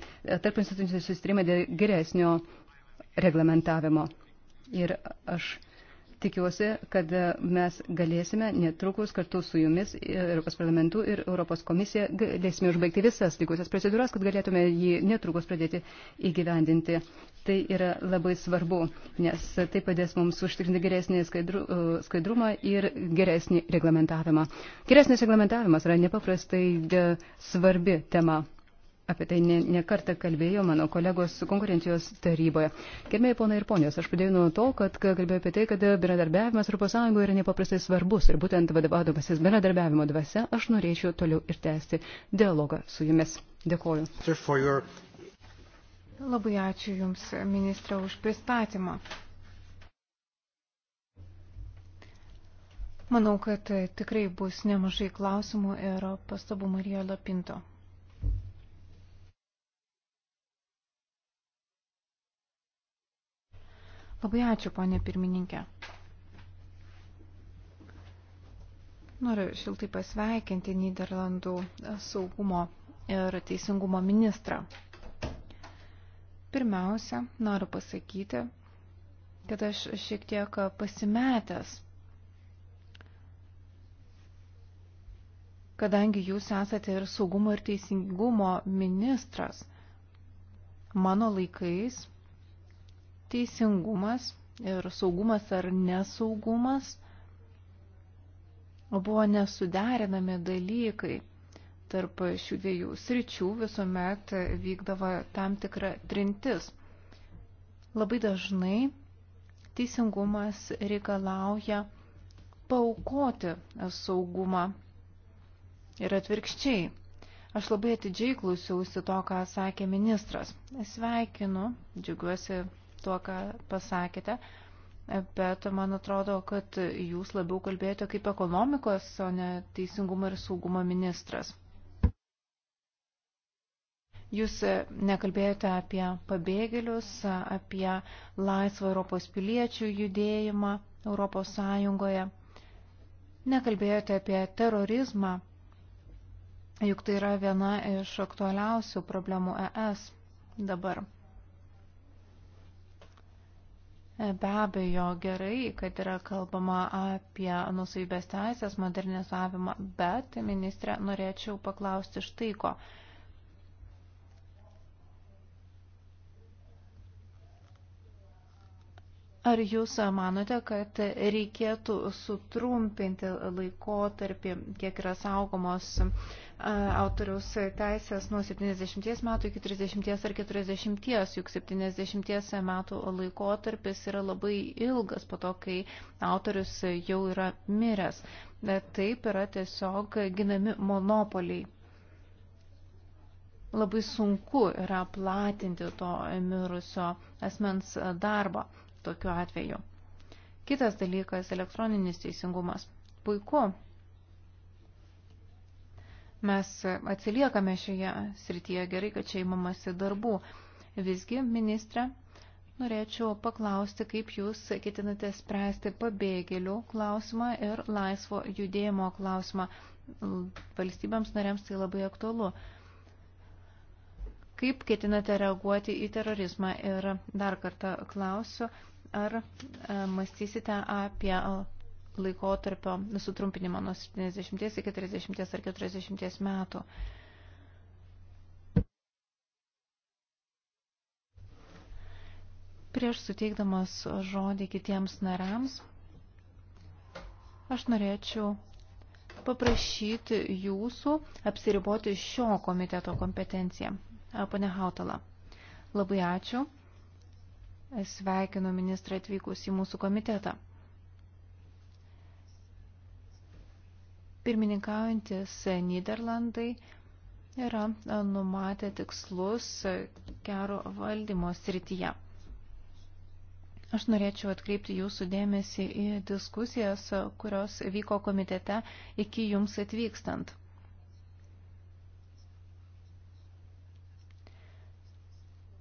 tarp institucijų susitrimą dėl geresnio reglamentavimo. Ir aš tikiuosi, kad mes galėsime netrukus kartu su jumis, Europos parlamentu ir Europos komisija, galėsime užbaigti visas likusias procedūras, kad galėtume jį netrukus pradėti įgyvendinti. Tai yra labai svarbu, nes tai padės mums užtikrinti geresnį skaidru, skaidrumą ir geresnį reglamentavimą. Geresnis reglamentavimas yra nepaprastai e, svarbi tema. Apie tai ne, ne kartą kalbėjo mano kolegos konkurencijos taryboje. Gerbėjai ponai ir ponios, aš pradėjau nuo to, kad kalbėjau apie tai, kad bendradarbiavimas Europos Sąjungoje yra nepaprastai svarbus ir būtent vadovaudomasis bendradarbiavimo dvasia aš norėčiau toliau ir tęsti dialogą su jumis. Dėkoju. Labai ačiū Jums, ministra, už pristatymą. Manau, kad tikrai bus nemažai klausimų ir pastabų Marija Lapinto. Labai ačiū, ponė pirmininkė. Noriu šiltai pasveikinti Niderlandų saugumo ir teisingumo ministrą. Pirmiausia, noriu pasakyti, kad aš šiek tiek pasimetęs, kadangi jūs esate ir saugumo ir teisingumo ministras. Mano laikais teisingumas ir saugumas ar nesaugumas buvo nesuderinami dalykai. Tarp šių dviejų sričių visuomet vykdavo tam tikra trintis. Labai dažnai teisingumas reikalauja paukoti saugumą ir atvirkščiai. Aš labai atidžiai klausiausi to, ką sakė ministras. Sveikinu, džiugiuosi tuo, ką pasakėte, bet man atrodo, kad jūs labiau kalbėjote kaip ekonomikos, o ne teisingumo ir saugumo ministras. Jūs nekalbėjote apie pabėgėlius, apie laisvą Europos piliečių judėjimą Europos Sąjungoje. Nekalbėjote apie terorizmą, juk tai yra viena iš aktualiausių problemų ES dabar. Be abejo, gerai, kad yra kalbama apie nusavybės teisės modernizavimą, bet, ministrė, norėčiau paklausti štai ko. Ar jūs manote, kad reikėtų sutrumpinti laikotarpį, kiek yra saugomos uh, autoriaus teisės nuo 70 metų iki 30 ar 40, juk 70 metų laikotarpis yra labai ilgas po to, kai autorius jau yra miręs. Taip yra tiesiog ginami monopoliai. Labai sunku yra platinti to mirusio asmens darbą tokiu atveju. Kitas dalykas - elektroninis teisingumas. Puiku, Mes atsiliekame šioje srityje gerai, kad čia įmamasi darbų. Visgi, ministrė, norėčiau paklausti, kaip jūs ketinate spręsti pabėgėlių klausimą ir laisvo judėjimo klausimą. Valstybėms nariams tai labai aktualu. Kaip ketinate reaguoti į terorizmą? Ir dar kartą klausiu, ar e, mąstysite apie laikotarpio sutrumpinimą nuo 70 iki 30 ar 40 metų. Prieš suteikdamas žodį kitiems nariams, aš norėčiau paprašyti jūsų apsiriboti šio komiteto kompetenciją. Pane Hautala, labai ačiū. Sveikinu ministrą atvykus į mūsų komitetą. Pirmininkaujantis Niderlandai yra numatę tikslus gero valdymo srityje. Aš norėčiau atkreipti jūsų dėmesį į diskusijas, kurios vyko komitete iki jums atvykstant.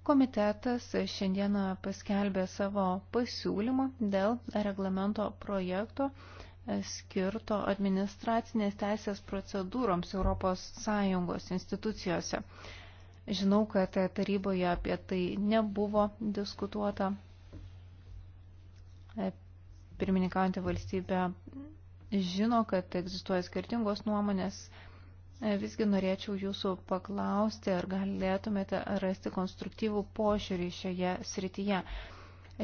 Komitetas šiandieną paskelbė savo pasiūlymą dėl reglamento projekto skirto administracinės teisės procedūroms ES institucijose. Žinau, kad taryboje apie tai nebuvo diskutuota. Pirmininkaujantį valstybę žino, kad egzistuoja skirtingos nuomonės. Visgi norėčiau jūsų paklausti, ar galėtumėte rasti konstruktyvų požiūrį šioje srityje.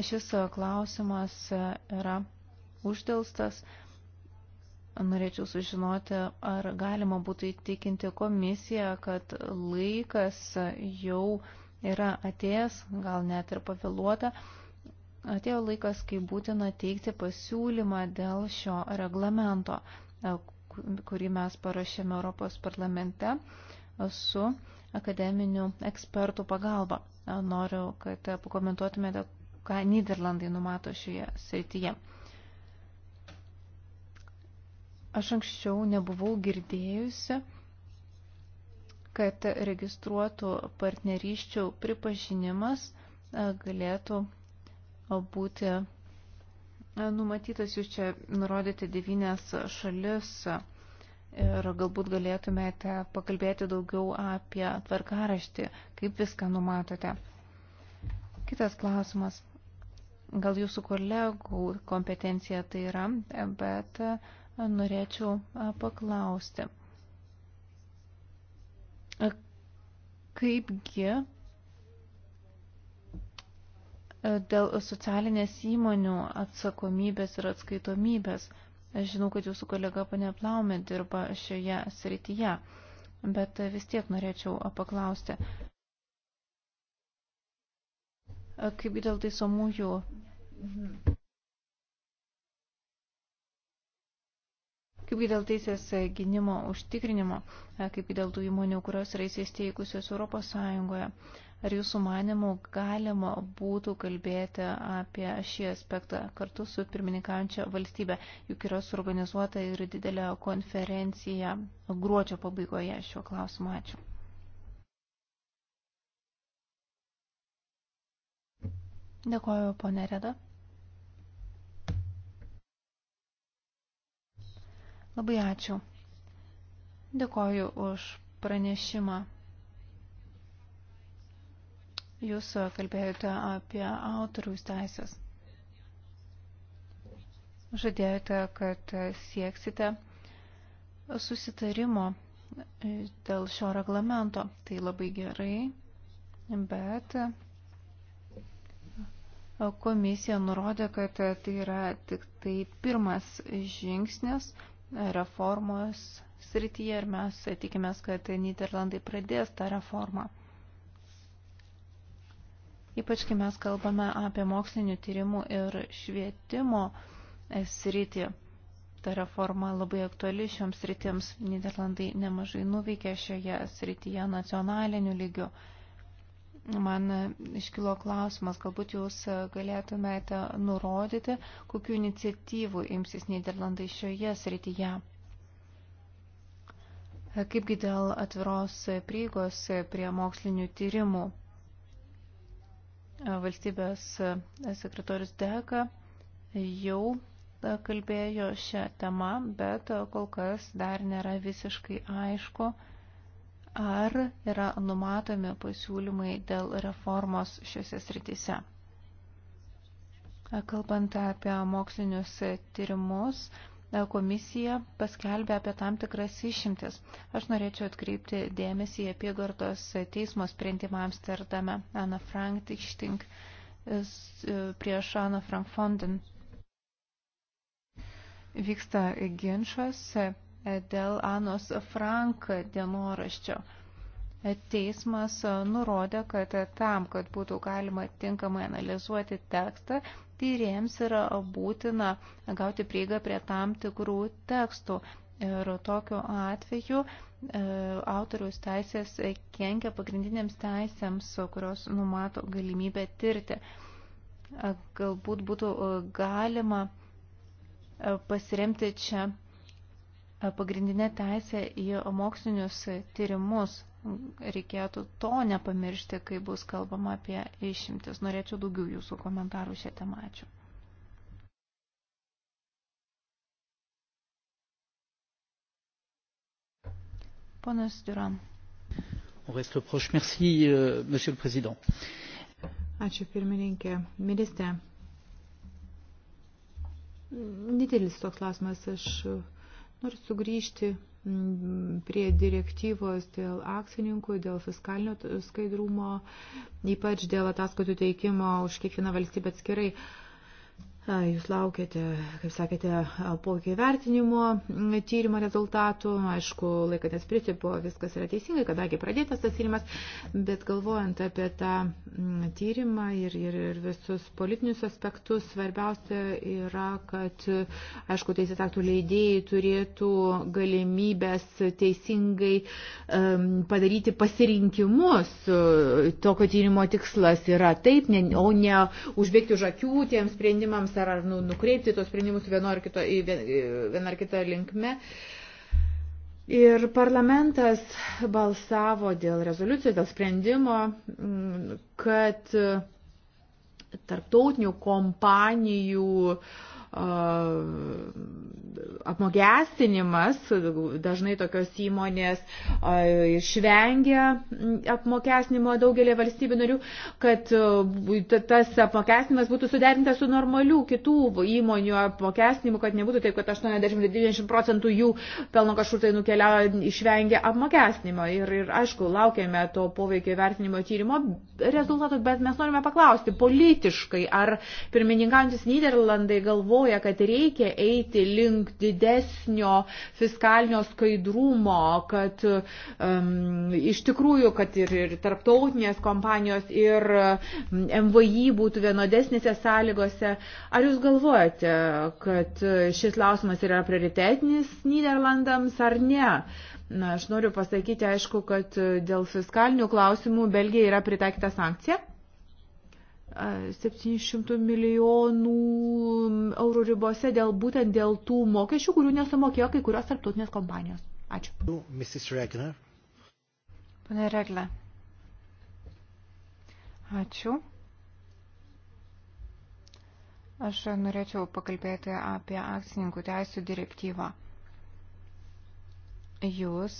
Šis klausimas yra uždėlstas Norėčiau sužinoti, ar galima būtų įtikinti komisiją, kad laikas jau yra atėjęs, gal net ir pavėluota. Atėjo laikas, kai būtina teikti pasiūlymą dėl šio reglamento, kurį mes parašėme Europos parlamente su akademinių ekspertų pagalba. Noriu, kad pakomentuotumėte, ką Niderlandai numato šioje srityje. Aš anksčiau nebuvau girdėjusi, kad registruotų partnerysčių pripažinimas e, galėtų e, būti e, numatytas. Jūs čia nurodėte devynės šalis ir galbūt galėtumėte pakalbėti daugiau apie tvarkaraštį, kaip viską numatote. Kitas klausimas. Gal jūsų kolegų kompetencija tai yra, bet norėčiau paklausti. Kaipgi dėl socialinės įmonių atsakomybės ir atskaitomybės. Aš žinau, kad jūsų kolega pane Plaume dirba šioje srityje, bet vis tiek norėčiau paklausti. Kaip dėl taisomųjų mhm. kaipgi dėl teisės gynimo užtikrinimo, e, kaipgi dėl tų įmonių, kurios yra įsisteigusios Europos Sąjungoje. Ar jūsų manimų galima būtų kalbėti apie šį aspektą kartu su pirmininkaujančia valstybė, juk yra suorganizuota ir didelė konferencija gruodžio pabaigoje šiuo klausimu. Ačiū. Dėkoju, ponė Reda. Labai ačiū. Dėkoju už pranešimą. Jūs kalbėjote apie autoriaus teisės. Žadėjote, kad sieksite susitarimo dėl šio reglamento. Tai labai gerai, bet komisija nurodė, kad tai yra tik tai pirmas žingsnis reformos srityje ir mes tikimės, kad Niderlandai pradės tą reformą. Ypač kai mes kalbame apie mokslinių tyrimų ir švietimo sritį. Ta reforma labai aktuali šioms sritims. Niderlandai nemažai nuveikė šioje srityje nacionaliniu lygiu man iškilo klausimas, galbūt jūs galėtumėte nurodyti, kokiu iniciatyvu imsis Niderlandai šioje srityje. Kaipgi dėl atviros prieigos prie mokslinių tyrimų. Valstybės sekretorius Deka jau kalbėjo šią temą, bet kol kas dar nėra visiškai aišku, ar yra numatomi pasiūlymai dėl reformos šiuose srityse. Kalbant apie mokslinius tyrimus, komisija paskelbė apie tam tikras išimtis. Aš norėčiau atkreipti dėmesį į apygardos teismo sprendimą Amsterdame Anna Frank Tichting prieš Anna Frank Fonden. Vyksta ginčas dėl Anos Frank dienoraščio. Teismas nurodė, kad tam, kad būtų galima tinkamai analizuoti tekstą, tyriems yra būtina gauti prieigą prie tam tikrų tekstų. Ir tokiu atveju e, autoriaus teisės kenkia pagrindinėms teisėms, kurios numato galimybę tirti. Galbūt būtų e, galima e, pasiremti čia pagrindinė teisė į mokslinius tyrimus. Reikėtų to nepamiršti, kai bus kalbama apie išimtis. Norėčiau daugiau jūsų komentarų šią temą. Ačiū. Ponas Duran. On reste proche. Merci, euh, Monsieur le Président. Ačiū pirmininkė. Ministrė, nedidelis toks klausimas. Aš uh, Noriu sugrįžti mm, prie direktyvos dėl akcininkų, dėl fiskalinio skaidrumo, ypač dėl ataskaitų teikimo už kiekvieną valstybę atskirai. Uh, Jūs laukiate, kaip sakėte, poveikio vertinimo tyrimo rezultatų. Aišku, laikotės principo, viskas yra teisingai, kadangi pradėtas tas tyrimas, bet galvojant apie tą tyrimą ir, ir, ir visus politinius aspektus, svarbiausia yra, kad, aišku, teisės aktų leidėjai turėtų galimybės teisingai um, padaryti pasirinkimus. Tokio tyrimo tikslas yra taip, ne, o ne užbėgti už akių tiems sprendimams sprendimus ar, ar nu, nukreipti tos sprendimus vieno ar kito, į vieną ar kitą linkmę. Ir parlamentas balsavo dėl rezoliucijos, dėl sprendimo, mm, kad tarptautinių kompanijų uh, apmokestinimas, dažnai tokios įmonės išvengia apmokestinimo daugelį valstybių narių, kad tas apmokestinimas būtų suderintas su normalių kitų įmonių apmokestinimu, kad nebūtų taip, kad 80-90 procentų jų pelno kažkur tai nukeliauja, išvengia apmokestinimo. Ir, ir aišku, laukiame to poveikio vertinimo tyrimo rezultatų, bet mes norime paklausti politiškai, ar pirmininkaujantis Niderlandai galvoja, galvoja, kad reikia eiti link didesnio fiskalinio skaidrumo, kad um, iš tikrųjų, kad ir, ir tarptautinės kompanijos, ir MVI um, būtų vienodesnėse sąlygose. Ar jūs galvojate, kad šis klausimas yra prioritetinis Niderlandams ar ne? Na, aš noriu pasakyti, aišku, kad dėl fiskalinių klausimų Belgija yra pritaikyta sankcija. 700 milijonų eurų ribose dėl būtent dėl tų mokesčių, kurių nesumokėjo kai kurios tarptautinės kompanijos. Ačiū. Mrs. Regner. Pane Regle. Ačiū. Aš norėčiau pakalbėti apie akcininkų teisų direktyvą. Jūs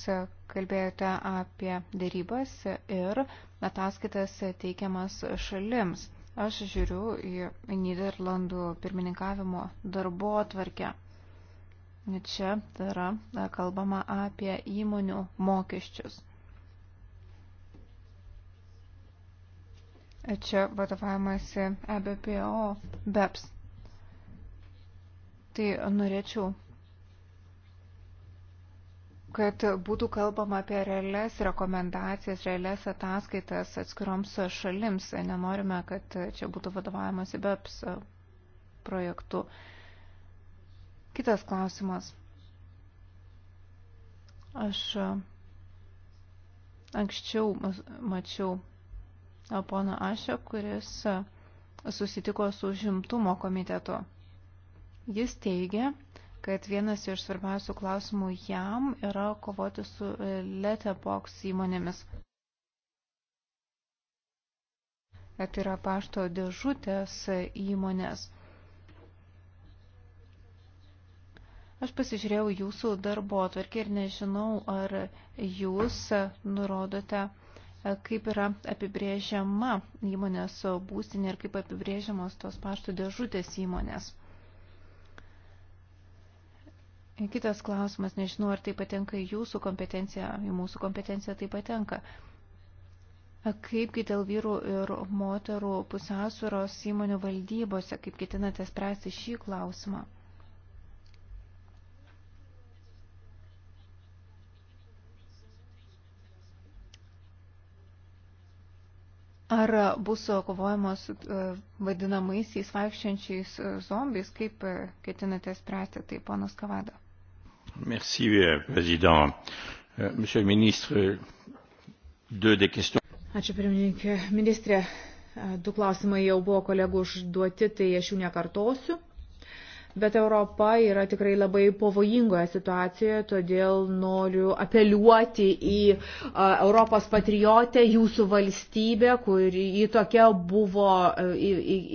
kalbėjote apie dėrybas ir ataskaitas teikiamas šalims. Aš žiūriu į Niderlandų pirmininkavimo darbo atvarkę. Čia yra e, kalbama apie įmonių mokesčius. E, čia vadovavimasi EBPO BEPS. Tai norėčiau kad būtų kalbama apie realias rekomendacijas, realias ataskaitas atskiroms šalims. Nenorime, kad čia būtų vadovavimas į BEPS projektu. Kitas klausimas. Aš anksčiau mačiau poną Ašę, kuris susitiko su žimtumo komitetu. Jis teigia, kad vienas iš svarbiausių klausimų jam yra kovoti su e, Letterbox įmonėmis. E, tai yra pašto dėžutės įmonės. Aš pasižiūrėjau jūsų darbo atvarkį ir nežinau, ar jūs nurodote, e, kaip yra apibrėžiama įmonės būstinė ir kaip apibrėžiamos tos pašto dėžutės įmonės. Kitas klausimas, nežinau, ar tai patenka į jūsų kompetenciją, į mūsų kompetenciją tai patenka. Kaipgi dėl vyrų ir moterų pusiausvėros įmonių valdybose, kaip ketinate spręsti šį klausimą? Ar bus kovojama su e, vadinamaisiais vaikščiančiais e, zombiais, kaip e, ketinate spręsti tai, ponas Kavada? Merci, euh, prezident. Euh, monsieur ministre, deux des questions. Ačiū, pirmininkė. Ministrė, du klausimai jau buvo kolegų užduoti, tai aš jų nekartosiu. Bet Europa yra tikrai labai pavojingoje situacijoje, todėl noriu apeliuoti į Europos patriotę, jūsų valstybę, kuri į tokia buvo e,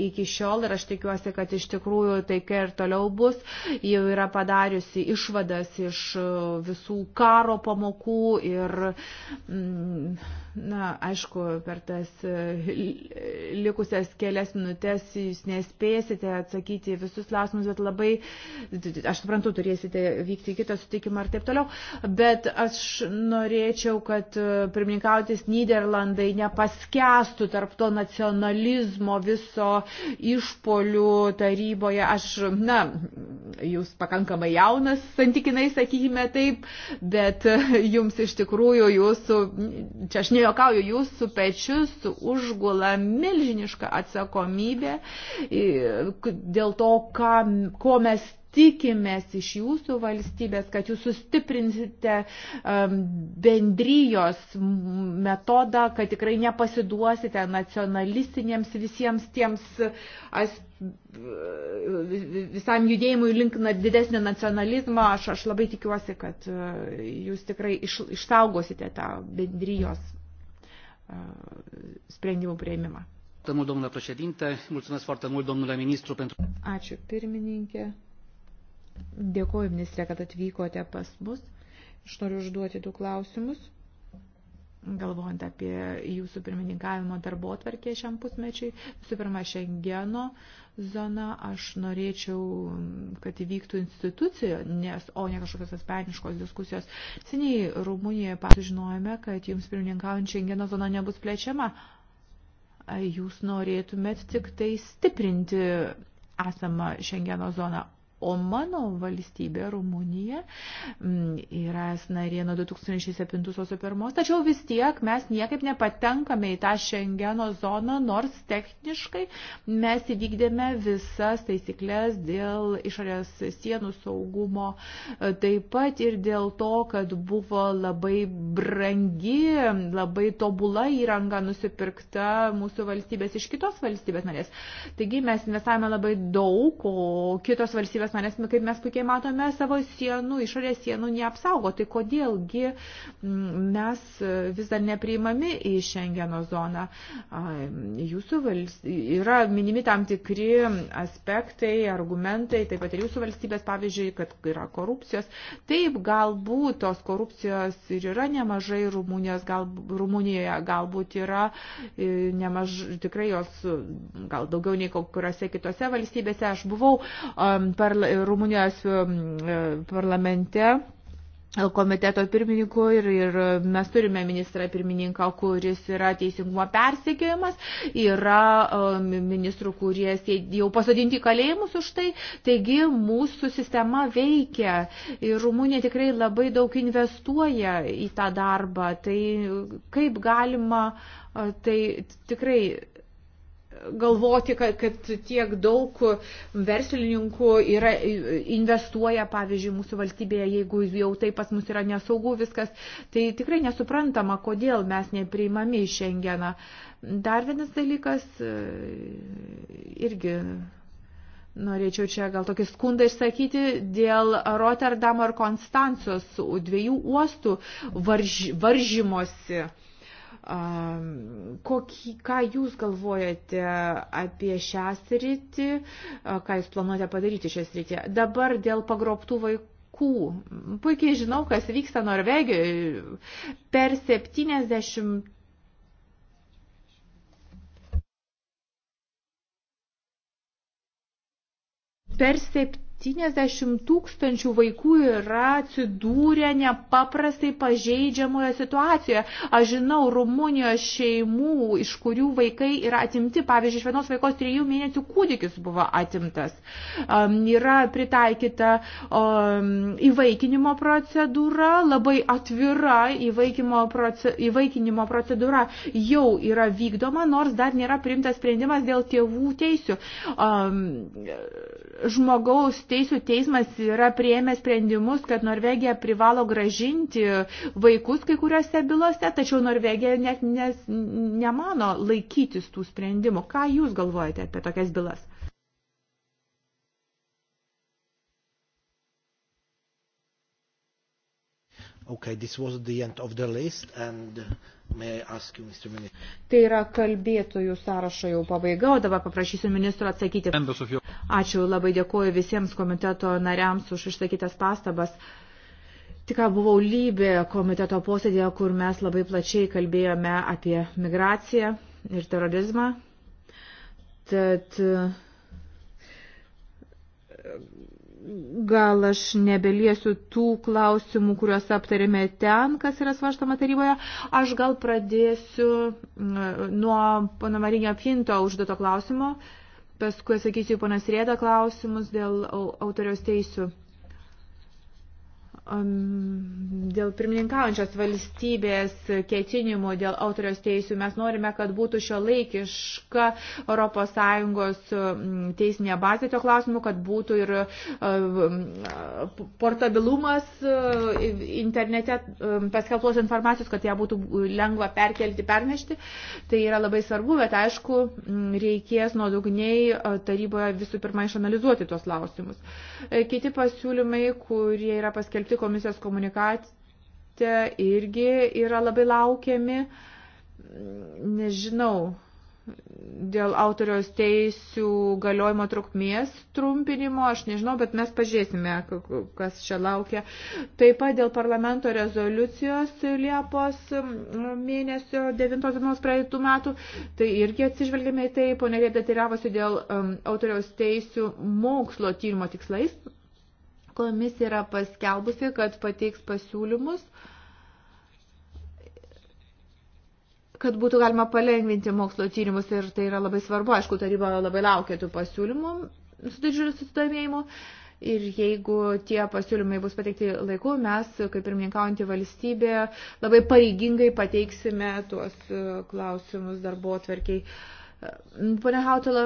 iki šiol ir aš tikiuosi, kad iš tikrųjų taika ir toliau bus. Jau yra padariusi išvadas iš e, visų karo pamokų ir, mm, na, aišku, per tas e, likusias kelias minutės jūs nespėsite atsakyti visus klausimus, bet labai, aš suprantu, turėsite vykti į kitą sutikimą ir taip toliau, bet aš norėčiau, kad e, pirmininkautis Niderlandai nepaskestų tarp to nacionalizmo viso išpolių taryboje. Aš, na, jūs pakankamai jaunas, santykinai, sakykime taip, bet e, jums iš tikrųjų jūsų, čia aš nejokauju, jūsų pečius užgula milžiniška atsakomybė dėl to, ką, ko mes tikimės iš jūsų valstybės, kad jūs sustiprinsite um, bendrijos metodą, kad tikrai nepasiduosite nacionalistinėms visiems tiems aspektams visam judėjimui link didesnį nacionalizmą, aš, aš labai tikiuosi, kad uh, jūs tikrai iš, išsaugosite tą bendrijos uh, sprendimų prieimimą domnule președinte mulțumesc foarte mult domnule ministru pentru. ačiū pirmininke dėkoju ministre kad atvykote pas mus aš noriu užduoti du klausimus galvojant apie jūsų pirmininkavimo darbotvarkę šiam pusmečiui. Visų pirma, Šengeno zona, aš norėčiau, kad įvyktų institucijų, nes, o ne kažkokios asmeniškos diskusijos. Seniai Rumunijoje pasužinojome, kad jums pirmininkaujant Šengeno zona nebus plečiama jūs norėtumėt tik tai stiprinti esamą Šengeno zoną, O mano valstybė, Rumunija, yra narė nuo 2007 sausio pirmos, tačiau vis tiek mes niekaip nepatenkame į tą Šengeno zoną, nors techniškai mes įvykdėme visas taisyklės dėl išorės sienų saugumo, e, taip pat ir dėl to, kad buvo labai brangi, labai tobula įranga nusipirkta mūsų valstybės iš kitos valstybės narės. Taigi mes investavome labai daug, o kitos valstybės valstybės narės, kaip mes puikiai matome, savo sienų, išorės sienų neapsaugo. Tai kodėlgi mm, mes e, vis dar nepriimami į Šengeno zoną. Jūsų valst... yra minimi tam tikri aspektai, argumentai, taip pat ir jūsų valstybės, pavyzdžiui, kad yra korupcijos. Taip, galbūt tos korupcijos ir yra nemažai Rumunijos, gal, Rumunijoje galbūt yra e, nemažai, tikrai jos gal daugiau nei kokiuose kitose valstybėse. Aš buvau um, parlamentaras Rumunijos mm, e, parlamente e, komiteto pirmininku ir, ir mes turime ministrą pirmininką, kuris yra teisingumo persekiojimas, yra e, ministrų, kurie jau pasodinti kalėjimus už tai, taigi mūsų sistema veikia ir Rumunija tikrai labai daug investuoja į tą darbą, tai kaip galima, tai tikrai galvoti, kad, kad tiek daug verslininkų yra, investuoja, pavyzdžiui, mūsų valstybėje, jeigu jau tai pas mus yra nesaugu viskas, tai tikrai nesuprantama, kodėl mes nepriimami į šiandieną. Dar vienas dalykas e, irgi. Norėčiau čia gal tokį skundą išsakyti dėl Rotterdamo ir Konstancijos dviejų uostų varž, varžymosi. Uh, Kokį, ką Jūs galvojate apie šią sritį, ką Jūs planuojate padaryti šią sritį? Dabar dėl pagrobtų vaikų aukų. Puikiai žinau, kas vyksta Norvegijoje. Per 70. Per 70 70 tūkstančių vaikų yra atsidūrę nepaprastai pažeidžiamoje situacijoje. Aš žinau Rumunijos šeimų, iš kurių vaikai yra atimti. Pavyzdžiui, iš vienos vaikos trijų mėnesių kūdikis buvo atimtas. Um, yra pritaikyta um, įvaikinimo procedūra, labai atvira proce, įvaikinimo procedūra jau yra vykdoma, nors dar nėra primtas sprendimas dėl tėvų teisių. Um, žmogaus teisų teismas yra prieėmęs sprendimus, kad Norvegija privalo gražinti vaikus kai kuriuose bylose, tačiau Norvegija net nes, nemano laikytis tų sprendimų. Ką Jūs galvojate apie tokias bylas? Okay, this was the end of the list and uh, Tai yra kalbėtojų sąrašo jau pabaiga, o dabar paprašysiu ministro atsakyti. Ačiū, labai dėkuoju visiems komiteto nariams už išsakytas pastabas. Tik buvau lybė komiteto posėdėje, kur mes labai plačiai kalbėjome apie migraciją ir terorizmą. Tad Gal aš nebeliesiu tų klausimų, kuriuos aptarėme ten, kas yra svarstama taryboje. Aš gal pradėsiu nuo pono Marinio Pinto užduoto klausimo, paskui sakysiu ponas Rėda klausimus dėl autoriaus teisų dėl pirmininkaujančios valstybės ketinimų, dėl autorios teisų. Mes norime, kad būtų šio laikiška ES teisinė bazė to klausimu, kad būtų ir portabilumas internete paskelbtos informacijos, kad ją būtų lengva perkelti, pernešti. Tai yra labai svarbu, bet aišku, reikės nuodugniai taryboje visų pirma išanalizuoti tuos klausimus. E, kiti pasiūlymai, kurie yra paskelbti paminėti, komisijos komunikacija irgi yra labai laukiami. Nežinau, dėl autoriaus teisių galiojimo trukmės trumpinimo, aš nežinau, bet mes pažiūrėsime, kas čia laukia. Taip pat dėl parlamento rezoliucijos Liepos mėnesio 9 dienos praeitų metų, tai irgi atsižvelgėme į tai, ponė Rėda tiravosi dėl um, autoriaus teisių mokslo tyrimo tikslais, Komisija yra paskelbusi, kad pateiks pasiūlymus, kad būtų galima palengvinti mokslo tyrimus ir tai yra labai svarbu. Aišku, taryba labai laukia tų pasiūlymų su didžiuliu susidomėjimu. Ir jeigu tie pasiūlymai bus pateikti laiku, mes, kaip pirmininkaujantį valstybė, labai pareigingai pateiksime tuos e, klausimus darbo atverkiai. E, pone Hautala,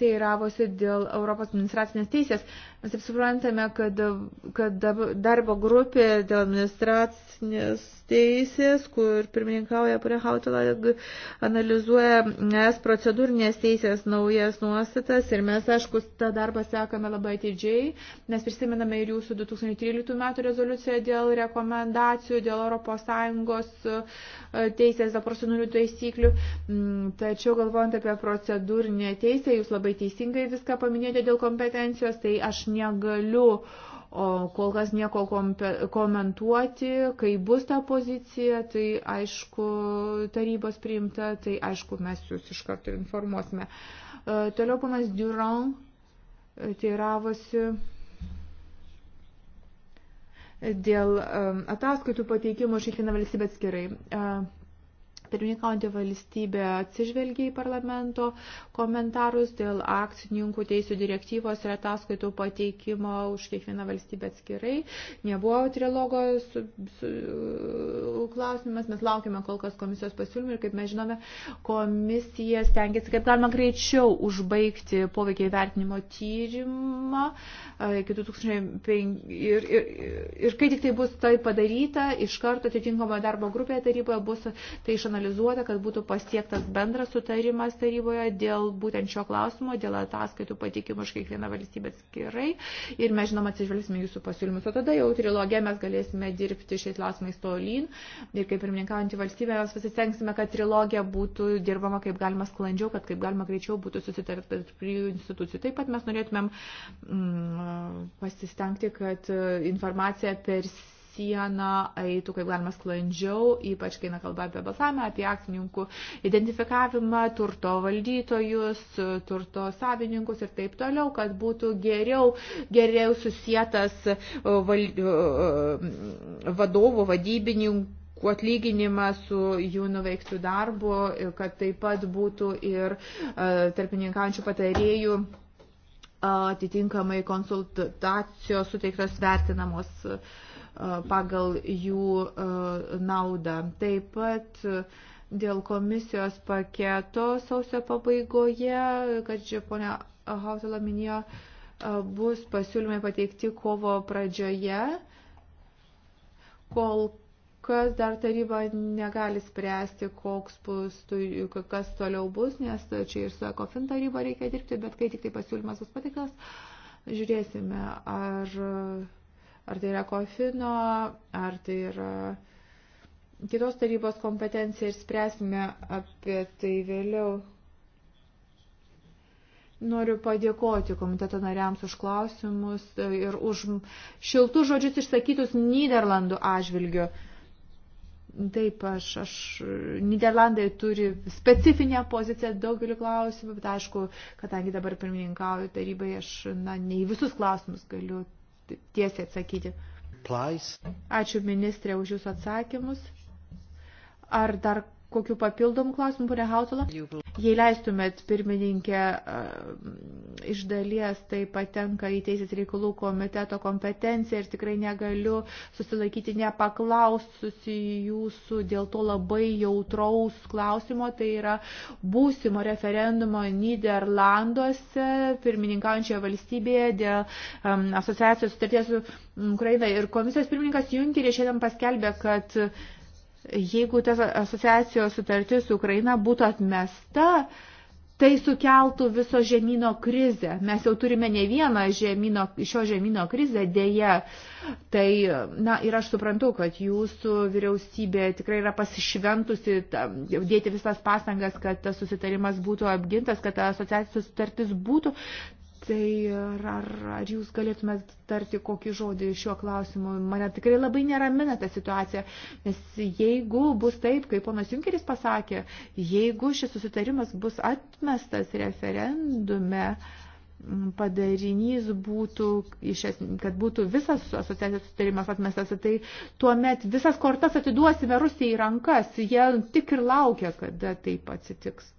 teiravosi dėl Europos administracinės teisės. Mes taip suprantame, kad, kad darbo grupė dėl administracinės teisės, kur pirmininkauja prie Hautala, analizuoja es procedūrinės teisės naujas nuostatas ir mes, aišku, tą darbą sekame labai atidžiai. Mes prisimename ir jūsų 2013 metų rezoliuciją dėl rekomendacijų, dėl ES e, teisės, dėl procedūrinių taisyklių. Mm, tačiau galvojant apie procedūrinę teisę, jūs labai teisingai viską paminėjote dėl kompetencijos, tai aš negaliu o kol kas nieko komentuoti, kai bus ta pozicija, tai aišku, tarybos priimta, tai aišku, mes jūs iš karto informuosime. E, toliau panas Durand e, teiravosi dėl e, ataskaitų pateikimo iš kiekvieną valstybę atskirai pirmininkaujantį valstybę atsižvelgia į parlamento komentarus dėl akcininkų teisų direktyvos ir ataskaitų pateikimo už kiekvieną valstybę atskirai. Nebuvo trilogo su, su, klausimas, mes laukime kol kas komisijos pasiūlymų ir kaip mes žinome, komisija stengiasi kaip galima greičiau užbaigti poveikiai vertinimo tyrimą e, iki 2005 ir, ir, ir kai tik tai bus tai padaryta, iš karto atitinkamoje darbo grupėje taryboje bus tai išanalizuota analizuota, kad būtų pasiektas bendras sutarimas taryboje dėl būtent šio klausimo, dėl ataskaitų patikimų už kiekvieną valstybę atskirai. Ir mes, žinoma, atsižvelgsime jūsų pasiūlymus. O tada jau trilogė mes galėsime dirbti šiais klausimais tolyn. Ir kaip pirmininkaujantį valstybę mes pasistengsime, kad trilogė būtų dirbama kaip galima sklandžiau, kad kaip galima greičiau būtų susitarta trijų institucijų. Taip pat mes norėtumėm mm, pasistengti, kad e, informacija per siena eitų kaip galima sklandžiau, ypač kai kalba apie balsavimą, apie akcininkų identifikavimą, turto valdytojus, turto savininkus ir taip toliau, kad būtų geriau, geriau susietas e, val, e, e, vadovų, vadybininkų atlyginimą su jų nuveiktų darbu, kad taip pat būtų ir tarpininkančių patarėjų atitinkamai konsultacijos suteiktos vertinamos uh, pagal jų naudą. Taip pat dėl komisijos paketo sausio pabaigoje, kad čia ponia Hautala minėjo, bus pasiūlymai pateikti kovo pradžioje. Kol kas dar taryba negali spręsti, koks bus, kas toliau bus, nes čia ir su ECOFIN taryba reikia dirbti, bet kai tik tai pasiūlymas bus patiktas, žiūrėsime, ar Ar tai yra kofino, ar tai yra kitos tarybos kompetencija ir spręsime apie tai vėliau. Noriu padėkoti komiteto nariams už klausimus ir už šiltus žodžius išsakytus Niderlandų atžvilgiu. Taip, aš, aš, Niderlandai turi specifinę poziciją daugeliu klausimų, bet aišku, kadangi dabar pirmininkauju tarybai, aš na, ne į visus klausimus galiu tiesiai atsakyti. Plais. Ačiū ministrė už Jūsų atsakymus. Ar dar kokiu papildomu klausimu, ponė Hautala? Jei leistumėt, pirmininkė, e, iš dalies tai patenka į Teisės reikalų komiteto kompetenciją ir tikrai negaliu susilaikyti nepaklaususi jūsų dėl to labai jautraus klausimo, tai yra būsimo referendumo Niderlanduose, pirmininkaujančioje valstybėje dėl um, asociacijos sutarties su Ukraina. Ir komisijos pirmininkas Junkerė šiandien paskelbė, kad uh, Jeigu ta asociacijos sutartis su Ukraina būtų atmesta, tai sukeltų viso žemynų krizę. Mes jau turime ne vieną žemyno, šio žemynų krizę dėje. Tai, na, ir aš suprantu, kad jūsų vyriausybė tikrai yra pasišventusi tam, dėti visas pastangas, kad tas susitarimas būtų apgintas, kad ta asociacijos sutartis būtų Tai ar, ar jūs galėtumėt tarti kokį žodį šiuo klausimu? Mane tikrai labai neramina ta situacija, nes jeigu bus taip, kaip ponas Junkeris pasakė, jeigu šis susitarimas bus atmestas referendume, padarinys būtų, kad būtų visas asociacijos sutarimas atmestas, tai tuomet visas kortas atiduosime Rusijai į rankas, jie tik ir laukia, kada taip atsitiks.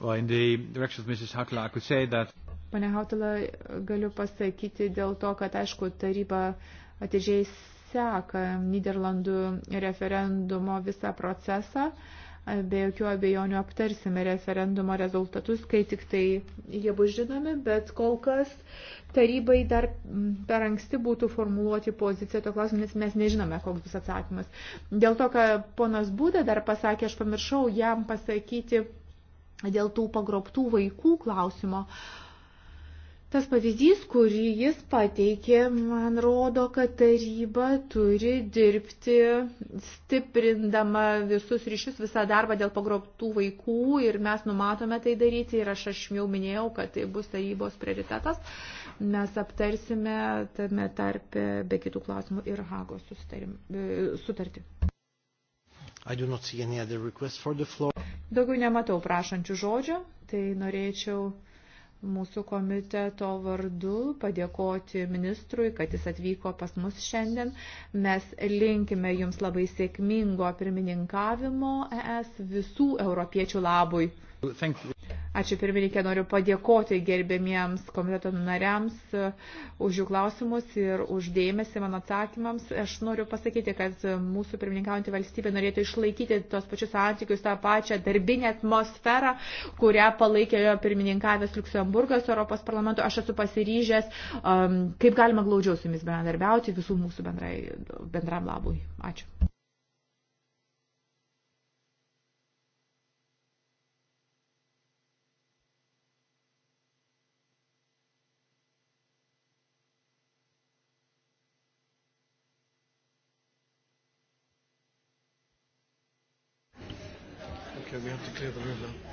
Well, in the direction of Mrs. Hakla, I could say that Pane Hautala, galiu pasakyti dėl to, kad aišku, taryba atidžiai seka Niderlandų referendumo visą procesą. Be jokių abejonių aptarsime referendumo rezultatus, kai tik tai jie bus žinomi, bet kol kas tarybai dar per anksti būtų formuluoti poziciją to klausimu, nes mes nežinome, koks bus atsakymas. Dėl to, ką ponas Būda dar pasakė, aš pamiršau jam pasakyti dėl tų pagrobtų vaikų klausimo. Tas pavyzdys, kurį jis pateikė, man rodo, kad taryba turi dirbti stiprindama visus ryšius, visą darbą dėl pagrobtų vaikų ir mes numatome tai daryti ir aš aš jau minėjau, kad tai bus tarybos prioritetas. Mes aptarsime tame tarpe be kitų klausimų ir Hagos sutartį. Daugiau nematau prašančių žodžio, tai norėčiau mūsų komiteto vardu padėkoti ministrui, kad jis atvyko pas mus šiandien. Mes linkime jums labai sėkmingo pirmininkavimo ES visų europiečių labui. Ačiū pirmininkė, noriu padėkoti gerbėmiems komiteto nariams e, už jų klausimus ir uždėmesi mano atsakymams. Aš noriu pasakyti, kad mūsų pirmininkaujantį valstybę norėtų išlaikyti tos pačius santykius, tą pačią darbinę atmosferą, kurią palaikė pirmininkavęs Luksemburgas Europos parlamento. Aš esu pasiryžęs, um, kaip galima glaudžiau su jumis bendradarbiauti visų mūsų bendrai, bendram labui. Ačiū.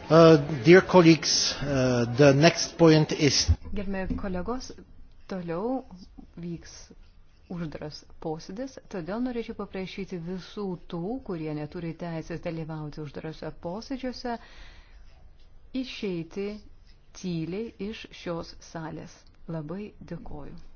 Uh, uh, is... Gerbėjai kolegos, toliau vyks uždaras posėdis, todėl norėčiau paprašyti visų tų, kurie neturi teisės dalyvauti uždarose posėdžiuose, išeiti tyliai iš šios salės. Labai dėkoju.